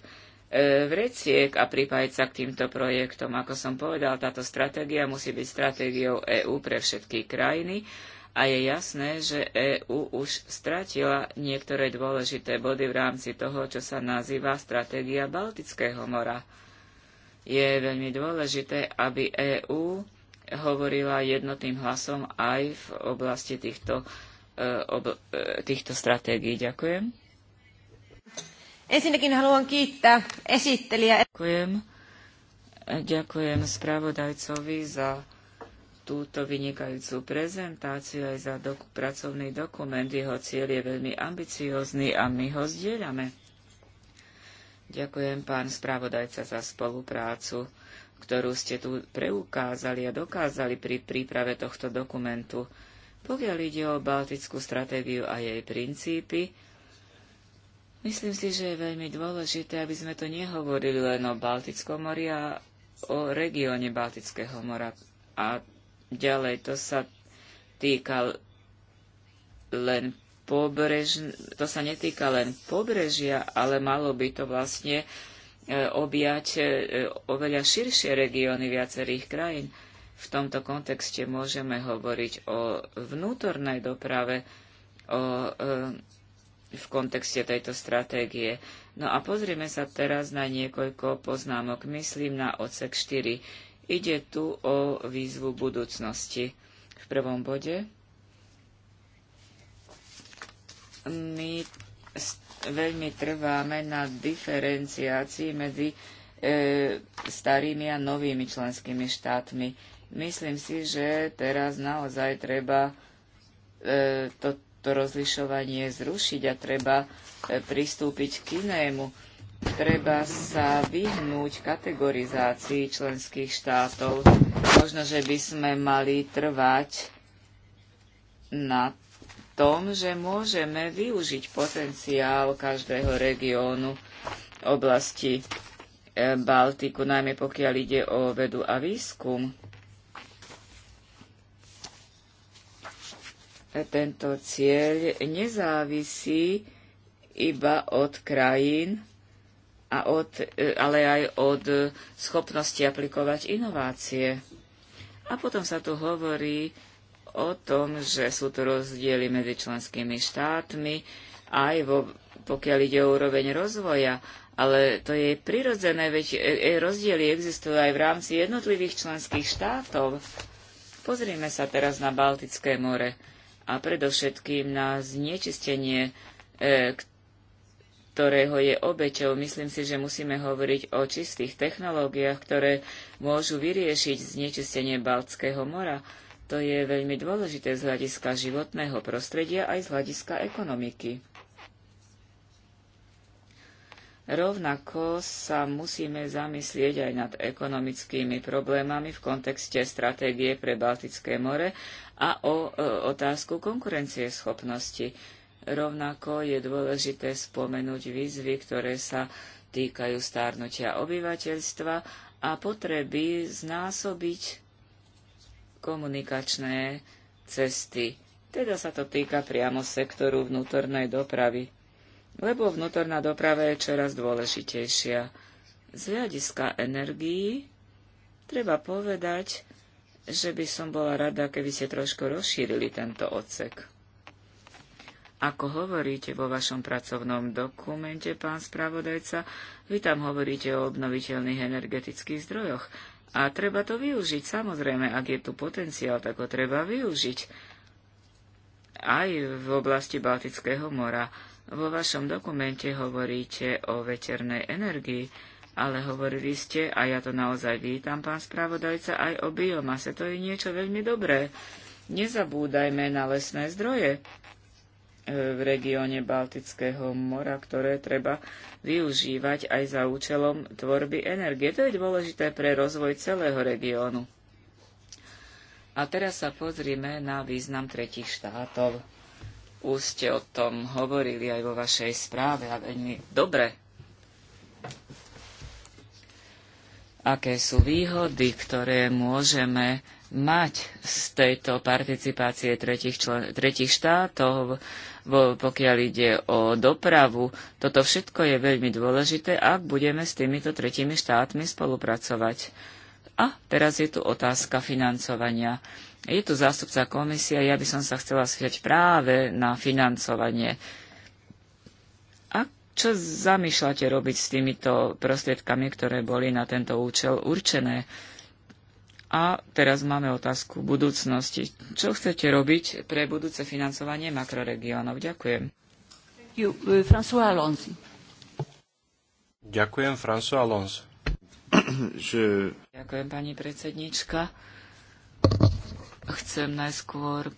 vreciek a pripájať sa k týmto projektom. Ako som povedal, táto stratégia musí byť stratégiou EÚ pre všetky krajiny a je jasné, že EÚ už stratila niektoré dôležité body v rámci toho, čo sa nazýva stratégia Baltického mora. Je veľmi dôležité, aby EÚ hovorila jednotným hlasom aj v oblasti týchto, e, ob, e, týchto stratégií. Ďakujem. Ensinnäkin haluan kiittää esittelijä. Ďakujem. Ďakujem spravodajcovi za túto vynikajúcu prezentáciu aj za doku, pracovný dokument. Jeho cieľ je veľmi ambiciózny a my ho zdieľame. Ďakujem, pán spravodajca za spoluprácu, ktorú ste tu preukázali a dokázali pri príprave tohto dokumentu. Pokiaľ ide o baltickú stratégiu a jej princípy, myslím si, že je veľmi dôležité, aby sme to nehovorili len o Baltickom mori a o regióne Baltického mora. A ďalej to sa týka len pobrež, to sa netýka len pobrežia, ale malo by to vlastne e, objať e, oveľa širšie regióny viacerých krajín. V tomto kontexte môžeme hovoriť o vnútornej doprave, o, e, v kontexte tejto stratégie. No a pozrieme sa teraz na niekoľko poznámok. Myslím na odsek 4. Ide tu o výzvu budúcnosti. V prvom bode my veľmi trváme na diferenciácii medzi e, starými a novými členskými štátmi. Myslím si, že teraz naozaj treba e, to, to rozlišovanie zrušiť a treba e, pristúpiť k inému. Treba sa vyhnúť kategorizácii členských štátov. Možno, že by sme mali trvať na tom, že môžeme využiť potenciál každého regiónu oblasti eh, Baltiku, najmä pokiaľ ide o vedu a výskum. Tento cieľ nezávisí iba od krajín, a od, eh, ale aj od schopnosti aplikovať inovácie. A potom sa tu hovorí o tom, že sú tu rozdiely medzi členskými štátmi, aj vo, pokiaľ ide o úroveň rozvoja. Ale to je prirodzené, veď e, e, rozdiely existujú aj v rámci jednotlivých členských štátov. Pozrime sa teraz na Baltické more a predovšetkým na znečistenie, e, ktorého je obeťou. Myslím si, že musíme hovoriť o čistých technológiách, ktoré môžu vyriešiť znečistenie Baltského mora. To je veľmi dôležité z hľadiska životného prostredia aj z hľadiska ekonomiky. Rovnako sa musíme zamyslieť aj nad ekonomickými problémami v kontexte stratégie pre Baltické more a o e, otázku konkurencieschopnosti. Rovnako je dôležité spomenúť výzvy, ktoré sa týkajú stárnutia obyvateľstva a potreby znásobiť komunikačné cesty. Teda sa to týka priamo sektoru vnútornej dopravy, lebo vnútorná doprava je čoraz dôležitejšia. Z hľadiska energií treba povedať, že by som bola rada, keby ste trošku rozšírili tento odsek. Ako hovoríte vo vašom pracovnom dokumente, pán spravodajca, vy tam hovoríte o obnoviteľných energetických zdrojoch. A treba to využiť. Samozrejme, ak je tu potenciál, tak ho treba využiť. Aj v oblasti Baltického mora. Vo vašom dokumente hovoríte o veternej energii, ale hovorili ste, a ja to naozaj vítam, pán spravodajca, aj o biomase. To je niečo veľmi dobré. Nezabúdajme na lesné zdroje. E, v regióne Baltického mora, ktoré treba využívať aj za účelom tvorby energie. To je dôležité pre rozvoj celého regiónu. A teraz sa pozrime na význam tretich štátov. Už ste o tom hovorili aj vo vašej správe a veľmi dobre. Aké sú výhody, ktoré môžeme mať z tejto participácie tretich, člen, tretich štátov, pokiaľ ide o dopravu. Toto všetko je veľmi dôležité, ak budeme s týmito tretími štátmi spolupracovať. A teraz je tu otázka financovania. Je tu zástupca komisia, ja by som sa chcela spýtať práve na financovanie. A čo zamýšľate robiť s týmito prostriedkami, ktoré boli na tento účel určené? A teraz máme otázku v budúcnosti. Čo chcete robiť pre budúce financovanie makroregiónov? Ďakujem. Uh, Ďakujem, François Alonso. Že... Ďakujem, pani predsednička. Chcem najskôr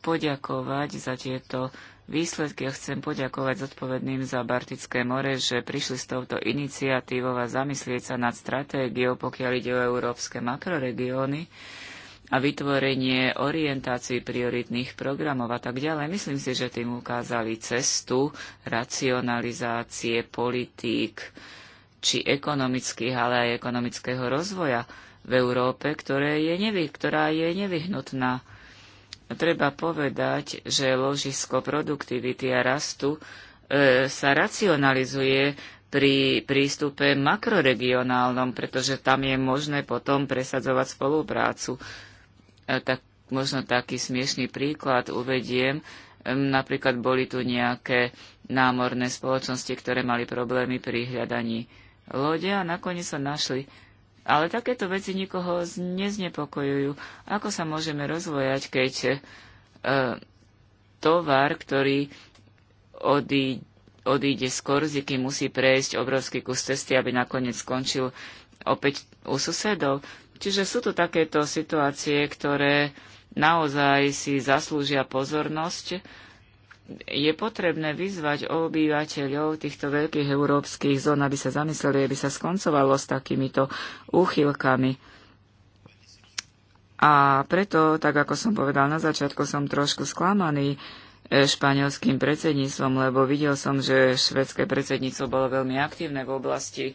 poďakovať za tieto výsledky. chcem poďakovať zodpovedným za Bartické more, že prišli s touto iniciatívou a zamyslieť sa nad stratégiou, pokiaľ ide o európske makroregióny a vytvorenie orientácií prioritných programov a tak ďalej. Myslím si, že tým ukázali cestu racionalizácie politík či ekonomických, ale aj ekonomického rozvoja v Európe, ktoré je nevy, ktorá je nevyhnutná. Treba povedať, že ložisko produktivity a rastu e, sa racionalizuje pri prístupe makroregionálnom, pretože tam je možné potom presadzovať spoluprácu. E, tak, možno taký smiešný príklad uvediem. napríklad boli tu nejaké námorné spoločnosti, ktoré mali problémy pri hľadaní lode a nakoniec sa našli ale takéto veci nikoho neznepokojujú. Ako sa môžeme rozvojať, keď e, tovar, ktorý odíde, odíde z Korziky, musí prejsť obrovský kus cesty, aby nakoniec skončil opäť u susedov. Čiže sú tu takéto situácie, ktoré naozaj si zaslúžia pozornosť je potrebné vyzvať obyvateľov týchto veľkých európskych zón, aby sa zamysleli, aby sa skoncovalo s takýmito úchylkami. A preto, tak ako som povedal na začiatku, som trošku sklamaný e, španielským predsedníctvom, lebo videl som, že švedské predsedníctvo bolo veľmi aktívne v oblasti e,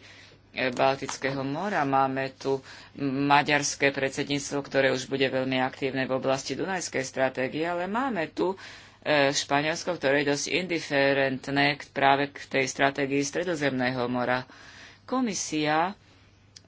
Baltického mora. Máme tu maďarské predsedníctvo, ktoré už bude veľmi aktívne v oblasti Dunajskej stratégie, ale máme tu E, Španielsko, ktoré je dosť indiferentné práve k tej stratégii Stredozemného mora. Komisia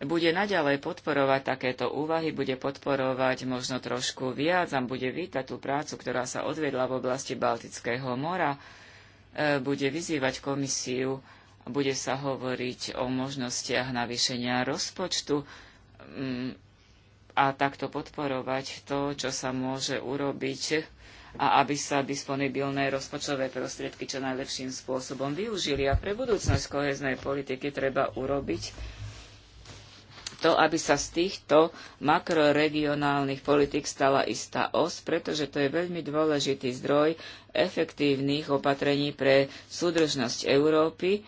bude naďalej podporovať takéto úvahy, bude podporovať možno trošku viac a bude vítať tú prácu, ktorá sa odvedla v oblasti Baltického mora, e, bude vyzývať komisiu, bude sa hovoriť o možnostiach navýšenia rozpočtu mm, a takto podporovať to, čo sa môže urobiť a aby sa disponibilné rozpočtové prostriedky čo najlepším spôsobom využili. A pre budúcnosť koheznej politiky treba urobiť to, aby sa z týchto makroregionálnych politik stala istá os, pretože to je veľmi dôležitý zdroj efektívnych opatrení pre súdržnosť Európy,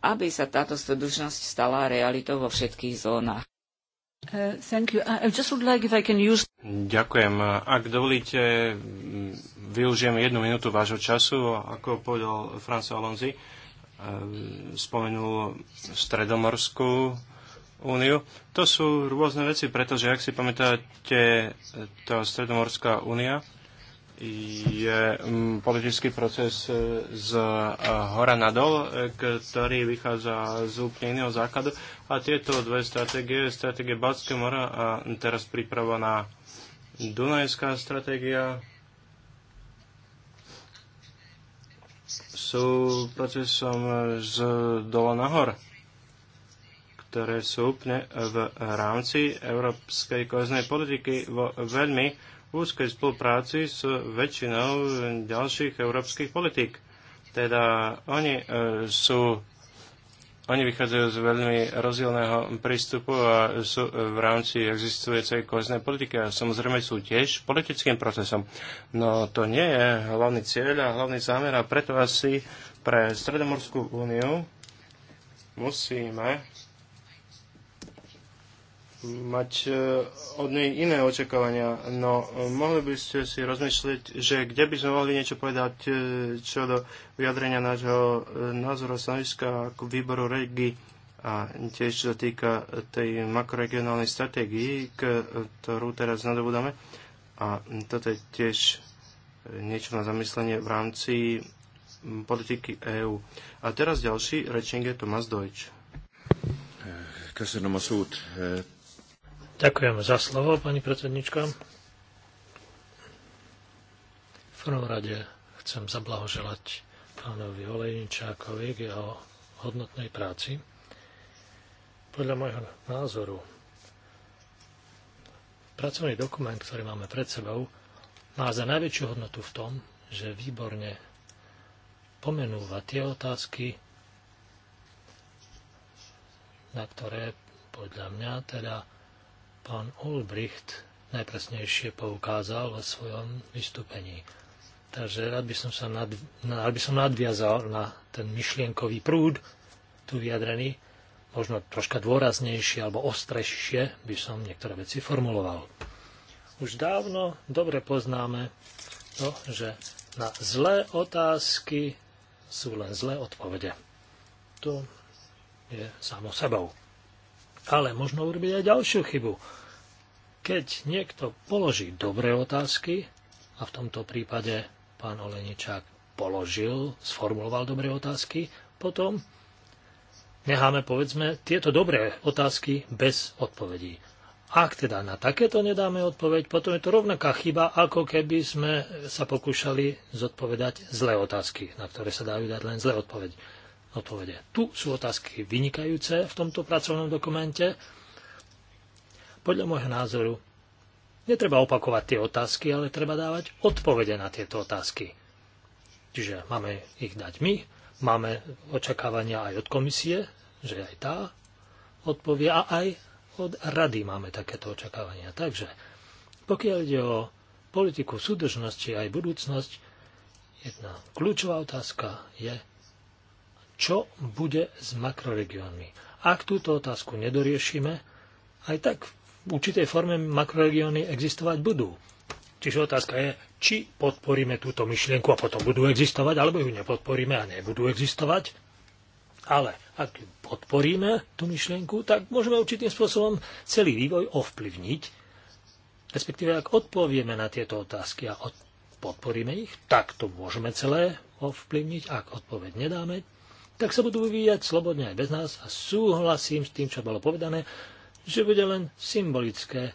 aby sa táto súdržnosť stala realitou vo všetkých zónach. Uh, Ďakujem. Ak dovolíte, využijem jednu minútu vášho času. Ako povedal François Alonzi, uh, spomenul Stredomorskú úniu. To sú rôzne veci, pretože, ak si pamätáte, tá Stredomorská únia je mm, politický proces e, z e, hora na dol, e, ktorý vychádza z úplne iného základu. A tieto dve stratégie, stratégie Balckého mora a teraz pripravená Dunajská stratégia, sú procesom z dola nahor ktoré sú úplne v rámci európskej koznej politiky vo veľmi úzkej spolupráci s väčšinou ďalších európskych politík. Teda oni e, sú oni vychádzajú z veľmi rozdielného prístupu a sú v rámci existujúcej kohezné politiky a samozrejme sú tiež politickým procesom. No to nie je hlavný cieľ a hlavný zámer a preto asi pre Stredomorskú úniu musíme mať e, od nej iné očakávania. No, e, mohli by ste si rozmýšľať, že kde by sme mohli niečo povedať e, čo do vyjadrenia nášho názoru stanoviska ako výboru regi a tiež čo týka tej makroregionálnej stratégii, ktorú teraz nadobudáme. A toto je tiež niečo na zamyslenie v rámci politiky EÚ. A teraz ďalší rečník je Tomáš Dojč. Köszönöm a szót, Ďakujem za slovo, pani predsednička. V prvom rade chcem zablahoželať pánovi Olejničákovi k jeho hodnotnej práci. Podľa môjho názoru pracovný dokument, ktorý máme pred sebou, má za najväčšiu hodnotu v tom, že výborne pomenúva tie otázky, na ktoré podľa mňa teda pán Olbricht najpresnejšie poukázal vo svojom vystúpení. Takže rád by som, sa nad, rád by som nadviazal na ten myšlienkový prúd, tu vyjadrený, možno troška dôraznejšie alebo ostrejšie by som niektoré veci formuloval. Už dávno dobre poznáme to, že na zlé otázky sú len zlé odpovede. To je samo sebou. Ale možno urobiť aj ďalšiu chybu. Keď niekto položí dobré otázky, a v tomto prípade pán Oleničák položil, sformuloval dobré otázky, potom necháme, povedzme, tieto dobré otázky bez odpovedí. Ak teda na takéto nedáme odpoveď, potom je to rovnaká chyba, ako keby sme sa pokúšali zodpovedať zlé otázky, na ktoré sa dajú dať len zlé odpovede odpovede. Tu sú otázky vynikajúce v tomto pracovnom dokumente. Podľa môjho názoru netreba opakovať tie otázky, ale treba dávať odpovede na tieto otázky. Čiže máme ich dať my, máme očakávania aj od komisie, že aj tá odpovie a aj od rady máme takéto očakávania. Takže pokiaľ ide o politiku súdržnosti aj budúcnosť, jedna kľúčová otázka je, čo bude s makroregiónmi. Ak túto otázku nedoriešime, aj tak v určitej forme makroregióny existovať budú. Čiže otázka je, či podporíme túto myšlienku a potom budú existovať, alebo ju nepodporíme a nebudú existovať. Ale ak podporíme tú myšlienku, tak môžeme určitým spôsobom celý vývoj ovplyvniť. Respektíve, ak odpovieme na tieto otázky a podporíme ich, tak to môžeme celé ovplyvniť. Ak odpoveď nedáme, tak sa budú vyvíjať slobodne aj bez nás a súhlasím s tým, čo bolo povedané, že bude len symbolické.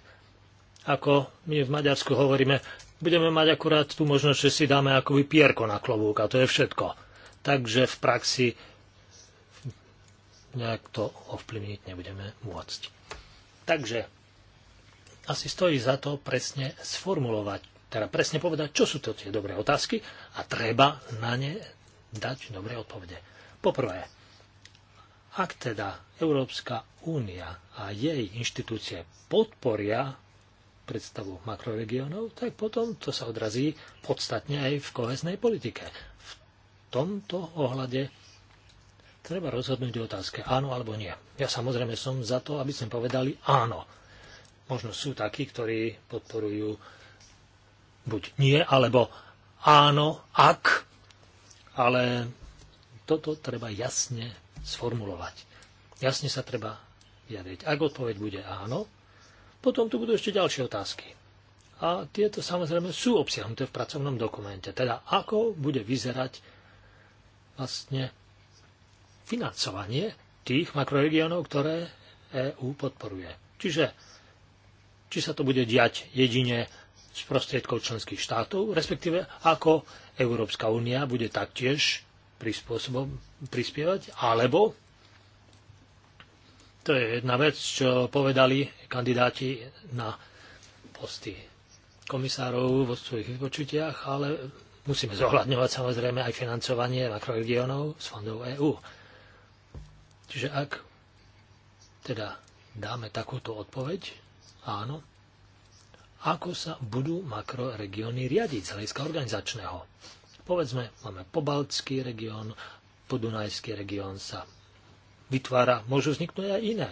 Ako my v Maďarsku hovoríme, budeme mať akurát tú možnosť, že si dáme ako pierko na klobúk a to je všetko. Takže v praxi nejak to ovplyvniť nebudeme môcť. Takže asi stojí za to presne sformulovať, teda presne povedať, čo sú to tie dobré otázky a treba na ne dať dobré odpovede. Poprvé, ak teda Európska únia a jej inštitúcie podporia predstavu makroregiónov, tak potom to sa odrazí podstatne aj v kohesnej politike. V tomto ohľade treba rozhodnúť o otázke áno alebo nie. Ja samozrejme som za to, aby sme povedali áno. Možno sú takí, ktorí podporujú buď nie, alebo áno, ak, ale toto treba jasne sformulovať. Jasne sa treba vyjadriť. Ak odpoveď bude áno, potom tu budú ešte ďalšie otázky. A tieto samozrejme sú obsiahnuté v pracovnom dokumente. Teda ako bude vyzerať vlastne financovanie tých makroregiónov, ktoré EÚ podporuje. Čiže či sa to bude diať jedine z prostriedkov členských štátov, respektíve ako Európska únia bude taktiež prispôsobom prispievať, alebo to je jedna vec, čo povedali kandidáti na posty komisárov vo svojich vypočutiach, ale musíme zohľadňovať samozrejme aj financovanie makroregionov z fondov EÚ. Čiže ak teda dáme takúto odpoveď, áno, ako sa budú makroregióny riadiť z hľadiska organizačného? Povedzme, máme pobaltský región, podunajský región sa vytvára, môžu vzniknúť aj iné.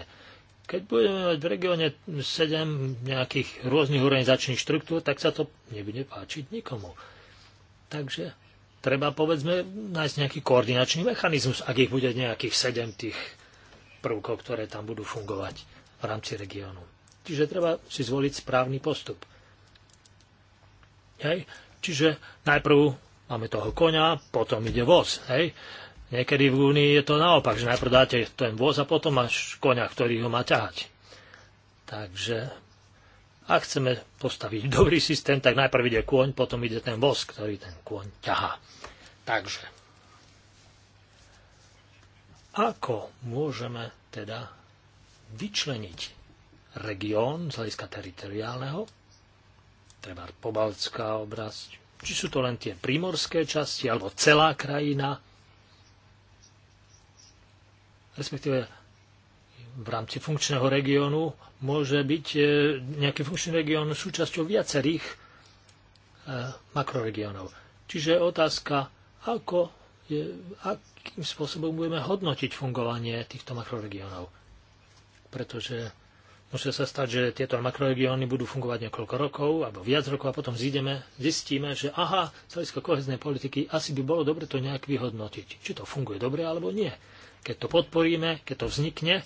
Keď budeme mať v regióne 7 nejakých rôznych organizačných štruktúr, tak sa to nebude páčiť nikomu. Takže treba, povedzme, nájsť nejaký koordinačný mechanizmus, ak ich bude nejakých 7 tých prvkov, ktoré tam budú fungovať v rámci regiónu. Čiže treba si zvoliť správny postup. Hej? Čiže najprv máme toho konia, potom ide voz. Hej? Niekedy v Únii je to naopak, že najprv dáte ten voz a potom až konia, ktorý ho má ťahať. Takže ak chceme postaviť dobrý systém, tak najprv ide kôň, potom ide ten voz, ktorý ten kôň ťahá. Takže ako môžeme teda vyčleniť región z hľadiska teritoriálneho, treba Pobaltská oblasť, či sú to len tie primorské časti, alebo celá krajina, respektíve v rámci funkčného regiónu môže byť e, nejaký funkčný región súčasťou viacerých e, makroregiónov. Čiže otázka, ako je, akým spôsobom budeme hodnotiť fungovanie týchto makroregiónov. Pretože Môže sa stať, že tieto makroregióny budú fungovať niekoľko rokov alebo viac rokov a potom zídeme, zistíme, že aha, z hľadiska koheznej politiky asi by bolo dobre to nejak vyhodnotiť. Či to funguje dobre alebo nie. Keď to podporíme, keď to vznikne,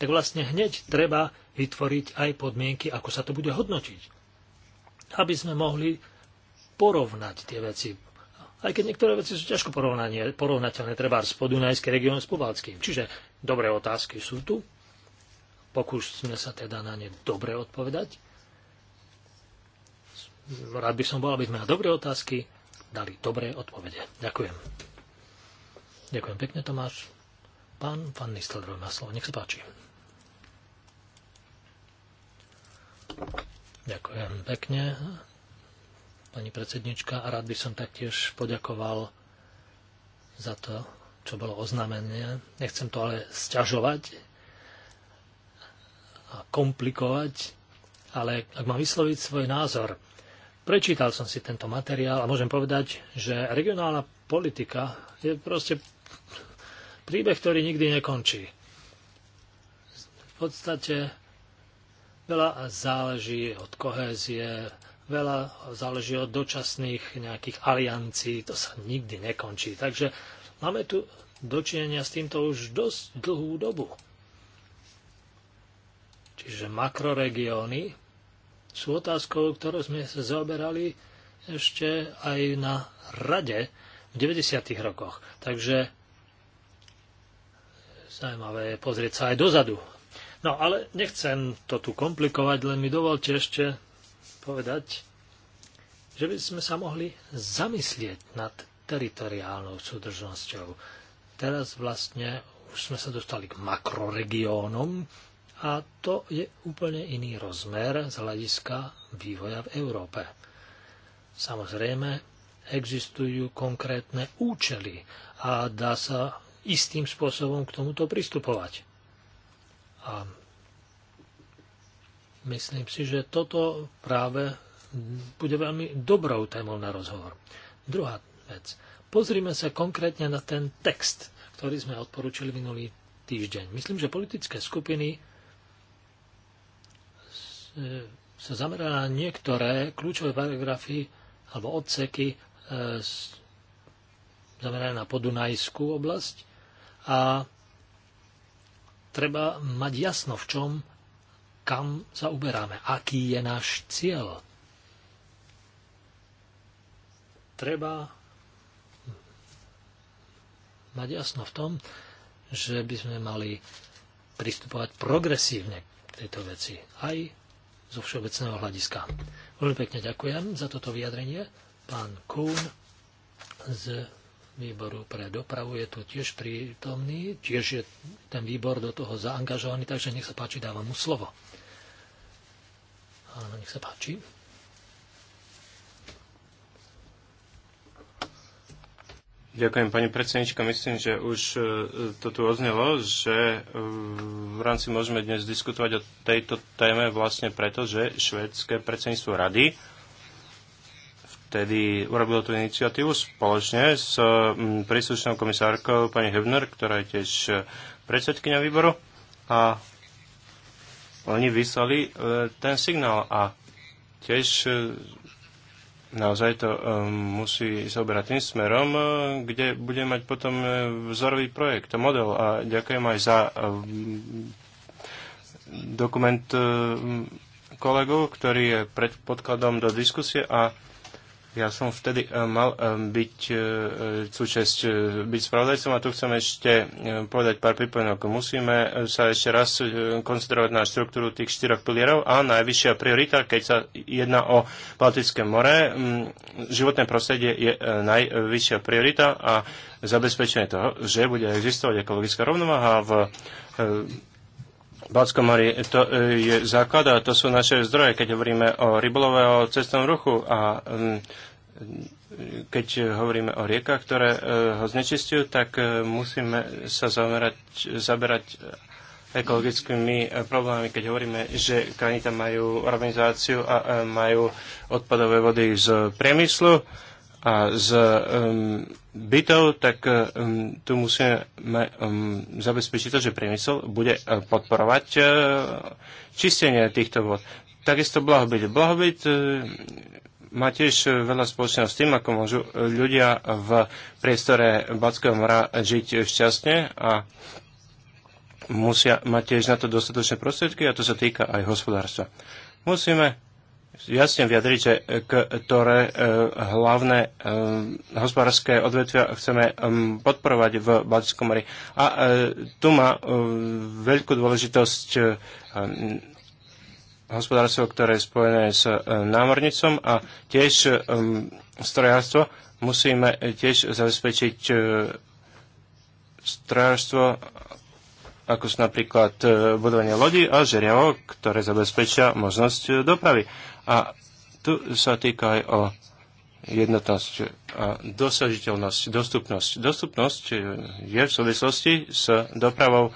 tak vlastne hneď treba vytvoriť aj podmienky, ako sa to bude hodnotiť. Aby sme mohli porovnať tie veci. Aj keď niektoré veci sú ťažko porovnateľné, treba s podunajským región s povalským. Čiže dobré otázky sú tu, Pokúsme sa teda na ne dobre odpovedať. Rád by som bol, aby sme na dobré otázky dali dobré odpovede. Ďakujem. Ďakujem pekne, Tomáš. Pán Van Nistelrooy má slovo. Nech sa páči. Ďakujem pekne, pani predsednička. A rád by som taktiež poďakoval za to, čo bolo oznámené. Nechcem to ale sťažovať a komplikovať, ale ak mám vysloviť svoj názor, prečítal som si tento materiál a môžem povedať, že regionálna politika je proste príbeh, ktorý nikdy nekončí. V podstate veľa záleží od kohézie, veľa záleží od dočasných nejakých aliancií, to sa nikdy nekončí. Takže máme tu dočinenia s týmto už dosť dlhú dobu. Čiže makroregióny sú otázkou, ktorú sme sa zaoberali ešte aj na rade v 90. rokoch. Takže zaujímavé je pozrieť sa aj dozadu. No ale nechcem to tu komplikovať, len mi dovolte ešte povedať, že by sme sa mohli zamyslieť nad teritoriálnou súdržnosťou. Teraz vlastne už sme sa dostali k makroregiónom, a to je úplne iný rozmer z hľadiska vývoja v Európe. Samozrejme, existujú konkrétne účely a dá sa istým spôsobom k tomuto pristupovať. A myslím si, že toto práve bude veľmi dobrou témou na rozhovor. Druhá vec. Pozrime sa konkrétne na ten text, ktorý sme odporúčili minulý týždeň. Myslím, že politické skupiny E, sa zamerala na niektoré kľúčové paragrafy alebo odseky e, zamerané na podunajskú oblasť a treba mať jasno v čom, kam sa uberáme, aký je náš cieľ. Treba mať jasno v tom, že by sme mali pristupovať progresívne k tejto veci. Aj zo všeobecného hľadiska. Veľmi pekne ďakujem za toto vyjadrenie. Pán Kuhn z výboru pre dopravu je tu tiež prítomný, tiež je ten výbor do toho zaangažovaný, takže nech sa páči, dávam mu slovo. Áno, nech sa páči. Ďakujem, pani predsednička. Myslím, že už e, to tu oznelo, že e, v rámci môžeme dnes diskutovať o tejto téme vlastne preto, že švédske predsedníctvo rady vtedy urobilo tú iniciatívu spoločne s príslušnou komisárkou pani Hebner, ktorá je tiež predsedkynia výboru a oni vyslali e, ten signál a tiež naozaj to eh, musí zobrať tým smerom, eh, kde bude mať potom eh, vzorový projekt, model. A ďakujem aj za dokument kolegov, ktorý je pred podkladom do diskusie a ja som vtedy eh, mal eh, byť eh, súčasť, byť spravodajcom a tu chcem ešte povedať pár pripomienok. Musíme sa ešte raz koncentrovať na štruktúru tých štyroch pilierov a najvyššia priorita, keď sa jedná o Baltické more, mm, životné prostredie je najvyššia priorita a zabezpečenie toho, že bude existovať ekologická rovnováha v Balsko mori, to e, je základ a to sú naše zdroje, keď hovoríme o rybolove a o cestnom ruchu a mm, keď hovoríme o riekach, ktoré e, ho znečistujú, tak e, musíme sa zamerať, zaberať ekologickými problémami, keď hovoríme, že krajiny tam majú organizáciu a majú odpadové vody z priemyslu a z um, bytov, tak um, tu musíme um, zabezpečiť to, že priemysel bude uh, podporovať uh, čistenie týchto vod. Takisto blahobyt. Blahobyt uh, má tiež veľa spoločného s tým, ako môžu ľudia v priestore Batského mora žiť šťastne a musia mať tiež na to dostatočné prostriedky a to sa týka aj hospodárstva. Musíme jasne vyjadrite, ktoré e, hlavné e, hospodárske odvetvia chceme e, podporovať v Baltickom mori. A tu má veľkú dôležitosť hospodárstvo, ktoré je spojené s námornicom a tiež strojárstvo. Musíme tiež zabezpečiť strojárstvo ako sú napríklad budovanie lodi a žeriavo, ktoré zabezpečia možnosť dopravy. A tu sa týka aj o jednotnosť a dosažiteľnosť, dostupnosť. Dostupnosť je v súvislosti s dopravou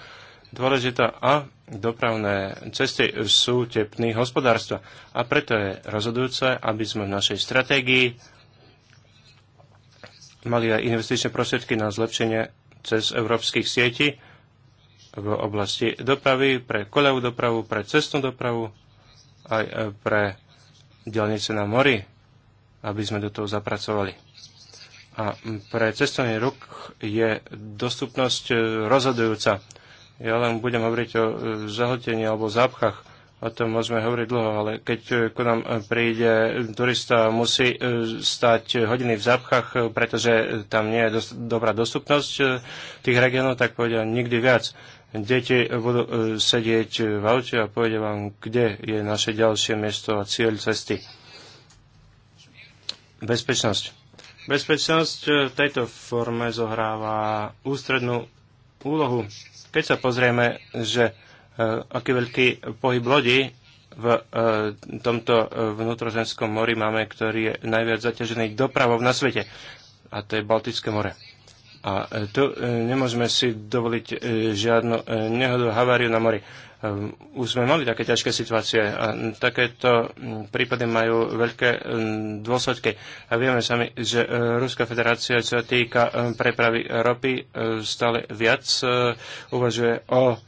dôležitá a dopravné cesty sú tepný hospodárstva. A preto je rozhodujúce, aby sme v našej stratégii mali aj investičné prostriedky na zlepšenie cez európskych sietí v oblasti dopravy, pre koľovú dopravu, pre cestnú dopravu, aj pre dielnice na mori, aby sme do toho zapracovali. A pre cestovný ruch je dostupnosť e, rozhodujúca. Ja len budem hovoriť o e, zahltení alebo zápchách. O tom môžeme hovoriť dlho, ale keď e, k nám príde turista, musí stať hodiny v zápchách, pretože tam nie je dobrá dostupnosť tých regionov, tak povedia nikdy viac deti budú e, sedieť v aute a povede vám, kde je naše ďalšie miesto a cieľ cesty. Bezpečnosť. Bezpečnosť e, v tejto forme zohráva ústrednú úlohu. Keď sa pozrieme, že e, aký veľký pohyb lodí v tomto vnútrozemskom mori máme, ktorý je najviac zaťažený dopravou na svete, a to je Baltické more. A e, tu e, nemôžeme si dovoliť e, žiadnu nehodu, haváriu na mori. Už sme mali také ťažké situácie a takéto prípady majú veľké dôsledky. A vieme sami, že Ruská federácia, čo sa týka prepravy ropy, stále viac uvažuje o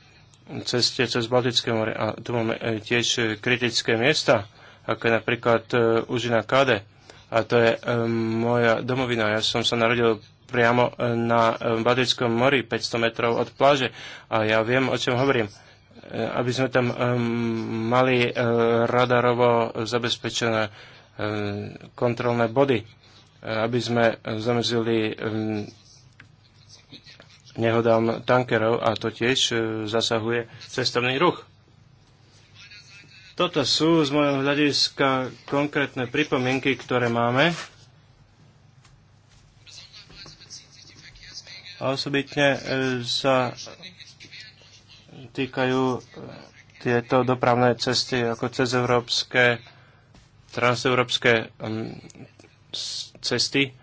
ceste cez Baltické more. A tu máme tiež kritické miesta, ako napríklad Užina Kade a to je moja domovina. Ja som sa narodil priamo e, na e, Badickom mori, 500 metrov od pláže. A ja viem, o čom hovorím e, aby sme tam mali radarovo zabezpečené kontrolné body, aby sme zamezili nehodám tankerov a to tiež zasahuje cestovný ruch. Toto sú z môjho hľadiska konkrétne pripomienky, ktoré máme. a osobitne e, sa týkajú e, tieto dopravné cesty ako cez európske, transeurópske cesty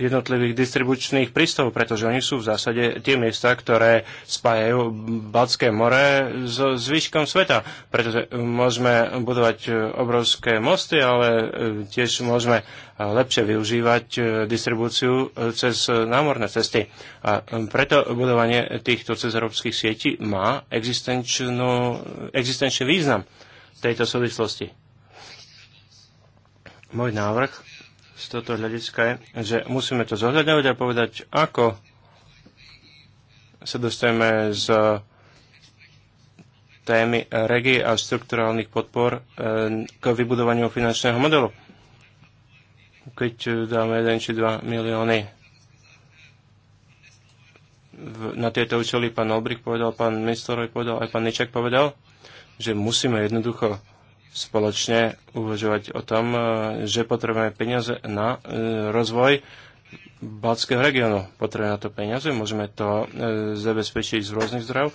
jednotlivých distribučných prístavov, pretože oni sú v zásade tie miesta, ktoré spájajú Balcké more so zvyškom sveta. Pretože môžeme budovať obrovské mosty, ale e, tiež môžeme e, lepšie využívať e, distribúciu cez námorné cesty. A preto budovanie týchto cezeurópskych sietí má existenčný význam v tejto súvislosti. Môj návrh z tohto hľadiska je, že musíme to zohľadňovať a povedať, ako sa dostajeme z témy regi a strukturálnych podpor eh, k vybudovaniu finančného modelu. Keď eh, dáme 1 či 2 milióny na tieto účely pán Olbrich povedal, pán Mistorov povedal, aj pán Ničak povedal, že musíme jednoducho spoločne uvažovať o tom, e, že potrebujeme peniaze na e, rozvoj Balckého regiónu. Potrebujeme na to peniaze, môžeme to e, zabezpečiť z rôznych zdrojov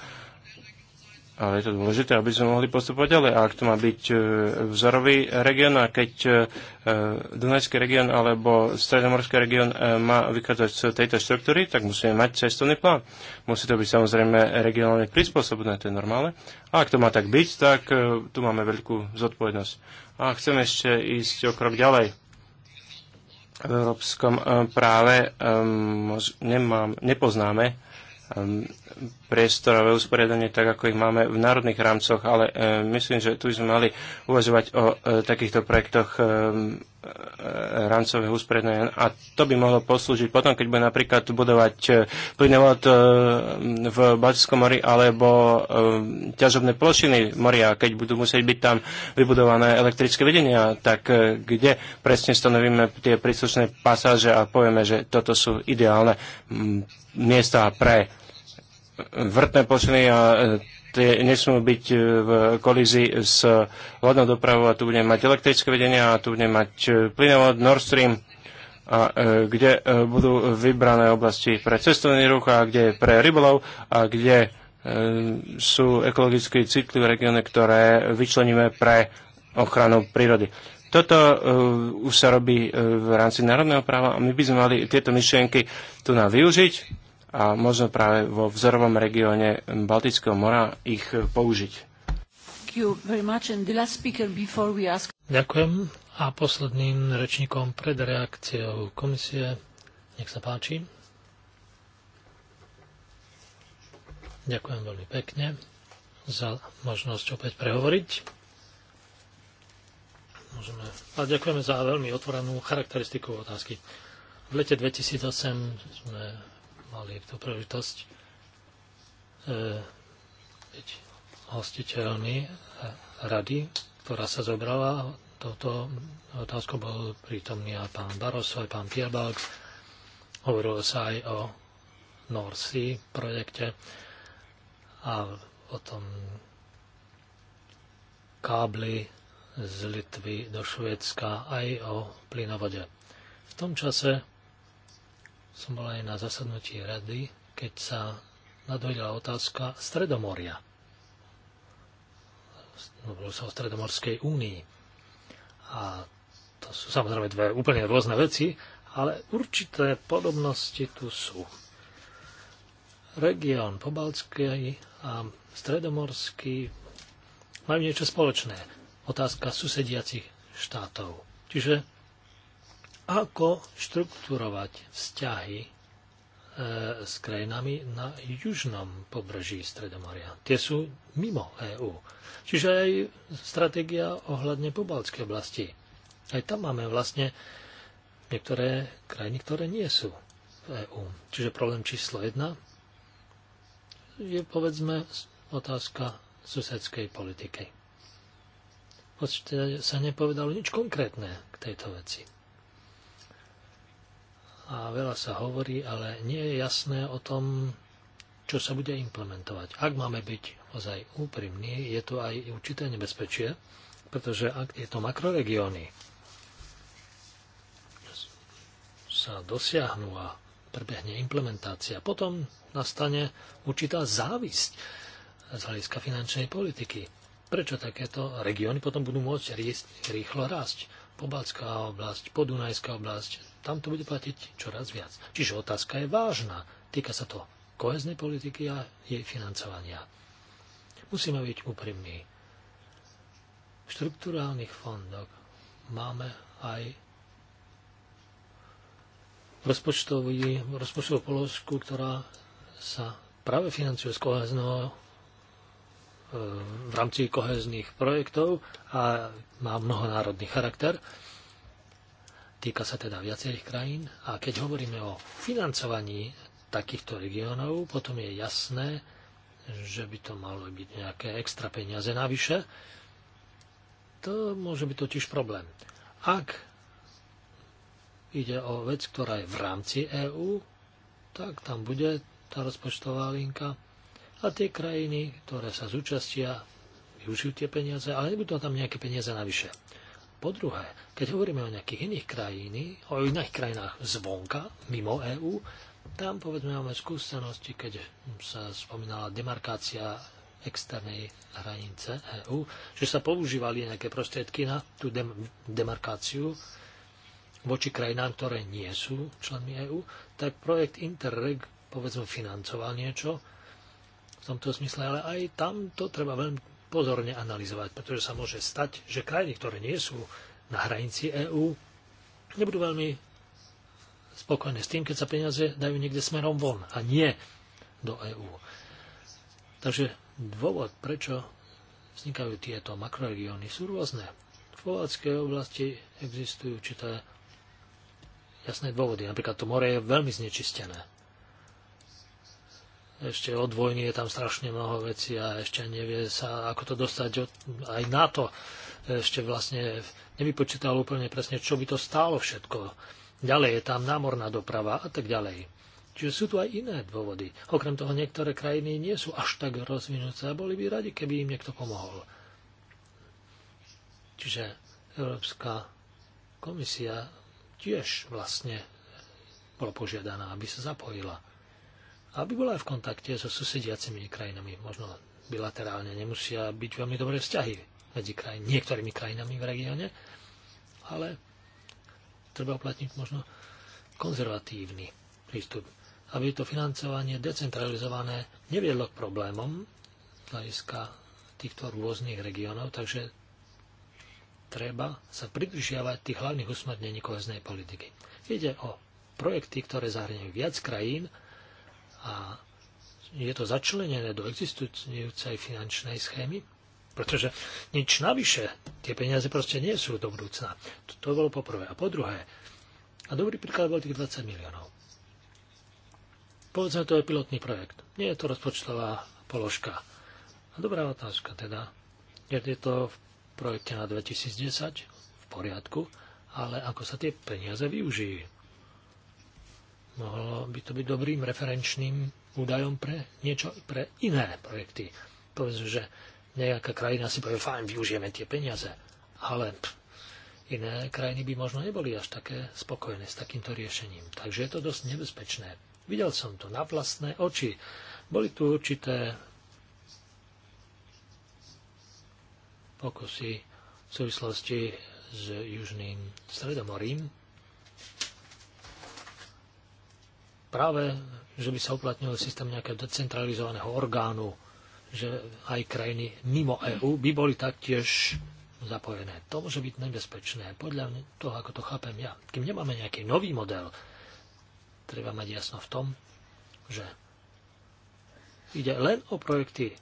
ale je to dôležité, aby sme mohli postupovať ďalej. A ak to má byť e, vzorový región, a keď e, e, Dunajský región alebo Stredomorský región má vykázať z tejto štruktúry, tak musíme mať cestovný plán. Musí to byť samozrejme regionálne prispôsobené, to je normálne. A ak to má tak byť, tak tu máme veľkú zodpovednosť. A chcem ešte ísť o krok ďalej v európskom práve nemám, nepoznáme priestorové usporiadanie, tak ako ich máme v národných rámcoch, ale e, myslím, že tu sme mali uvažovať o e, takýchto projektoch e, rámcového usporiadania a to by mohlo poslúžiť potom, keď bude napríklad budovať plynovod v Baltickom mori alebo ťažobné plošiny moria, keď budú musieť byť tam vybudované elektrické vedenia, tak kde presne stanovíme tie príslušné pasáže a povieme, že toto sú ideálne miesta pre vrtné plošiny a e, tie nesmú byť e, v kolízii s vodnou dopravou a tu budeme mať elektrické vedenia, a tu budeme mať e, plynovod Nord Stream a kde budú vybrané oblasti pre cestovný ruch a kde pre rybolov a kde sú ekologicky citlivé regióny, ktoré vyčleníme pre ochranu prírody. Toto už sa robí v rámci národného práva a my by sme mali tieto myšlienky tu nám využiť a možno práve vo vzorovom regióne Baltického mora ich použiť. Ďakujem a posledným rečníkom pred reakciou komisie. Nech sa páči. Ďakujem veľmi pekne za možnosť opäť prehovoriť. Môžeme. A ďakujeme za veľmi otvorenú charakteristiku otázky. V lete 2008 sme mali tú príležitosť e, byť hostiteľmi rady, ktorá sa zobrala touto otázkou bol prítomný aj pán Barroso, aj pán Pierbalg. Hovorilo sa aj o North Sea projekte a o tom kábli z Litvy do Švédska aj o plynovode. V tom čase som bol aj na zasadnutí rady, keď sa nadhodila otázka Stredomoria. No, Bolo sa o Stredomorskej únii. A to sú samozrejme dve úplne rôzne veci, ale určité podobnosti tu sú. Región Pobalský a Stredomorský majú niečo spoločné. Otázka susediacich štátov. Čiže ako štrukturovať vzťahy e, s krajinami na južnom pobreží Stredomoria. Tie sú mimo EÚ. Čiže aj stratégia ohľadne pobaltskej oblasti. Aj tam máme vlastne niektoré krajiny, ktoré nie sú v EÚ. Čiže problém číslo jedna je povedzme otázka susedskej politiky. Počte sa nepovedalo nič konkrétne k tejto veci a veľa sa hovorí, ale nie je jasné o tom, čo sa bude implementovať. Ak máme byť ozaj úprimní, je to aj určité nebezpečie, pretože ak tieto makroregióny sa dosiahnu a prebehne implementácia, potom nastane určitá závisť z hľadiska finančnej politiky. Prečo takéto regióny potom budú môcť rýchlo rásť? Pobalská oblasť, Podunajská oblasť, tam to bude platiť čoraz viac. Čiže otázka je vážna. Týka sa to koheznej politiky a jej financovania. Musíme byť úprimní. V štruktúrálnych fondoch máme aj rozpočtovú položku, ktorá sa práve financuje z kohezného e, v rámci kohezných projektov a má mnohonárodný charakter týka sa teda viacerých krajín a keď hovoríme o financovaní takýchto regiónov, potom je jasné, že by to malo byť nejaké extra peniaze navyše. To môže byť totiž problém. Ak ide o vec, ktorá je v rámci EÚ, tak tam bude tá rozpočtová linka a tie krajiny, ktoré sa zúčastia, využijú tie peniaze, ale nebudú tam nejaké peniaze navyše po druhé, keď hovoríme o nejakých iných krajiny, o iných krajinách zvonka, mimo EÚ, tam povedzme máme skúsenosti, keď sa spomínala demarkácia externej hranice EÚ, že sa používali nejaké prostriedky na tú dem- demarkáciu voči krajinám, ktoré nie sú členmi EÚ, tak projekt Interreg povedzme financoval niečo v tomto smysle, ale aj tam to treba veľmi pozorne analyzovať, pretože sa môže stať, že krajiny, ktoré nie sú na hranici EÚ, nebudú veľmi spokojné s tým, keď sa peniaze dajú niekde smerom von a nie do EÚ. Takže dôvod, prečo vznikajú tieto makroregióny, sú rôzne. V Povádzkej oblasti existujú určité jasné dôvody. Napríklad to more je veľmi znečistené ešte od vojny je tam strašne mnoho vecí a ešte nevie sa, ako to dostať od, aj na to. Ešte vlastne nevypočítal úplne presne, čo by to stálo všetko. Ďalej je tam námorná doprava a tak ďalej. Čiže sú tu aj iné dôvody. Okrem toho niektoré krajiny nie sú až tak rozvinuté a boli by radi, keby im niekto pomohol. Čiže Európska komisia tiež vlastne bola požiadaná, aby sa zapojila aby bola aj v kontakte so susediacimi krajinami. Možno bilaterálne nemusia byť veľmi dobré vzťahy medzi kraj, niektorými krajinami v regióne, ale treba uplatniť možno konzervatívny prístup, aby to financovanie decentralizované neviedlo k problémom z hľadiska týchto rôznych regiónov, takže treba sa pridržiavať tých hlavných usmernení koheznej politiky. Ide o projekty, ktoré zahrňujú viac krajín a je to začlenené do existujúcej finančnej schémy? Pretože nič navyše, tie peniaze proste nie sú do budúcna. To, to bolo poprvé. A po druhé, a dobrý príklad bol tých 20 miliónov. Povedzme, to je pilotný projekt. Nie je to rozpočtová položka. A dobrá otázka teda. Je to v projekte na 2010 v poriadku, ale ako sa tie peniaze využijú? Mohlo by to byť dobrým referenčným údajom pre niečo, pre iné projekty. Povedzme, že nejaká krajina si povie, fajn, využijeme tie peniaze, ale pff, iné krajiny by možno neboli až také spokojné s takýmto riešením. Takže je to dosť nebezpečné. Videl som to na vlastné oči. Boli tu určité pokusy v súvislosti s Južným Stredomorím práve, že by sa uplatnil systém nejakého decentralizovaného orgánu, že aj krajiny mimo EÚ by boli taktiež zapojené. To môže byť nebezpečné, podľa toho, ako to chápem ja. Kým nemáme nejaký nový model, treba mať jasno v tom, že ide len o projekty,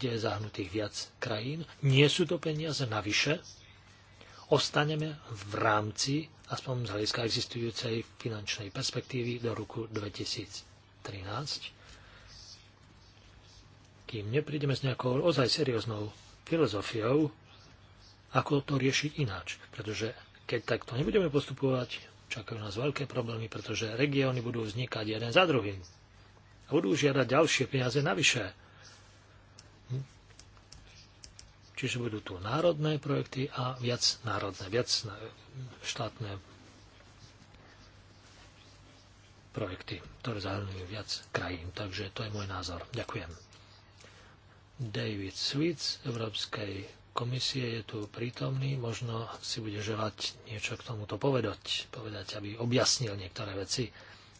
kde je zahnutých viac krajín. Nie sú to peniaze navyše, ostaneme v rámci, aspoň z hľadiska existujúcej finančnej perspektívy do roku 2013, kým neprídeme s nejakou ozaj serióznou filozofiou, ako to riešiť ináč. Pretože keď takto nebudeme postupovať, čakajú nás veľké problémy, pretože regióny budú vznikať jeden za druhým a budú žiadať ďalšie peniaze navyše Čiže budú tu národné projekty a viac národné, viac štátne projekty, ktoré zahrnujú viac krajín. Takže to je môj názor. Ďakujem. David Switz, Európskej komisie je tu prítomný, možno si bude želať niečo k tomuto povedať, povedať, aby objasnil niektoré veci,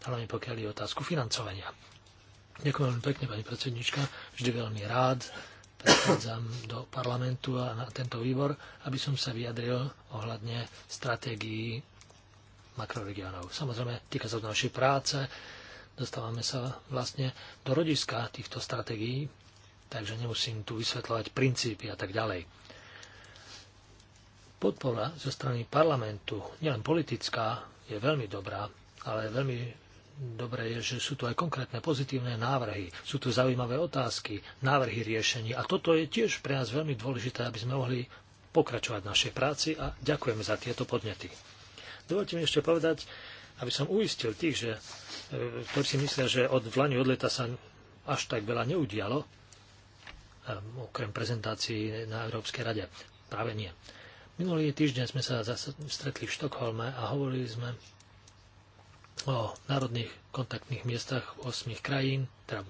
hlavne pokiaľ je otázku financovania. Ďakujem veľmi pekne, pani predsednička, vždy veľmi rád prichádzam do parlamentu a na tento výbor, aby som sa vyjadril ohľadne stratégií makroregiónov. Samozrejme, týka sa to našej práce, dostávame sa vlastne do rodiska týchto stratégií, takže nemusím tu vysvetľovať princípy a tak ďalej. Podpora zo strany parlamentu, nielen politická, je veľmi dobrá, ale veľmi dobre je, že sú tu aj konkrétne pozitívne návrhy, sú tu zaujímavé otázky, návrhy riešení a toto je tiež pre nás veľmi dôležité, aby sme mohli pokračovať v našej práci a ďakujem za tieto podnety. Dovolte mi ešte povedať, aby som uistil tých, že, e, ktorí si myslia, že od vlani od leta sa až tak veľa neudialo, e, okrem prezentácií na Európskej rade. Práve nie. Minulý týždeň sme sa zase stretli v Štokholme a hovorili sme o národných kontaktných miestach 8 krajín, teda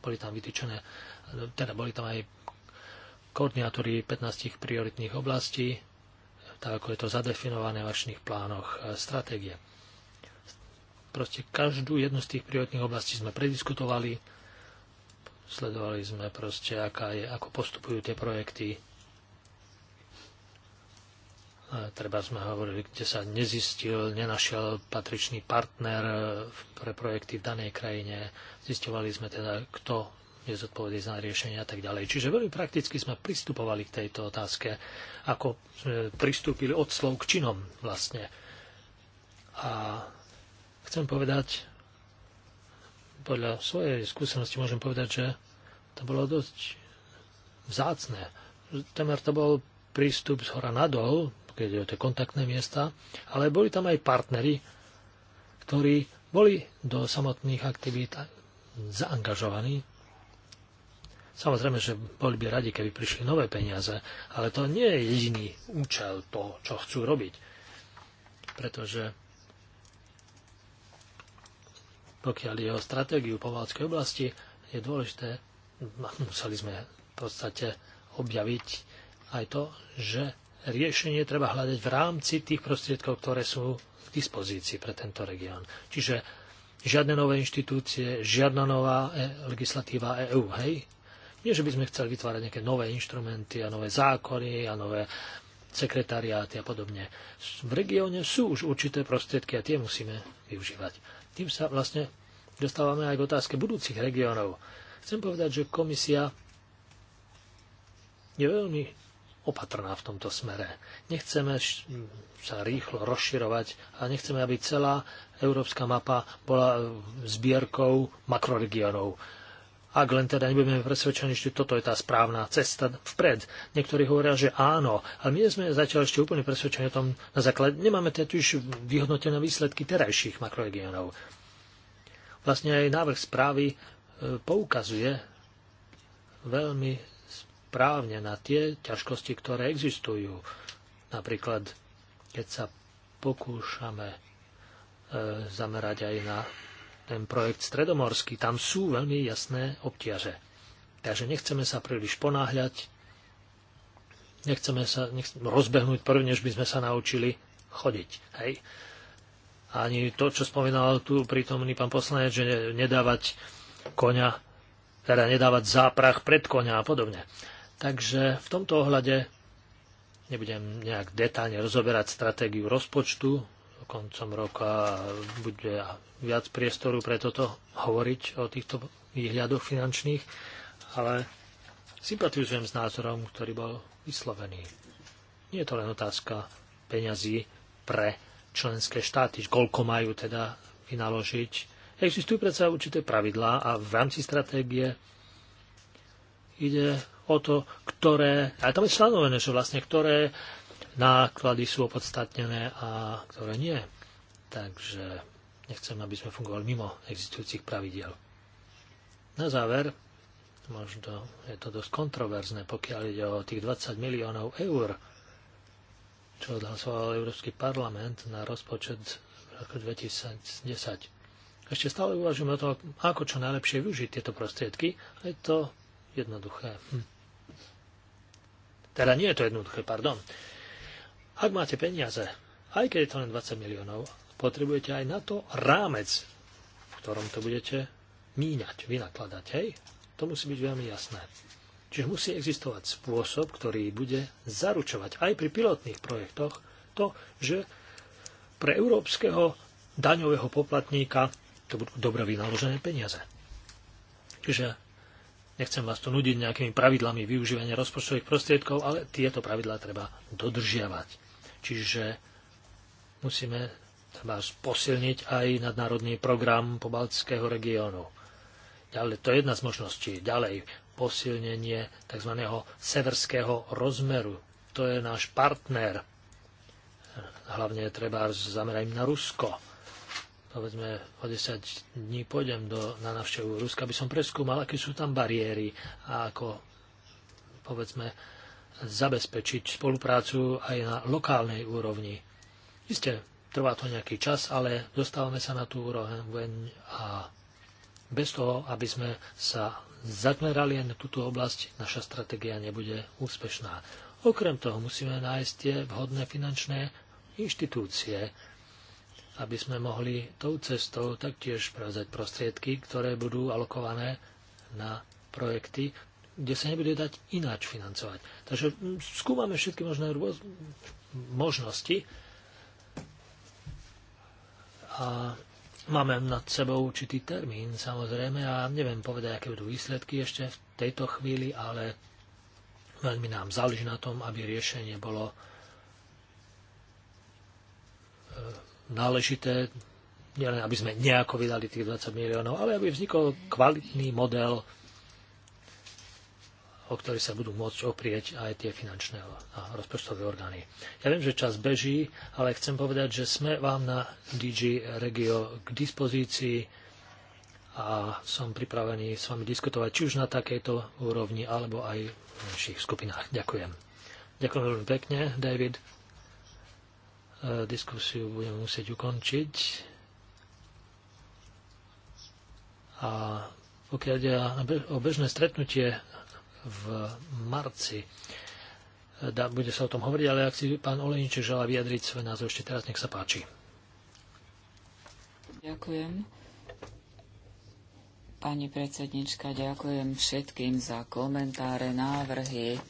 boli tam vytýčené, teda boli tam aj koordinátory 15 prioritných oblastí, tak ako je to zadefinované v vašich plánoch e, stratégie. Proste každú jednu z tých prioritných oblastí sme prediskutovali, sledovali sme proste, aká je, ako postupujú tie projekty, Treba sme hovorili, kde sa nezistil, nenašiel patričný partner e, pre projekty v danej krajine. Zistovali sme teda, kto je zodpovedný za riešenie a tak ďalej. Čiže veľmi prakticky sme pristupovali k tejto otázke, ako sme pristúpili od slov k činom vlastne. A chcem povedať, podľa svojej skúsenosti môžem povedať, že to bolo dosť vzácne. Temer to bol prístup z hora nadol, keď je o tie kontaktné miesta, ale boli tam aj partnery, ktorí boli do samotných aktivít zaangažovaní. Samozrejme, že boli by radi, keby prišli nové peniaze, ale to nie je jediný účel to, čo chcú robiť. Pretože pokiaľ je o stratégiu povalskej oblasti, je dôležité, museli sme v podstate objaviť aj to, že riešenie treba hľadať v rámci tých prostriedkov, ktoré sú k dispozícii pre tento región. Čiže žiadne nové inštitúcie, žiadna nová e, legislatíva EÚ, hej? Nie, že by sme chceli vytvárať nejaké nové inštrumenty a nové zákony a nové sekretariáty a podobne. V regióne sú už určité prostriedky a tie musíme využívať. Tým sa vlastne dostávame aj k otázke budúcich regiónov. Chcem povedať, že komisia je veľmi opatrná v tomto smere. Nechceme sa rýchlo rozširovať a nechceme, aby celá európska mapa bola e, zbierkou makroregiónov. Ak len teda nebudeme presvedčení, že toto je tá správna cesta vpred. Niektorí hovoria, že áno, ale my sme zatiaľ ešte úplne presvedčení o tom na základe. Nemáme teda už vyhodnotené výsledky terajších makroregiónov. Vlastne aj návrh správy e, poukazuje veľmi správne na tie ťažkosti, ktoré existujú. Napríklad, keď sa pokúšame e, zamerať aj na ten projekt stredomorský, tam sú veľmi jasné obťaže. Takže nechceme sa príliš ponáhľať, nechceme sa nechc- rozbehnúť prv, než by sme sa naučili chodiť. Hej? Ani to, čo spomínal tu prítomný pán poslanec, že nedávať koňa, teda nedávať záprach pred koňa a podobne. Takže v tomto ohľade nebudem nejak detálne rozoberať stratégiu rozpočtu koncom roka bude viac priestoru pre toto hovoriť o týchto výhľadoch finančných, ale sympatizujem s názorom, ktorý bol vyslovený. Nie je to len otázka peňazí pre členské štáty, koľko majú teda vynaložiť. Existujú predsa určité pravidlá a v rámci stratégie ide o to, ktoré, ale tam je stanovené, že vlastne ktoré náklady sú opodstatnené a ktoré nie. Takže nechcem, aby sme fungovali mimo existujúcich pravidiel. Na záver, možno je to dosť kontroverzné, pokiaľ ide o tých 20 miliónov eur, čo odhlasoval Európsky parlament na rozpočet v roku 2010. Ešte stále uvažujeme o tom, ako čo najlepšie využiť tieto prostriedky. Je to jednoduché. Hm. Teda nie je to jednoduché, pardon. Ak máte peniaze, aj keď je to len 20 miliónov, potrebujete aj na to rámec, v ktorom to budete míňať, vynakladať. Hej? To musí byť veľmi jasné. Čiže musí existovať spôsob, ktorý bude zaručovať aj pri pilotných projektoch to, že pre európskeho daňového poplatníka to budú dobre vynaložené peniaze. Čiže Nechcem vás tu nudiť nejakými pravidlami využívania rozpočtových prostriedkov, ale tieto pravidlá treba dodržiavať. Čiže musíme treba posilniť aj nadnárodný program pobaltského regiónu. Ďalej, to je jedna z možností. Ďalej, posilnenie tzv. severského rozmeru. To je náš partner. Hlavne treba zameraním na Rusko povedzme o 10 dní pôjdem do, na navštevu Ruska, aby som preskúmal, aké sú tam bariéry a ako povedzme zabezpečiť spoluprácu aj na lokálnej úrovni. Isté, trvá to nejaký čas, ale dostávame sa na tú úroveň a bez toho, aby sme sa zatmerali aj na túto oblasť, naša stratégia nebude úspešná. Okrem toho musíme nájsť tie vhodné finančné inštitúcie, aby sme mohli tou cestou taktiež prevzať prostriedky, ktoré budú alokované na projekty, kde sa nebude dať ináč financovať. Takže mm, skúmame všetky možné možnosti a máme nad sebou určitý termín samozrejme a neviem povedať, aké budú výsledky ešte v tejto chvíli, ale veľmi nám záleží na tom, aby riešenie bolo e, náležité, nielen aby sme nejako vydali tých 20 miliónov, ale aby vznikol kvalitný model, o ktorý sa budú môcť oprieť aj tie finančné a rozpočtové orgány. Ja viem, že čas beží, ale chcem povedať, že sme vám na DG Regio k dispozícii a som pripravený s vami diskutovať či už na takejto úrovni, alebo aj v menších skupinách. Ďakujem. Ďakujem veľmi pekne, David. E, diskusiu budeme musieť ukončiť. A pokiaľ ide o bežné stretnutie v marci, e, da, bude sa o tom hovoriť, ale ak si pán Olejniče želá vyjadriť svoj názor ešte teraz, nech sa páči. Ďakujem. Pani predsednička, ďakujem všetkým za komentáre, návrhy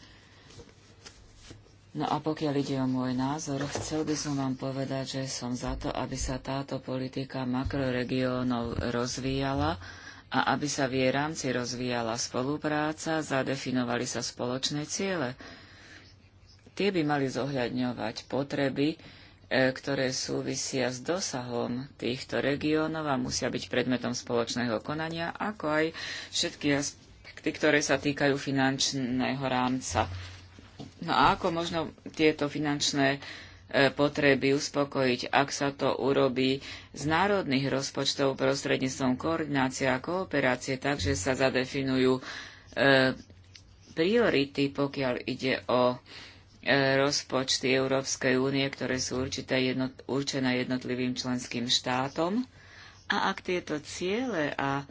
No a pokiaľ ide o môj názor, chcel by som vám povedať, že som za to, aby sa táto politika makroregiónov rozvíjala a aby sa v jej rámci rozvíjala spolupráca, zadefinovali sa spoločné ciele. Tie by mali zohľadňovať potreby, e, ktoré súvisia s dosahom týchto regiónov a musia byť predmetom spoločného konania, ako aj všetky aspekty, ktoré sa týkajú finančného rámca No a ako možno tieto finančné e, potreby uspokojiť, ak sa to urobí z národných rozpočtov prostredníctvom koordinácie a kooperácie, takže sa zadefinujú e, priority, pokiaľ ide o e, rozpočty Európskej únie, ktoré sú určité jednot, určené jednotlivým členským štátom. A ak tieto ciele a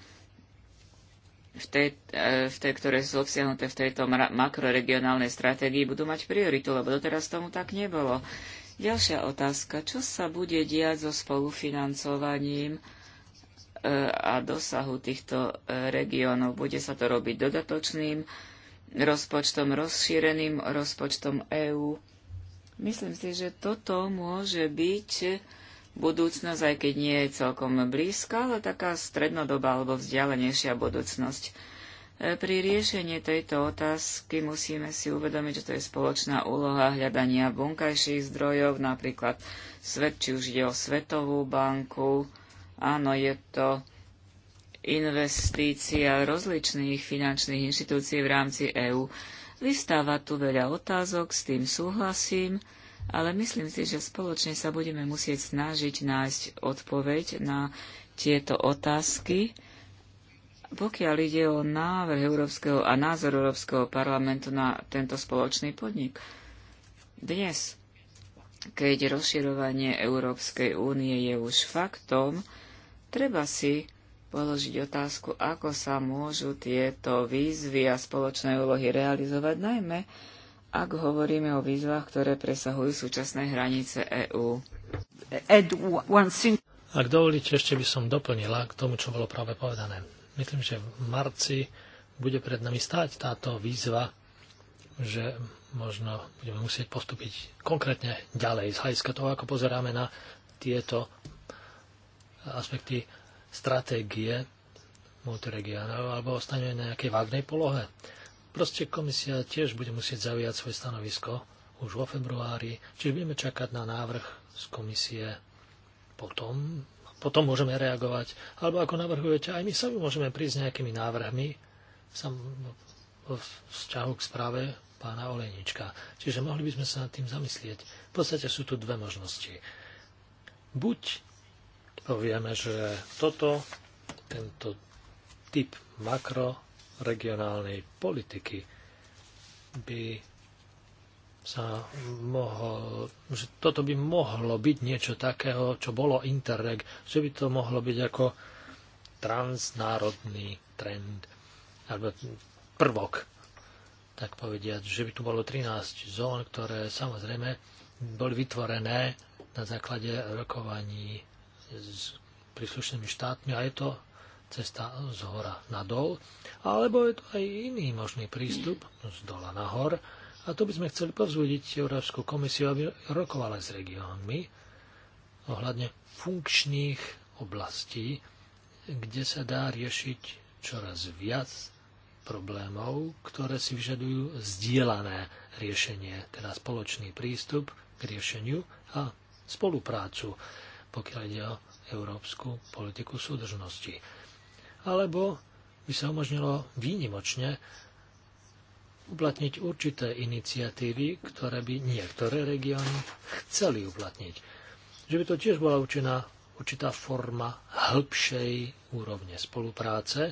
v tej, e, v tej, ktoré sú obsiahnuté v tejto makroregionálnej stratégii, budú mať prioritu, lebo doteraz tomu tak nebolo. Ďalšia otázka. Čo sa bude diať so spolufinancovaním e, a dosahu týchto e, regiónov? Bude sa to robiť dodatočným rozpočtom, rozšíreným rozpočtom EÚ? Myslím si, že toto môže byť budúcnosť, aj keď nie je celkom blízka, ale taká strednodobá alebo vzdialenejšia budúcnosť. E, pri riešení tejto otázky musíme si uvedomiť, že to je spoločná úloha hľadania vonkajších zdrojov, napríklad svet, či už ide o Svetovú banku. Áno, je to investícia rozličných finančných inštitúcií v rámci EÚ. Vystáva tu veľa otázok, s tým súhlasím ale myslím si, že spoločne sa budeme musieť snažiť nájsť odpoveď na tieto otázky, pokiaľ ide o návrh Európskeho a názor Európskeho parlamentu na tento spoločný podnik. Dnes, keď rozširovanie Európskej únie je už faktom, treba si položiť otázku, ako sa môžu tieto výzvy a spoločné úlohy realizovať, najmä ak hovoríme o výzvach, ktoré presahujú súčasné hranice EÚ. Ak dovolíte, ešte by som doplnila k tomu, čo bolo práve povedané. Myslím, že v marci bude pred nami stáť táto výzva, že možno budeme musieť postúpiť konkrétne ďalej z hľadiska toho, ako pozeráme na tieto aspekty stratégie multiregionov alebo ostaneme na nejakej vágnej polohe. Proste komisia tiež bude musieť zaujať svoje stanovisko už vo februári, čiže budeme čakať na návrh z komisie potom, potom môžeme reagovať. Alebo ako navrhujete, aj my sami môžeme prísť s nejakými návrhmi sam, vo vzťahu k správe pána Olejnička. Čiže mohli by sme sa nad tým zamyslieť. V podstate sú tu dve možnosti. Buď povieme, že toto, tento typ makro regionálnej politiky by sa mohol, že toto by mohlo byť niečo takého, čo bolo Interreg, že by to mohlo byť ako transnárodný trend, alebo prvok, tak povediať, že by tu bolo 13 zón, ktoré samozrejme boli vytvorené na základe rokovaní s príslušnými štátmi a je to cesta z hora na dol, alebo je to aj iný možný prístup z dola na hor, a tu by sme chceli povzbudiť Európsku komisiu, aby rokovala s regiónmi ohľadne funkčných oblastí, kde sa dá riešiť čoraz viac problémov, ktoré si vyžadujú zdielané riešenie, teda spoločný prístup k riešeniu a spoluprácu, pokiaľ ide o európsku politiku súdržnosti alebo by sa umožnilo výnimočne uplatniť určité iniciatívy, ktoré by niektoré regióny chceli uplatniť. Že by to tiež bola určená určitá forma hĺbšej úrovne spolupráce,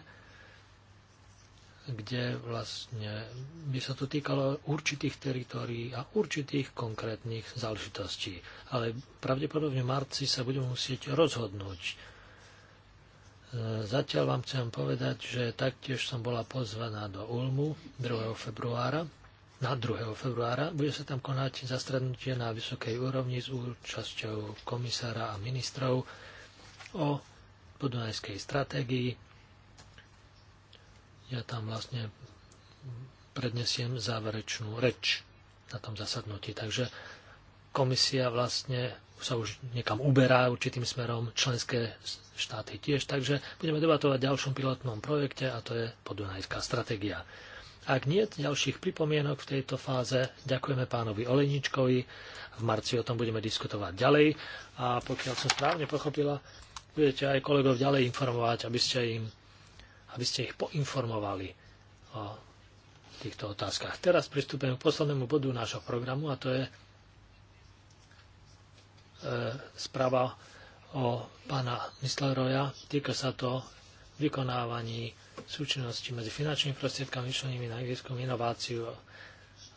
kde vlastne by sa to týkalo určitých teritórií a určitých konkrétnych záležitostí. Ale pravdepodobne v marci sa budeme musieť rozhodnúť, Zatiaľ vám chcem povedať, že taktiež som bola pozvaná do Ulmu 2. februára. Na 2. februára bude sa tam konať zastrednutie na vysokej úrovni s účasťou komisára a ministrov o podunajskej stratégii. Ja tam vlastne prednesiem záverečnú reč na tom zasadnutí. Takže komisia vlastne sa už niekam uberá určitým smerom členské štáty tiež, takže budeme debatovať o ďalšom pilotnom projekte a to je podunajská stratégia. Ak nie ďalších pripomienok v tejto fáze, ďakujeme pánovi Oleničkovi. V marci o tom budeme diskutovať ďalej a pokiaľ som správne pochopila, budete aj kolegov ďalej informovať, aby ste, im, aby ste ich poinformovali o týchto otázkach. Teraz pristúpime k poslednému bodu nášho programu a to je E, správa o pána Misleroja. Týka sa to vykonávaní súčinnosti medzi finančnými prostriedkami vyšlenými na výskum inováciu.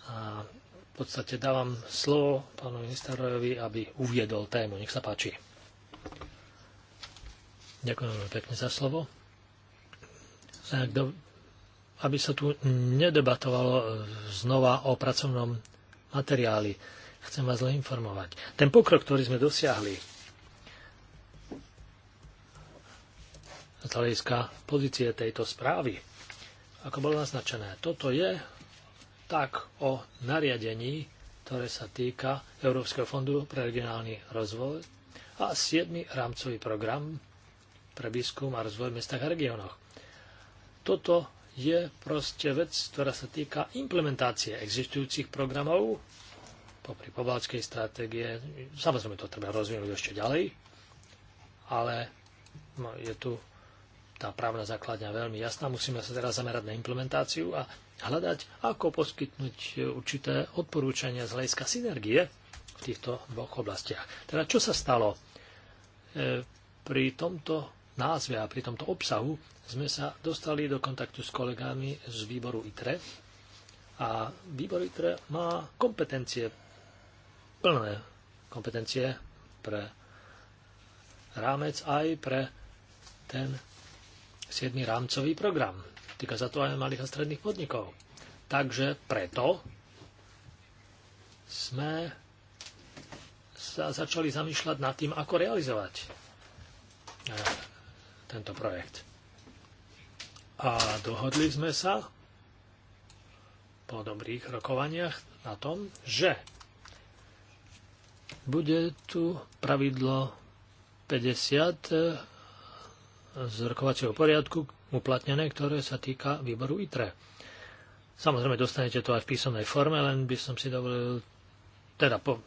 A v podstate dávam slovo pánu Mislerojovi, aby uviedol tému. Nech sa páči. Ďakujem veľmi pekne za slovo. Aby sa tu nedebatovalo e, znova o pracovnom materiáli Chcem vás zle informovať. Ten pokrok, ktorý sme dosiahli z hľadiska pozície tejto správy, ako bolo naznačené, toto je tak o nariadení, ktoré sa týka Európskeho fondu pre regionálny rozvoj a 7. rámcový program pre výskum a rozvoj v mestách a regiónoch. Toto je proste vec, ktorá sa týka implementácie existujúcich programov popri pobalskej stratégie. Samozrejme to treba rozvinúť ešte ďalej, ale no, je tu tá právna základňa veľmi jasná. Musíme sa teraz zamerať na implementáciu a hľadať, ako poskytnúť určité odporúčania z hľadiska synergie v týchto dvoch oblastiach. Teda čo sa stalo? E, pri tomto názve a pri tomto obsahu sme sa dostali do kontaktu s kolegami z výboru ITRE a výbor ITRE má kompetencie plné kompetencie pre rámec aj pre ten 7. rámcový program. Týka sa to aj malých a stredných podnikov. Takže preto sme sa začali zamýšľať nad tým, ako realizovať eh, tento projekt. A dohodli sme sa po dobrých rokovaniach na tom, že bude tu pravidlo 50 e, z rokovacieho poriadku uplatnené, ktoré sa týka výboru ITRE. Samozrejme, dostanete to aj v písomnej forme, len by som si dovolil teda po,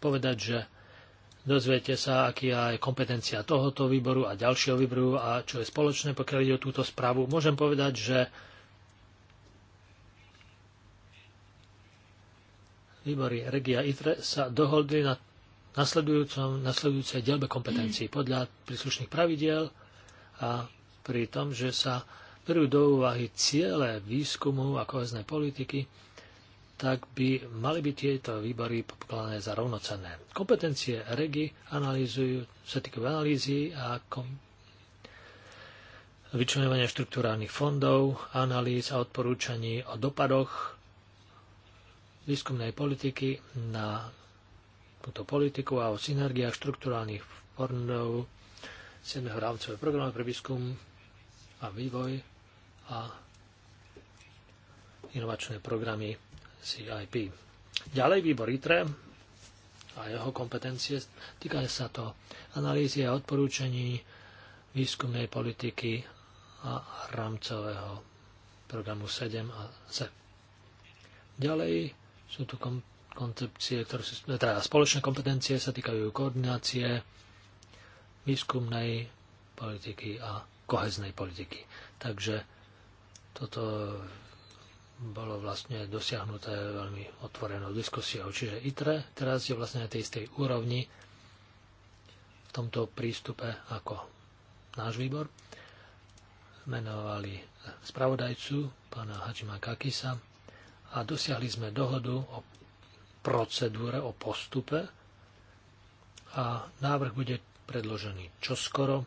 povedať, že dozviete sa, aký je kompetencia tohoto výboru a ďalšieho výboru a čo je spoločné, pokiaľ ide o túto správu. Môžem povedať, že výbory Regia ITRE sa dohodli na nasledujúcom, nasledujúcej dielbe kompetencií podľa príslušných pravidiel a pri tom, že sa berú do úvahy ciele výskumu a koheznej politiky, tak by mali byť tieto výbory pokladané za rovnocenné. Kompetencie REGI analýzujú, sa týkajú analýzy a kom- vyčlenovania štruktúrálnych fondov, analýz a odporúčaní o dopadoch výskumnej politiky na túto politiku a o synergiách štruktúrálnych fondov 7. rámcového programu pre výskum a vývoj a inovačné programy CIP. Ďalej výbor ITRE a jeho kompetencie týka sa to analýzy a odporúčení výskumnej politiky a rámcového programu 7 a SEP. Ďalej sú tu kom- koncepcie, ktoré sú, no, teda spoločné kompetencie sa týkajú koordinácie, výskumnej politiky a koheznej politiky. Takže toto bolo vlastne dosiahnuté veľmi otvorenou diskusiou. Čiže ITRE teraz je vlastne na tej istej úrovni v tomto prístupe ako náš výbor. Menovali spravodajcu pána Hačima Kakisa a dosiahli sme dohodu o procedúre, o postupe a návrh bude predložený čoskoro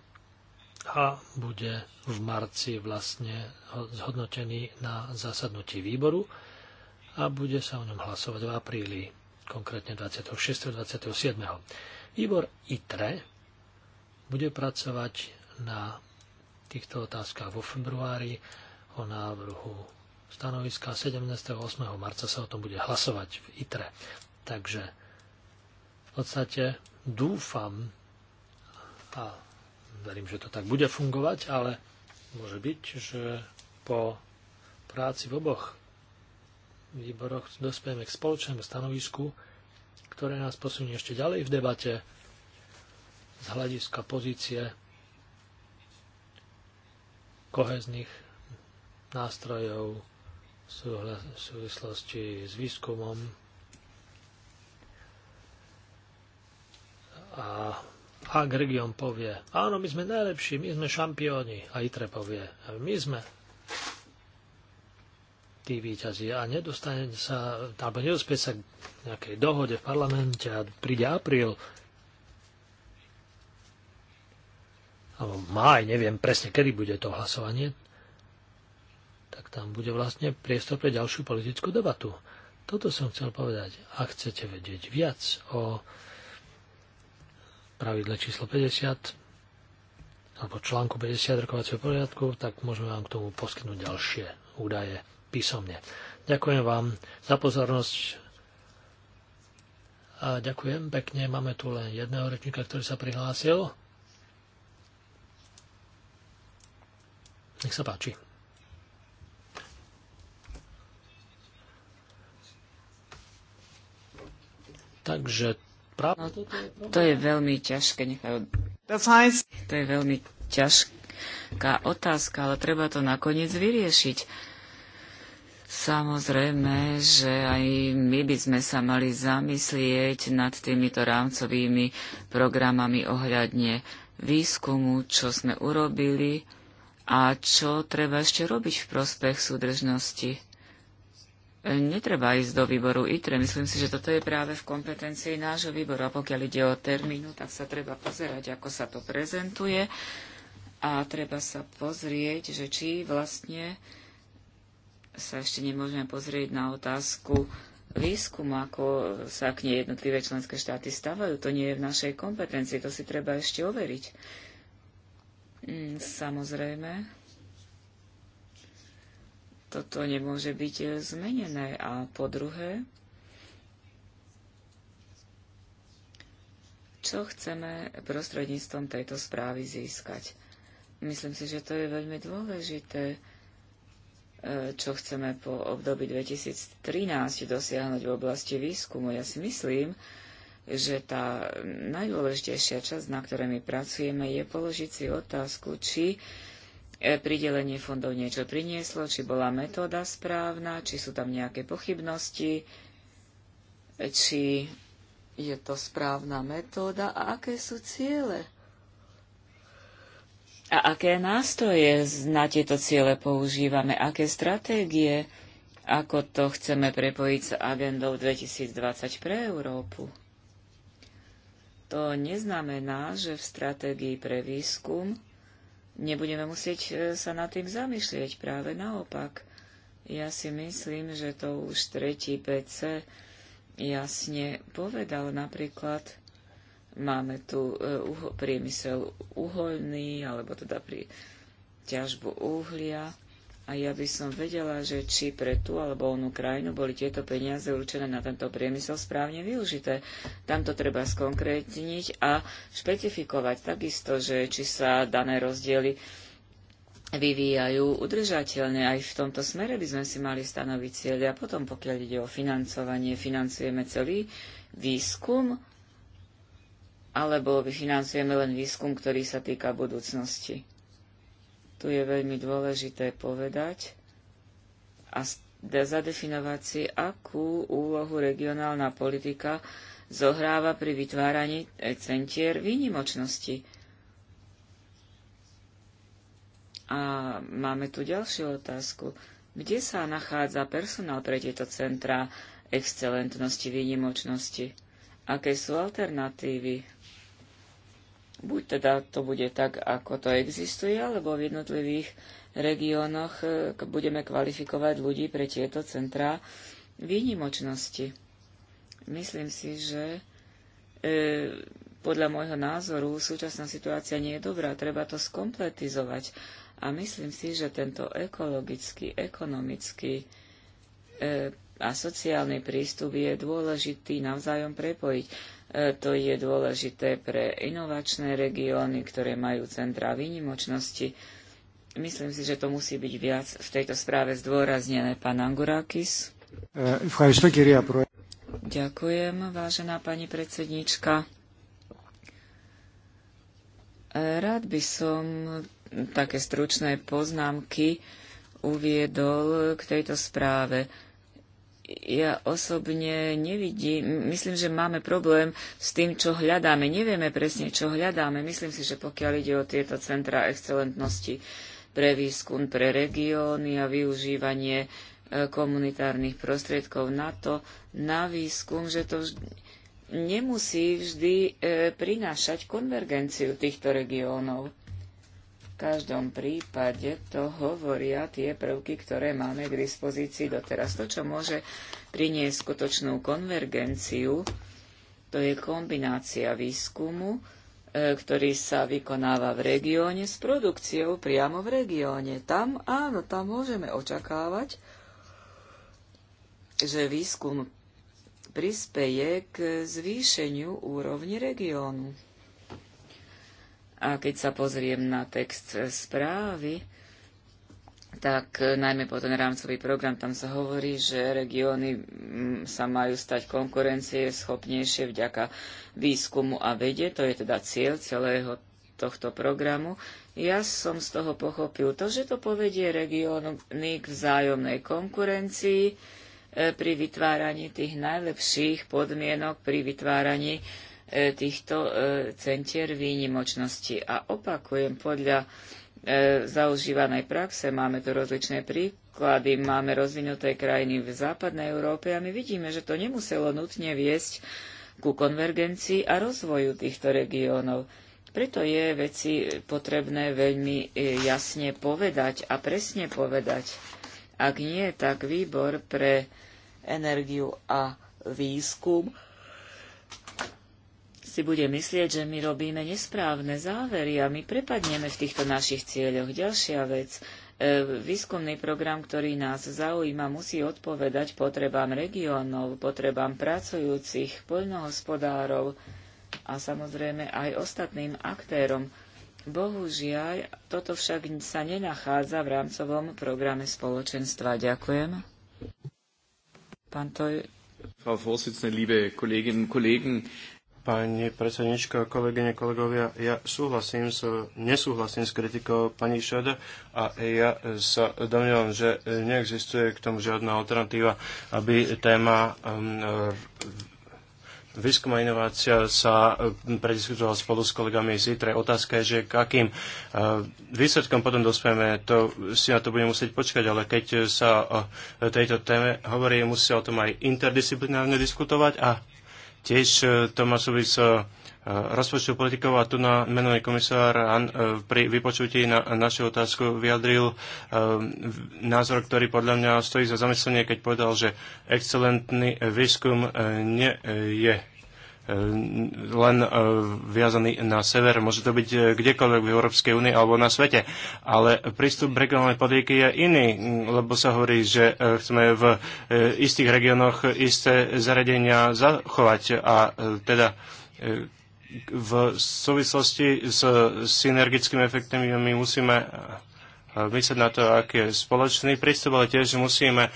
a bude v marci vlastne zhodnotený na zasadnutí výboru a bude sa o ňom hlasovať v apríli, konkrétne 26. 27. Výbor ITRE bude pracovať na týchto otázkach vo februári o návrhu stanoviska 17. 8. marca sa o tom bude hlasovať v ITRE. Takže v podstate dúfam a verím, že to tak bude fungovať, ale môže byť, že po práci v oboch výboroch dospieme k spoločnému stanovisku, ktoré nás posunie ešte ďalej v debate z hľadiska pozície kohezných nástrojov v súvislosti s výskumom a ak Region povie, áno, my sme najlepší, my sme šampióni, a ITRE povie, my sme tí výťazí a nedostane sa, alebo nedospie sa k nejakej dohode v parlamente a príde apríl, alebo máj, neviem presne, kedy bude to hlasovanie, tak tam bude vlastne priestor pre ďalšiu politickú debatu. Toto som chcel povedať. Ak chcete vedieť viac o pravidle číslo 50 alebo článku 50 rokovacieho poriadku, tak môžeme vám k tomu poskytnúť ďalšie údaje písomne. Ďakujem vám za pozornosť. A ďakujem pekne. Máme tu len jedného rečníka, ktorý sa prihlásil. Nech sa páči. Takže práve... No, to je veľmi ťažké, nechajú... To je veľmi ťažká otázka, ale treba to nakoniec vyriešiť. Samozrejme, že aj my by sme sa mali zamyslieť nad týmito rámcovými programami ohľadne výskumu, čo sme urobili a čo treba ešte robiť v prospech súdržnosti netreba ísť do výboru ITRE. Myslím si, že toto je práve v kompetencii nášho výboru. A pokiaľ ide o termínu, tak sa treba pozerať, ako sa to prezentuje. A treba sa pozrieť, že či vlastne sa ešte nemôžeme pozrieť na otázku výskumu, ako sa k nej jednotlivé členské štáty stávajú. To nie je v našej kompetencii, to si treba ešte overiť. Mm, samozrejme toto nemôže byť zmenené. A po druhé, čo chceme prostredníctvom tejto správy získať. Myslím si, že to je veľmi dôležité, e, čo chceme po období 2013 dosiahnuť v oblasti výskumu. Ja si myslím, že tá najdôležitejšia časť, na ktorej my pracujeme, je položiť si otázku, či E, pridelenie fondov niečo prinieslo, či bola metóda správna, či sú tam nejaké pochybnosti, či je to správna metóda a aké sú ciele. A aké nástroje na tieto ciele používame, aké stratégie, ako to chceme prepojiť s agendou 2020 pre Európu. To neznamená, že v stratégii pre výskum nebudeme musieť e, sa nad tým zamýšľať. Práve naopak. Ja si myslím, že to už tretí PC jasne povedal. Napríklad máme tu uh, priemysel uholný, alebo teda pri ťažbu uhlia. A ja by som vedela, že či pre tú alebo onú krajinu boli tieto peniaze určené na tento priemysel správne využité. Tam to treba skonkrétniť a špecifikovať takisto, že či sa dané rozdiely vyvíjajú udržateľne. Aj v tomto smere by sme si mali stanoviť cieľe. A potom, pokiaľ ide o financovanie, financujeme celý výskum, alebo financujeme len výskum, ktorý sa týka budúcnosti. Tu je veľmi dôležité povedať a zadefinovať si, akú úlohu regionálna politika zohráva pri vytváraní e, centier výnimočnosti. A máme tu ďalšiu otázku. Kde sa nachádza personál pre tieto centrá excelentnosti, výnimočnosti? Aké sú alternatívy? Buď teda to bude tak, ako to existuje, alebo v jednotlivých regiónoch e, budeme kvalifikovať ľudí pre tieto centrá výnimočnosti. Myslím si, že e, podľa môjho názoru súčasná situácia nie je dobrá, treba to skompletizovať. A myslím si, že tento ekologický, ekonomický e, a sociálny prístup je dôležitý navzájom prepojiť. E, to je dôležité pre inovačné regióny, ktoré majú centra výnimočnosti. Myslím si, že to musí byť viac v tejto správe zdôraznené. Pán Angurakis. Ďakujem, vážená pani predsednička. E, rád by som také stručné poznámky uviedol k tejto správe ja osobne nevidím, myslím, že máme problém s tým, čo hľadáme. Nevieme presne, čo hľadáme. Myslím si, že pokiaľ ide o tieto centra excelentnosti pre výskum, pre regióny a využívanie e, komunitárnych prostriedkov na to, na výskum, že to vž- nemusí vždy e, prinášať konvergenciu týchto regiónov každom prípade to hovoria tie prvky, ktoré máme k dispozícii doteraz. To, čo môže priniesť skutočnú konvergenciu, to je kombinácia výskumu, e, ktorý sa vykonáva v regióne s produkciou priamo v regióne. Tam áno, tam môžeme očakávať, že výskum prispeje k zvýšeniu úrovni regiónu. A keď sa pozriem na text správy, tak najmä po ten rámcový program, tam sa hovorí, že regióny mm, sa majú stať konkurencie schopnejšie vďaka výskumu a vede, to je teda cieľ celého tohto programu. Ja som z toho pochopil to, že to povedie regióny k vzájomnej konkurencii e, pri vytváraní tých najlepších podmienok pri vytváraní E, týchto e, centier výnimočnosti. A opakujem, podľa e, zaužívanej praxe máme tu rozličné príklady, máme rozvinuté krajiny v západnej Európe a my vidíme, že to nemuselo nutne viesť ku konvergencii a rozvoju týchto regiónov. Preto je veci potrebné veľmi jasne povedať a presne povedať. Ak nie, tak výbor pre energiu a výskum si bude myslieť, že my robíme nesprávne závery a my prepadneme v týchto našich cieľoch. Ďalšia vec. E, výskumný program, ktorý nás zaujíma, musí odpovedať potrebám regiónov, potrebám pracujúcich, poľnohospodárov a samozrejme aj ostatným aktérom. Bohužiaľ, toto však sa nenachádza v rámcovom programe spoločenstva. Ďakujem. Pán Toj. Frau Vorsitzende, liebe Kolleginnen und Kollegen, pani predsednička, kolegyne, kolegovia. Ja súhlasím s, nesúhlasím s kritikou pani Šada a ja sa domnievam, že neexistuje k tomu žiadna alternatíva, aby téma výskuma výskum a inovácia sa um, prediskutovala spolu s kolegami z ITRE. Otázka je, že k akým uh, výsledkom potom dospieme, to si na to budeme musieť počkať, ale keď sa o tejto téme hovorí, musia o tom aj interdisciplinárne diskutovať a Tiež e, to má súvisť s e, rozpočtovou politikou a tu na menový komisár e, pri vypočutí na našu otázku vyjadril názor, ktorý podľa mňa stojí za zamyslenie, keď povedal, že excelentný výskum nie je len e, viazaný na sever. Môže to byť e, kdekoľvek v Európskej únii alebo na svete. Ale prístup regionálnej politiky je iný, lebo sa hovorí, že e, chceme v istých regiónoch isté zariadenia zachovať a teda v súvislosti s synergickými efektami my musíme myslieť na to, aký je spoločný prístup, ale tiež musíme e,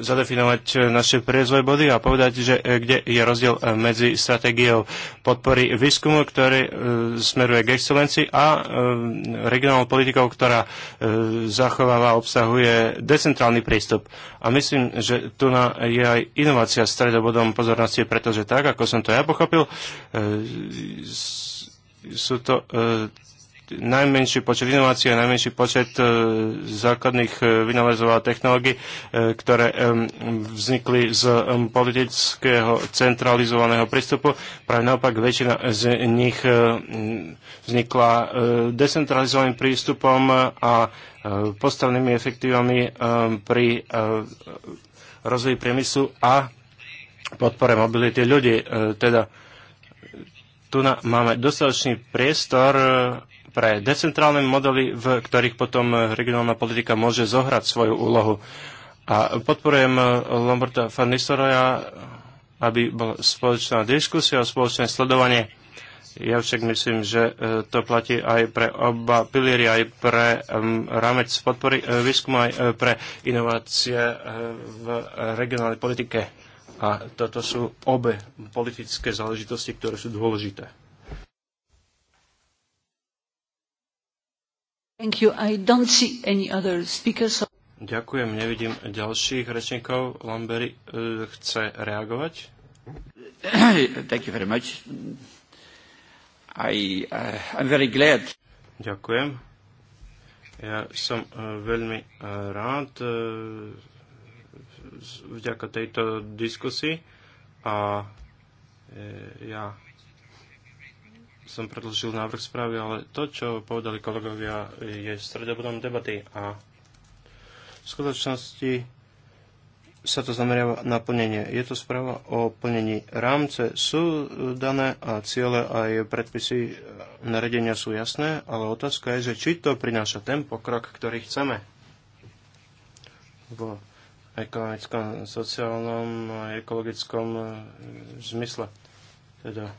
zadefinovať naše priezvoj body a povedať, že e, kde je rozdiel e, medzi stratégiou podpory výskumu, ktorý smeruje k excelencii a regionálnou politikou, ktorá zachováva a obsahuje decentrálny prístup. A myslím, že tu je aj inovácia stredobodom pozornosti, pretože tak, ako som to ja pochopil, sú to najmenší počet inovácií a najmenší počet e, základných e, vynalezov a technológií, e, ktoré vznikli z politického centralizovaného prístupu. Práve naopak väčšina z nich vznikla decentralizovaným prístupom a postavnými efektívami pri rozvoji priemyslu a podpore mobility ľudí. Teda tu máme dostatočný priestor pre decentrálne modely, v ktorých potom regionálna politika môže zohrať svoju úlohu. A podporujem eh, Lomborda van Nistelrooya, aby bola spoločná diskusia a spoločné sledovanie. Ja však myslím, že eh, to platí aj pre oba piliery, aj pre rámec podpory eh, výskumu, aj pre inovácie v regionálnej politike. A toto sú obe politické záležitosti, ktoré sú dôležité. Thank you. I don't see any other speakers. Ďakujem, nevidím ďalších rečníkov. Lambery uh, eh, chce reagovať. Thank you very much. I, uh, I'm very glad. Ďakujem. Ja som uh, veľmi uh, rád uh, vďaka tejto diskusii a uh, ja som predložil návrh správy, ale to, čo povedali kolegovia, je stredobodom debaty a v skutočnosti sa to zameriava na plnenie. Je to správa o plnení rámce. Sú dané a ciele aj predpisy naredenia sú jasné, ale otázka je, že či to prináša ten pokrok, ktorý chceme v ekonomickom, sociálnom a ekologickom eh, zmysle. Teda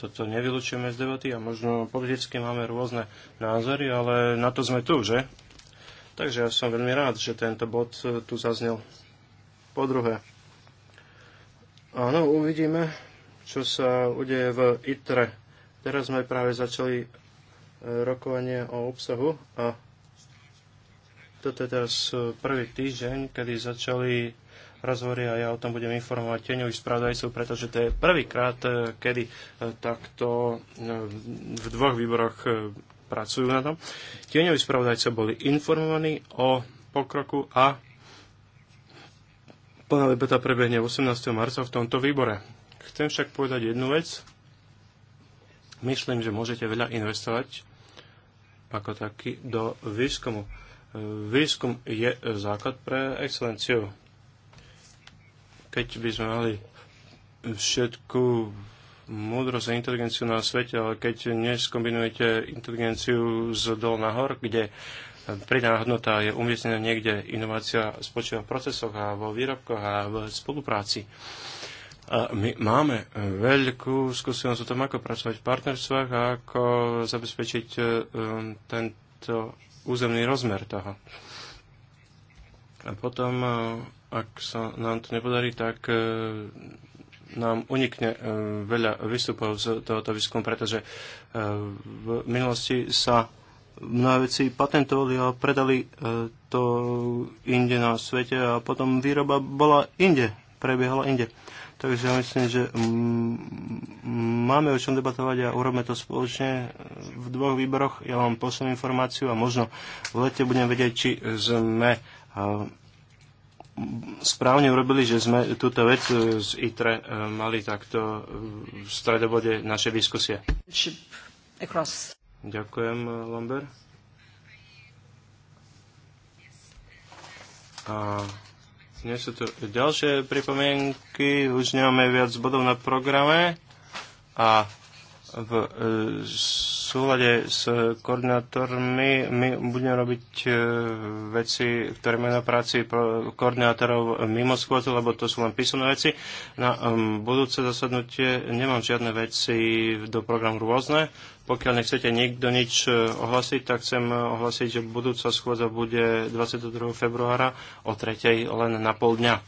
toto nevylučujeme z debaty a možno politicky máme rôzne názory, ale na to sme tu, že? Takže ja som veľmi rád, že tento bod e, tu zaznel. Po druhé, áno, uvidíme, čo sa udeje v ITRE. Teraz sme práve začali e, rokovanie o obsahu a toto je teraz e, prvý týždeň, kedy začali rozhovory a ja o tom budem informovať tieňových spravodajcov, pretože to je prvýkrát, e, kedy e, takto e, v dvoch výboroch pracujú na tom. Tieňoví spravodajcov boli informovaní o pokroku a plná debata prebehne 18. marca v tomto výbore. Chcem však povedať jednu vec. Myslím, že môžete veľa investovať ako taký do výskumu. Výskum je základ pre excelenciu keď by sme mali všetku múdrosť a inteligenciu na svete, ale keď neskombinujete inteligenciu z dol nahor, kde pridaná hodnota je umiestnená niekde, inovácia spočíva v procesoch a vo výrobkoch a v spolupráci. A my máme veľkú skúsenosť o tom, ako pracovať v partnerstvách a ako zabezpečiť e, um, tento územný rozmer toho. A potom e, ak sa nám to nepodarí, tak e, nám unikne e, veľa výstupov z tohoto výskumu, pretože e, v minulosti sa mnohé veci patentovali a predali to inde na svete a potom výroba bola inde, prebiehala inde. Takže ja myslím, že máme o čom debatovať a urobme to spoločne v dvoch výboroch. Ja vám poslím informáciu a možno v lete budem vedieť, či sme správne urobili, že sme túto vec e, z ITRE e, mali takto e, v stredobode našej diskusie. Ďakujem, Lomber. A nie sú tu ďalšie pripomienky, už nemáme viac bodov na programe a v e, súlade s koordinátormi my budeme robiť e, veci, ktoré majú na práci koordinátorov mimo schôdzu, lebo to sú len písomné veci. Na budúce zasadnutie nemám žiadne veci do programu rôzne. Pokiaľ nechcete nikto nič e, ohlasiť, tak chcem ohlasiť, že budúca schôdza bude 22. februára o 3. len na pol dňa.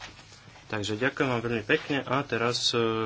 Takže ďakujem vám veľmi pekne a teraz